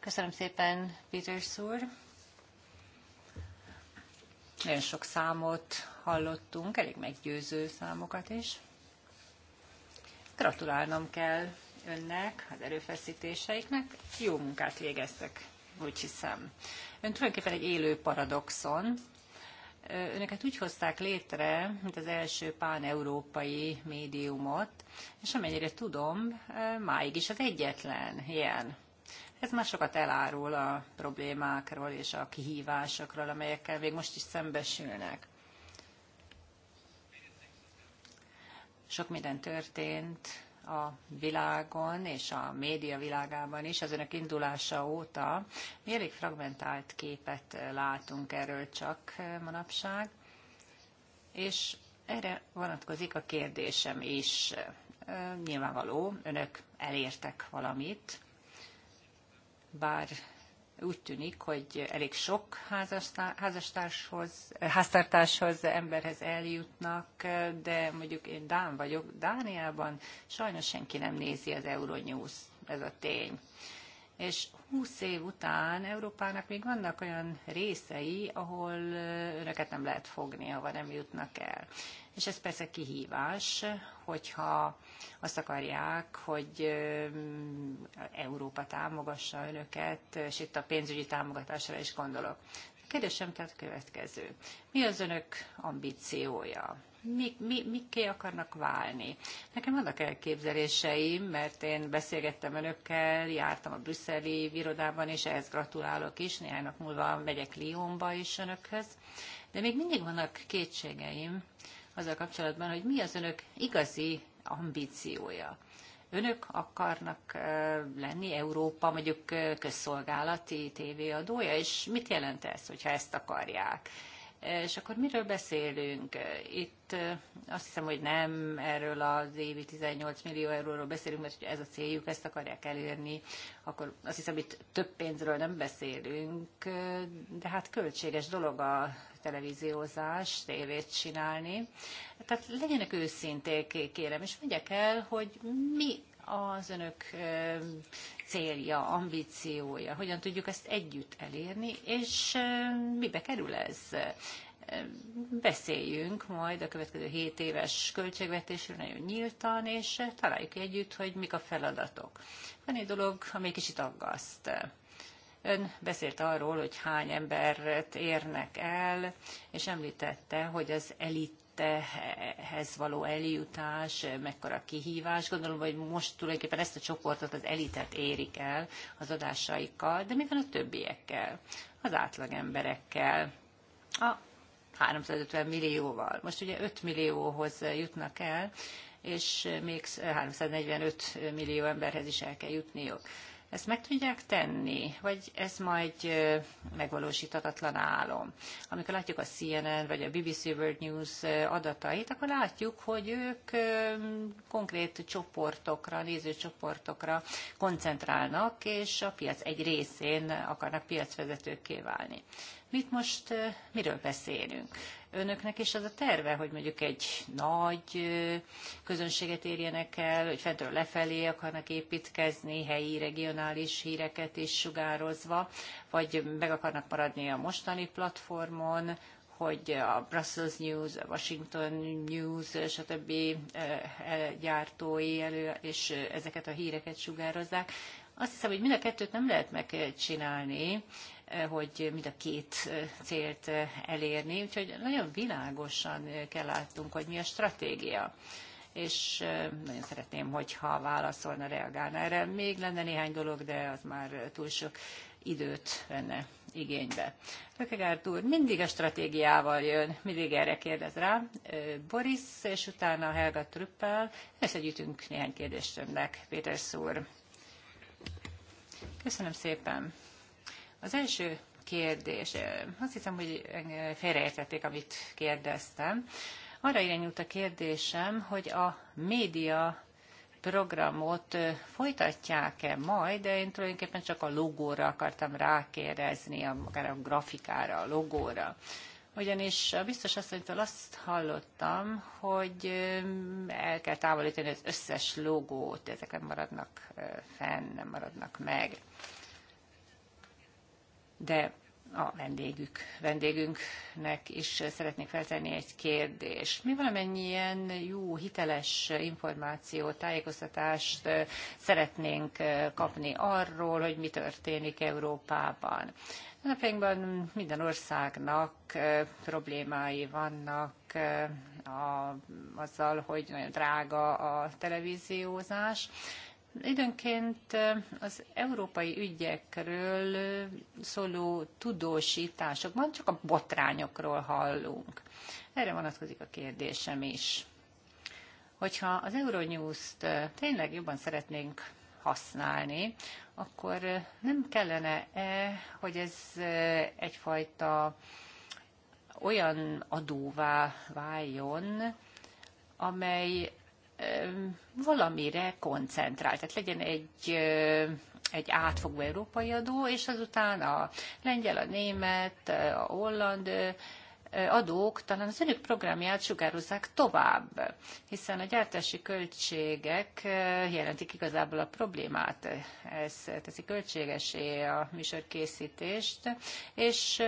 Köszönöm szépen, Peters úr. Nagyon sok számot hallottunk, elég meggyőző számokat is. Gratulálnom kell önnek, az erőfeszítéseiknek. Jó munkát végeztek, úgy hiszem. Ön tulajdonképpen egy élő paradoxon. Önöket úgy hozták létre, mint az első pán-európai médiumot, és amennyire tudom, máig is az egyetlen ilyen. Ez már sokat elárul a problémákról és a kihívásokról, amelyekkel még most is szembesülnek. sok minden történt a világon és a média világában is, az önök indulása óta mi elég fragmentált képet látunk erről csak manapság, és erre vonatkozik a kérdésem is. Nyilvánvaló, önök elértek valamit, bár úgy tűnik, hogy elég sok házastárshoz, háztartáshoz, emberhez eljutnak, de mondjuk én Dán vagyok, Dániában sajnos senki nem nézi az Euronews, ez a tény. És 20 év után Európának még vannak olyan részei, ahol önöket nem lehet fogni, ahol nem jutnak el és ez persze kihívás, hogyha azt akarják, hogy Európa támogassa önöket, és itt a pénzügyi támogatásra is gondolok. A kérdésem tehát következő. Mi az önök ambíciója? mi, mi, miké akarnak válni. Nekem vannak elképzeléseim, mert én beszélgettem önökkel, jártam a brüsszeli irodában, és ehhez gratulálok is, néhány nap múlva megyek Lyonba is önökhöz, de még mindig vannak kétségeim, azzal kapcsolatban, hogy mi az önök igazi ambíciója. Önök akarnak lenni Európa mondjuk közszolgálati tévéadója, és mit jelent ez, hogyha ezt akarják? És akkor miről beszélünk? Itt azt hiszem, hogy nem erről az évi 18 millió euróról beszélünk, mert hogy ez a céljuk, ezt akarják elérni, akkor azt hiszem, itt több pénzről nem beszélünk, de hát költséges dolog a televíziózás, tévét csinálni. Tehát legyenek őszinték, kérem, és mondják el, hogy mi az önök célja, ambíciója, hogyan tudjuk ezt együtt elérni, és mibe kerül ez? Beszéljünk majd a következő 7 éves költségvetésről nagyon nyíltan, és találjuk együtt, hogy mik a feladatok. Van egy dolog, ami kicsit aggaszt. Ön beszélt arról, hogy hány embert érnek el, és említette, hogy az elit tehez való eljutás, eh, mekkora kihívás. Gondolom, hogy most tulajdonképpen ezt a csoportot, az elitet érik el az adásaikkal, de van a többiekkel, az átlag emberekkel, a 350 millióval. Most ugye 5 millióhoz eh, jutnak el, és eh, még 345 millió emberhez is el kell jutniuk ezt meg tudják tenni, vagy ez majd megvalósíthatatlan álom. Amikor látjuk a CNN vagy a BBC World News adatait, akkor látjuk, hogy ők konkrét csoportokra, nézőcsoportokra koncentrálnak, és a piac egy részén akarnak piacvezetőkké válni. Mit most, miről beszélünk? önöknek, is az a terve, hogy mondjuk egy nagy közönséget érjenek el, hogy fentről lefelé akarnak építkezni, helyi, regionális híreket is sugározva, vagy meg akarnak maradni a mostani platformon, hogy a Brussels News, a Washington News, többi e, gyártói elő, és ezeket a híreket sugározzák. Azt hiszem, hogy mind a kettőt nem lehet megcsinálni, hogy mind a két célt elérni, úgyhogy nagyon világosan kell látnunk, hogy mi a stratégia és nagyon szeretném, hogyha válaszolna, reagálna erre. Még lenne néhány dolog, de az már túl sok időt venne igénybe. Lökegárd úr mindig a stratégiával jön, mindig erre kérdez rá. Boris, és utána Helga Trüppel, összegyűjtünk néhány kérdést önnek, Péter úr. Köszönöm szépen. Az első kérdés, azt hiszem, hogy félreértették, amit kérdeztem. Arra irányult a kérdésem, hogy a média programot folytatják-e majd, de én tulajdonképpen csak a logóra akartam rákérdezni, akár a grafikára, a logóra. Ugyanis a biztos asszonytól azt hallottam, hogy el kell távolítani az összes logót, ezek nem maradnak fenn, nem maradnak meg de a vendégük, vendégünknek is szeretnék feltenni egy kérdést. Mi valamennyien jó, hiteles információ tájékoztatást szeretnénk kapni arról, hogy mi történik Európában. Napjainkban minden országnak problémái vannak a, azzal, hogy nagyon drága a televíziózás, Időnként az európai ügyekről szóló tudósításokban csak a botrányokról hallunk. Erre vonatkozik a kérdésem is. Hogyha az Euronews-t tényleg jobban szeretnénk használni, akkor nem kellene-e, hogy ez egyfajta olyan adóvá váljon, amely valamire koncentrál. Tehát legyen egy, egy átfogó európai adó, és azután a lengyel, a német, a holland adók talán az önök programját sugározzák tovább, hiszen a gyártási költségek jelentik igazából a problémát. Ez teszi költségesé a műsorkészítést, és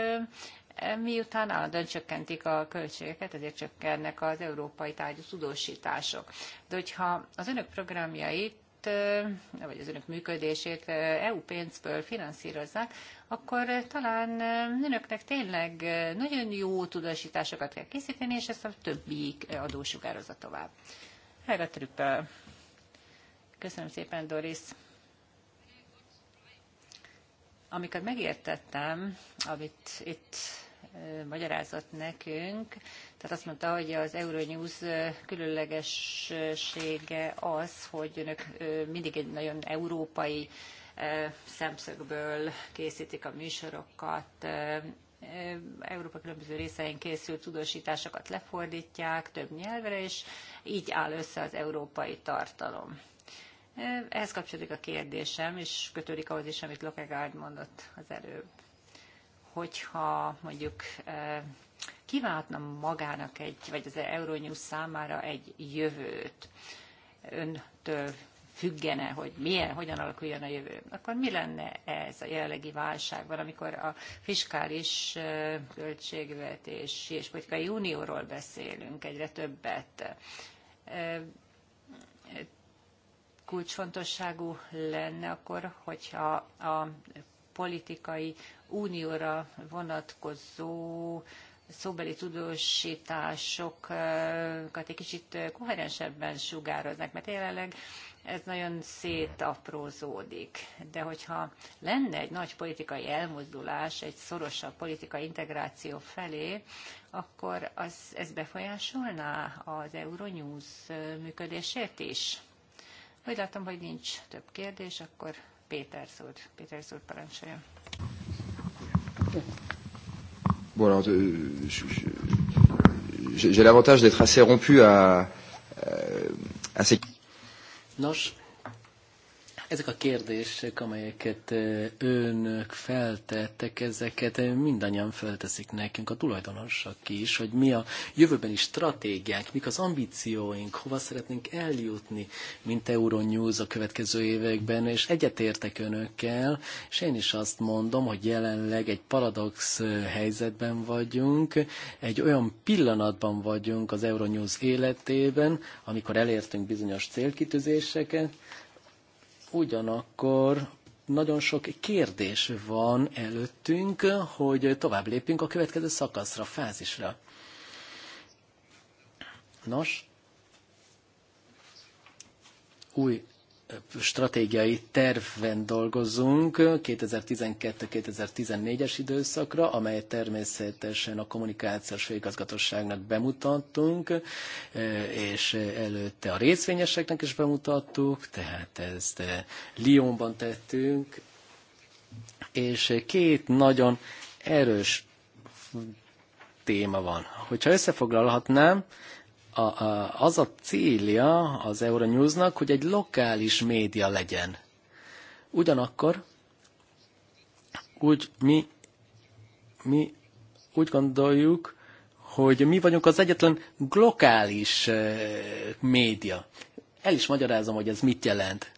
miután állandóan csökkentik a költségeket, ezért csökkennek az európai tárgyú tudósítások. De hogyha az önök programjait vagy az önök működését EU pénzből finanszírozzák, akkor talán önöknek tényleg nagyon jó tudósításokat kell készíteni, és ezt a többi adósugározza tovább. Helga Trüppel. Köszönöm szépen, Doris. Amikor megértettem, amit itt magyarázott nekünk, tehát azt mondta, hogy az Euronews különlegessége az, hogy önök mindig egy nagyon európai szemszögből készítik a műsorokat, Európa különböző részein készült tudósításokat lefordítják több nyelvre, és így áll össze az európai tartalom. Ehhez kapcsolódik a kérdésem, és kötődik ahhoz is, amit Lokegárd mondott az előbb. Hogyha mondjuk e, kívánhatna magának egy, vagy az Euronews számára egy jövőt, öntől függene, hogy milyen, hogyan alakuljon a jövő, akkor mi lenne ez a jelenlegi válságban, amikor a fiskális e, költségvetési és politikai unióról beszélünk egyre többet. E, kulcsfontosságú lenne akkor, hogyha a politikai unióra vonatkozó szóbeli tudósításokat egy kicsit koherensebben sugároznak, mert jelenleg ez nagyon szétaprózódik. De hogyha lenne egy nagy politikai elmozdulás, egy szorosabb politikai integráció felé, akkor az, ez befolyásolná az Euronews működését is? Úgy látom, hogy nincs több kérdés, akkor Péter szólt. Péter szólt parancsoljon. Bon, alors, euh, j'ai l'avantage d'être assez rompu à, euh, à ces... Nos, ezek a kérdések, amelyeket önök feltettek, ezeket mindannyian felteszik nekünk, a tulajdonosak is, hogy mi a jövőbeni stratégiánk, mik az ambícióink, hova szeretnénk eljutni, mint Euronews a következő években, és egyetértek önökkel, és én is azt mondom, hogy jelenleg egy paradox helyzetben vagyunk, egy olyan pillanatban vagyunk az Euronews életében, amikor elértünk bizonyos célkitűzéseket, Ugyanakkor nagyon sok kérdés van előttünk, hogy tovább lépjünk a következő szakaszra, fázisra. Nos, új stratégiai tervben dolgozunk 2012-2014-es időszakra, amelyet természetesen a kommunikációs főigazgatóságnak bemutattunk, és előtte a részvényeseknek is bemutattuk, tehát ezt Lyonban tettünk, és két nagyon erős téma van. Hogyha összefoglalhatnám, a, a, az a célja az Euronewsnak, hogy egy lokális média legyen. Ugyanakkor úgy mi, mi úgy gondoljuk, hogy mi vagyunk az egyetlen lokális eh, média. El is magyarázom, hogy ez mit jelent.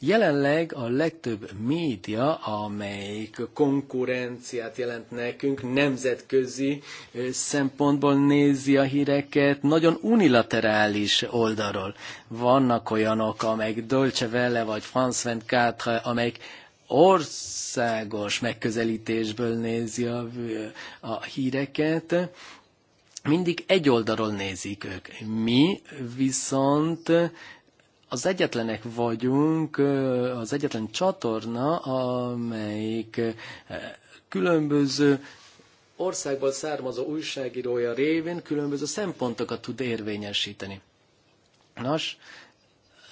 Jelenleg a legtöbb média, amelyik konkurenciát jelent nekünk, nemzetközi szempontból nézi a híreket, nagyon unilaterális oldalról. Vannak olyanok, amelyik Dolce Vele vagy France 24, amelyik országos megközelítésből nézi a, a híreket, mindig egy oldalról nézik ők. Mi viszont az egyetlenek vagyunk, az egyetlen csatorna, amelyik különböző országból származó újságírója révén különböző szempontokat tud érvényesíteni. Nos,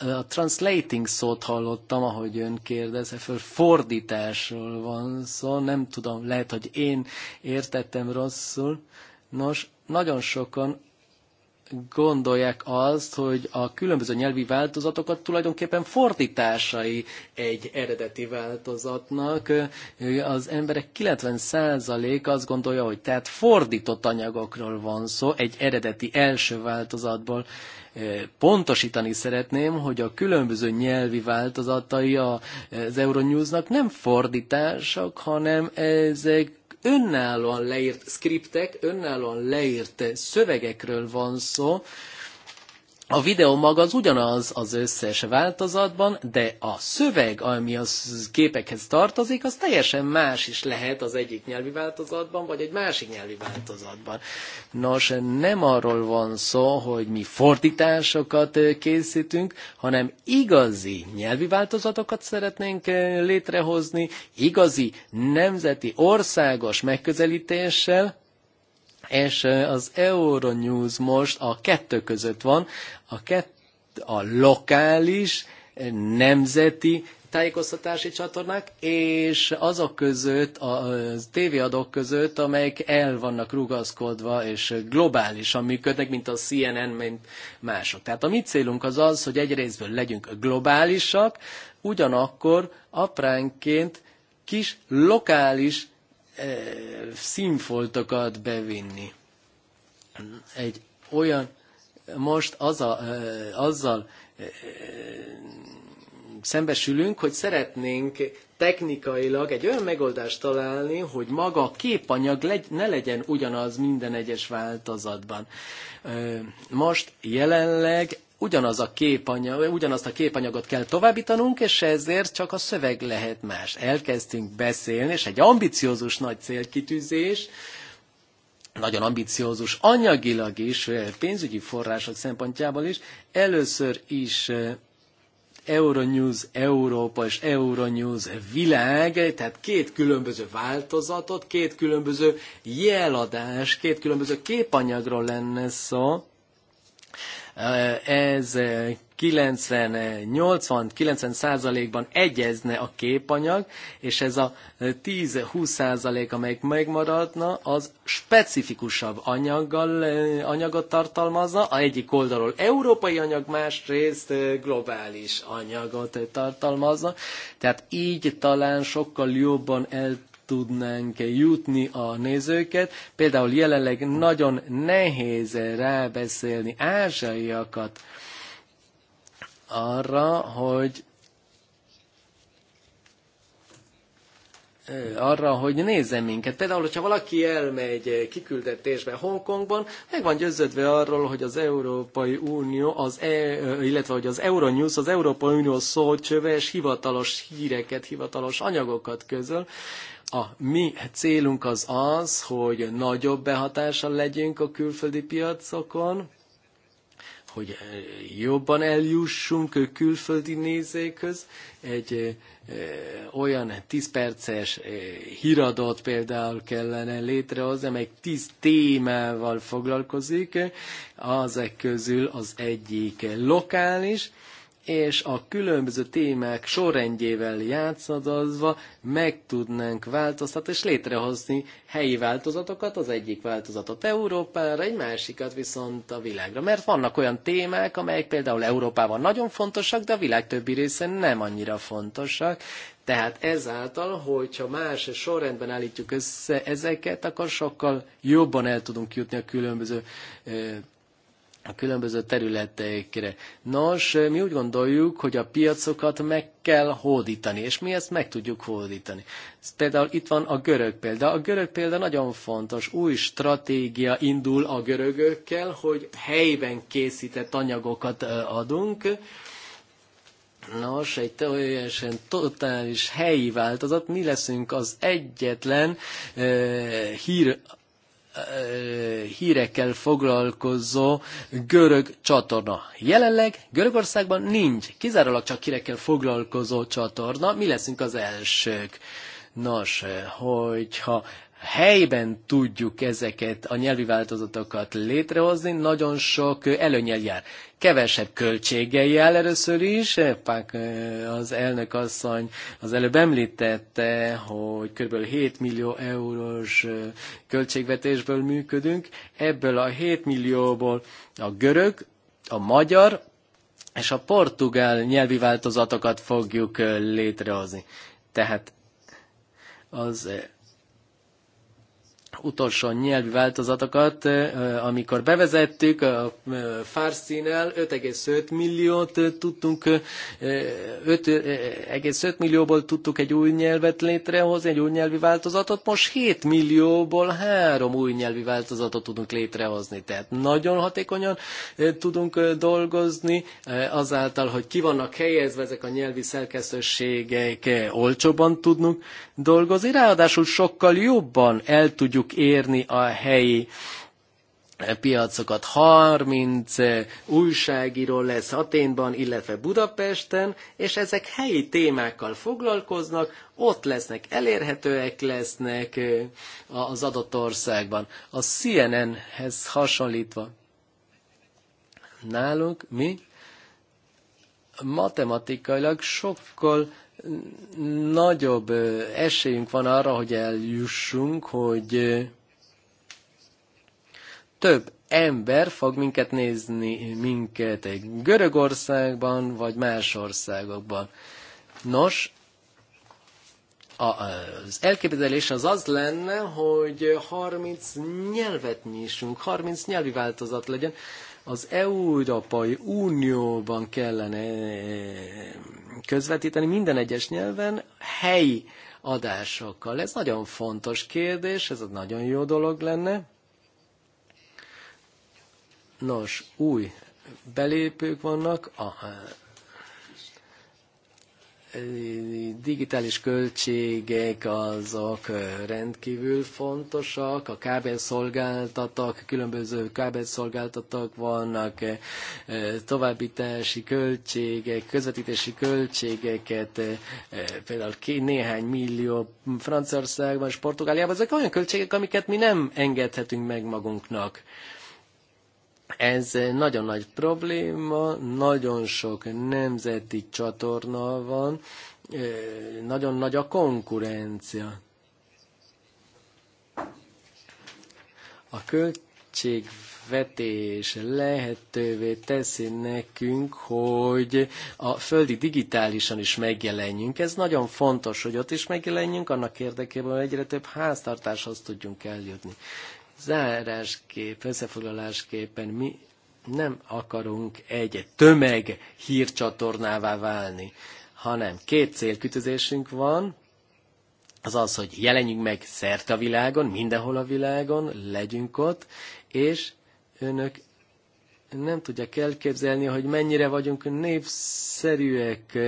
a translating szót hallottam, ahogy ön kérdez, e föl fordításról van szó, nem tudom, lehet, hogy én értettem rosszul. Nos, nagyon sokan gondolják azt, hogy a különböző nyelvi változatokat tulajdonképpen fordításai egy eredeti változatnak. Az emberek 90% azt gondolja, hogy tehát fordított anyagokról van szó, egy eredeti első változatból. Pontosítani szeretném, hogy a különböző nyelvi változatai az Euronewsnak nem fordítások, hanem ezek önállóan leírt skriptek, önállóan leírt szövegekről van szó, a videó maga az ugyanaz az összes változatban, de a szöveg, ami a képekhez tartozik, az teljesen más is lehet az egyik nyelvi változatban, vagy egy másik nyelvi változatban. Nos, nem arról van szó, hogy mi fordításokat készítünk, hanem igazi nyelvi változatokat szeretnénk létrehozni, igazi nemzeti országos megközelítéssel, és az Euronews most a kettő között van, a, kett, a lokális, nemzeti tájékoztatási csatornák, és azok között, a tévéadók között, amelyek el vannak rugaszkodva, és globálisan működnek, mint a CNN, mint mások. Tehát a mi célunk az az, hogy egyrésztből legyünk globálisak, ugyanakkor apránként kis lokális színfoltokat bevinni. Egy olyan, most az a, azzal szembesülünk, hogy szeretnénk technikailag egy olyan megoldást találni, hogy maga a képanyag legy, ne legyen ugyanaz minden egyes változatban. Most jelenleg ugyanaz a képanyag, ugyanazt a képanyagot kell továbbítanunk, és ezért csak a szöveg lehet más. Elkezdtünk beszélni, és egy ambiciózus nagy célkitűzés, nagyon ambiciózus anyagilag is, pénzügyi források szempontjából is, először is Euronews Európa és Euronews világ, tehát két különböző változatot, két különböző jeladás, két különböző képanyagról lenne szó, ez 90-80-90 százalékban egyezne a képanyag, és ez a 10-20 százalék, amelyik megmaradna, az specifikusabb anyaggal, eh, anyagot tartalmazna, a egyik oldalról európai anyag, másrészt eh, globális anyagot tartalmazna, tehát így talán sokkal jobban el tudnánk jutni a nézőket. Például jelenleg nagyon nehéz rábeszélni ázsaiakat arra, hogy arra, hogy nézze minket. Például, hogyha valaki elmegy kiküldetésbe Hongkongban, meg van győződve arról, hogy az Európai Unió, az e, illetve hogy az Euronews, az Európai Unió szócsöves hivatalos híreket, hivatalos anyagokat közöl, a mi célunk az az, hogy nagyobb behatással legyünk a külföldi piacokon, hogy jobban eljussunk külföldi nézőkhöz. Egy eh, olyan 10 perces eh, híradót például kellene létrehozni, amely 10 témával foglalkozik, azek közül az egyik lokális, és a különböző témák sorrendjével játszadozva meg tudnánk változtatni és létrehozni helyi változatokat, az egyik változatot Európára, egy másikat viszont a világra. Mert vannak olyan témák, amelyek például Európában nagyon fontosak, de a világ többi részén nem annyira fontosak, tehát ezáltal, hogyha más sorrendben állítjuk össze ezeket, akkor sokkal jobban el tudunk jutni a különböző a különböző területekre. Nos, mi úgy gondoljuk, hogy a piacokat meg kell hódítani, és mi ezt meg tudjuk hódítani. Például itt van a görög példa. A görög példa nagyon fontos. Új stratégia indul a görögökkel, hogy helyben készített anyagokat adunk, Nos, egy teljesen totális helyi változat, mi leszünk az egyetlen uh, hír hírekkel foglalkozó görög csatorna. Jelenleg Görögországban nincs, kizárólag csak hírekkel foglalkozó csatorna, mi leszünk az elsők. Nos, hogyha helyben tudjuk ezeket a nyelvi változatokat létrehozni, nagyon sok előnyel jár. Kevesebb költséggel jár először is, Pák az elnök asszony az előbb említette, hogy kb. 7 millió eurós költségvetésből működünk, ebből a 7 millióból a görög, a magyar és a portugál nyelvi változatokat fogjuk létrehozni. Tehát az utolsó nyelvi változatokat, amikor bevezettük a Farszínel 5,5 milliót tudtunk, 5,5 millióból tudtuk egy új nyelvet létrehozni, egy új nyelvi változatot, most 7 millióból három új nyelvi változatot tudunk létrehozni. Tehát nagyon hatékonyan tudunk dolgozni, azáltal, hogy ki vannak helyezve ezek a nyelvi szerkesztőségek, olcsóban tudunk dolgozni, ráadásul sokkal jobban el tudjuk tudjuk érni a helyi eh, piacokat. 30 eh, újságíró lesz Aténban, illetve Budapesten, és ezek helyi témákkal foglalkoznak, ott lesznek, elérhetőek lesznek eh, az adott országban. A CNN-hez hasonlítva nálunk mi matematikailag sokkal nagyobb esélyünk van arra, hogy eljussunk, hogy több ember fog minket nézni, minket egy Görögországban, vagy más országokban. Nos, az elképzelés az az lenne, hogy 30 nyelvet nyissunk, 30 nyelvi változat legyen, az Európai Unióban kellene eh, közvetíteni minden egyes nyelven helyi adásokkal. Ez nagyon fontos kérdés, ez egy nagyon jó dolog lenne. Nos, új belépők vannak, a digitális költségek azok rendkívül fontosak, a kábelszolgáltatók, különböző kábelszolgáltatók vannak, továbbítási költségek, közvetítési költségeket, például néhány millió Franciaországban és Portugáliában, ezek olyan költségek, amiket mi nem engedhetünk meg magunknak. Ez nagyon nagy probléma, nagyon sok nemzeti csatorna van, nagyon nagy a konkurencia. A költségvetés lehetővé teszi nekünk, hogy a földi digitálisan is megjelenjünk. Ez nagyon fontos, hogy ott is megjelenjünk, annak érdekében, hogy egyre több háztartáshoz tudjunk eljutni zárásképp, összefoglalásképpen mi nem akarunk egy tömeg hírcsatornává válni, hanem két célkütözésünk van, az az, hogy jelenjünk meg szerte a világon, mindenhol a világon, legyünk ott, és önök nem tudják elképzelni, hogy mennyire vagyunk népszerűek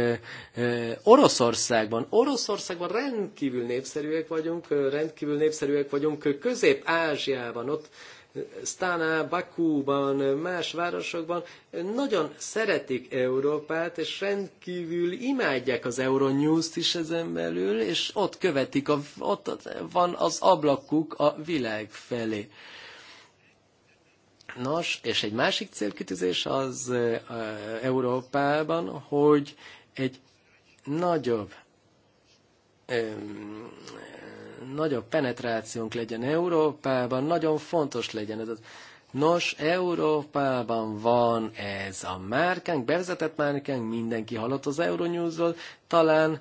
Oroszországban. Oroszországban rendkívül népszerűek vagyunk, rendkívül népszerűek vagyunk Közép-Ázsiában, ott Sztáná, Bakúban, más városokban nagyon szeretik Európát, és rendkívül imádják az Euronews-t is ezen belül, és ott követik, a, ott van az ablakuk a világ felé. Nos, és egy másik célkitűzés az Európában, hogy egy nagyobb nagyobb penetrációnk legyen Európában, nagyon fontos legyen ez. Nos, Európában van ez a márkánk, bevezetett márkánk, mindenki hallott az Euronewsról, talán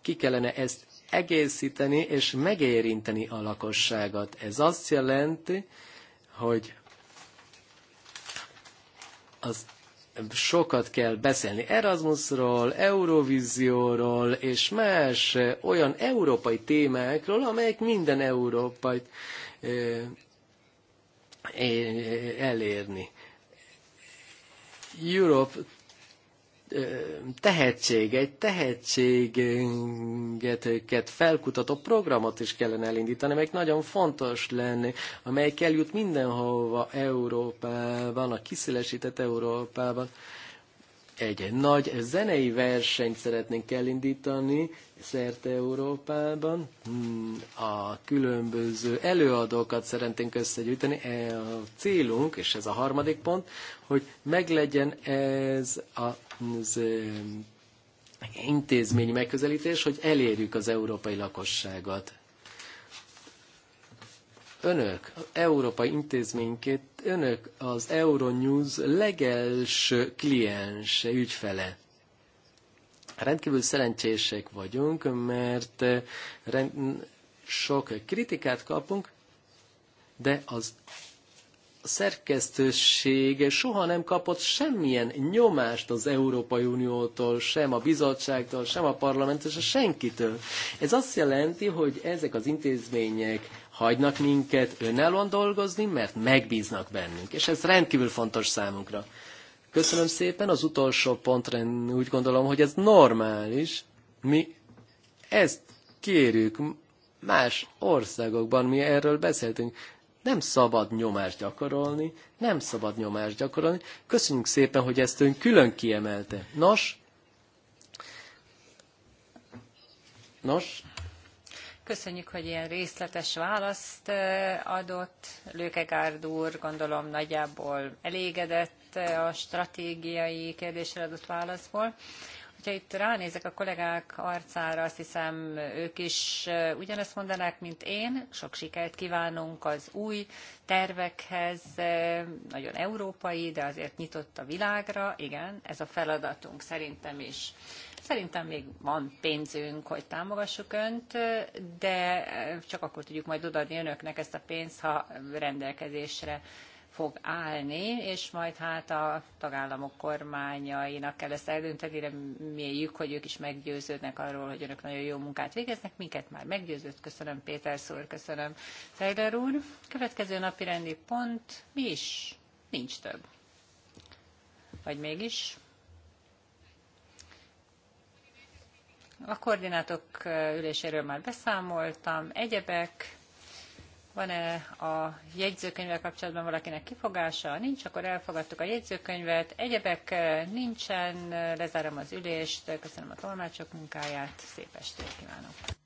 ki kellene ezt egészíteni és megérinteni a lakosságot. Ez azt jelenti, hogy az sokat kell beszélni Erasmusról, Eurovízióról és más eh, olyan európai témákról, amelyek minden európai eh, eh, elérni. Europe tehetség, egy tehetséget felkutató programot is kellene elindítani, amelyik nagyon fontos lenne, amelyik eljut mindenhova Európában, a kiszélesített Európában egy nagy zenei versenyt szeretnénk elindítani szerte Európában. Hmm, a különböző előadókat szeretnénk összegyűjteni. E a célunk, és ez a harmadik pont, hogy meglegyen ez a, az intézmény megközelítés, hogy elérjük az európai lakosságot. Önök, az európai intézményként, önök az Euronews legelső kliense, ügyfele. Rendkívül szerencsések vagyunk, mert eh, rend, sok kritikát kapunk, de az a szerkesztőség soha nem kapott semmilyen nyomást az Európai Uniótól, sem a bizottságtól, sem a parlamenttől, sem senkitől. Ez azt jelenti, hogy ezek az intézmények hagynak minket önállóan dolgozni, mert megbíznak bennünk, és ez rendkívül fontos számunkra. Köszönöm szépen, az utolsó pontra úgy gondolom, hogy ez normális. Mi ezt kérjük más országokban, mi erről beszéltünk. Nem szabad nyomást gyakorolni, nem szabad nyomást gyakorolni. Köszönjük szépen, hogy ezt ön külön kiemelte. Nos, nos, Köszönjük, hogy ilyen részletes választ adott. Lőkegárd úr, gondolom nagyjából elégedett a stratégiai kérdésre adott válaszból. Ha itt ránézek a kollégák arcára, azt hiszem ők is ugyanezt mondanák, mint én. Sok sikert kívánunk az új tervekhez, nagyon európai, de azért nyitott a világra. Igen, ez a feladatunk szerintem is. Szerintem még van pénzünk, hogy támogassuk Önt, de csak akkor tudjuk majd odaadni Önöknek ezt a pénzt, ha rendelkezésre fog állni, és majd hát a tagállamok kormányainak kell ezt eldönteni, reméljük, hogy ők is meggyőződnek arról, hogy önök nagyon jó munkát végeznek, minket már meggyőzött. Köszönöm Péter szór, köszönöm Taylor úr. Következő napi rendi pont, mi is? Nincs több. Vagy mégis? A koordinátok üléséről már beszámoltam. Egyebek, van-e a jegyzőkönyvvel kapcsolatban valakinek kifogása? Nincs, akkor elfogadtuk a jegyzőkönyvet. Egyebek nincsen, lezárom az ülést, köszönöm a tolmácsok munkáját, szép estét kívánok!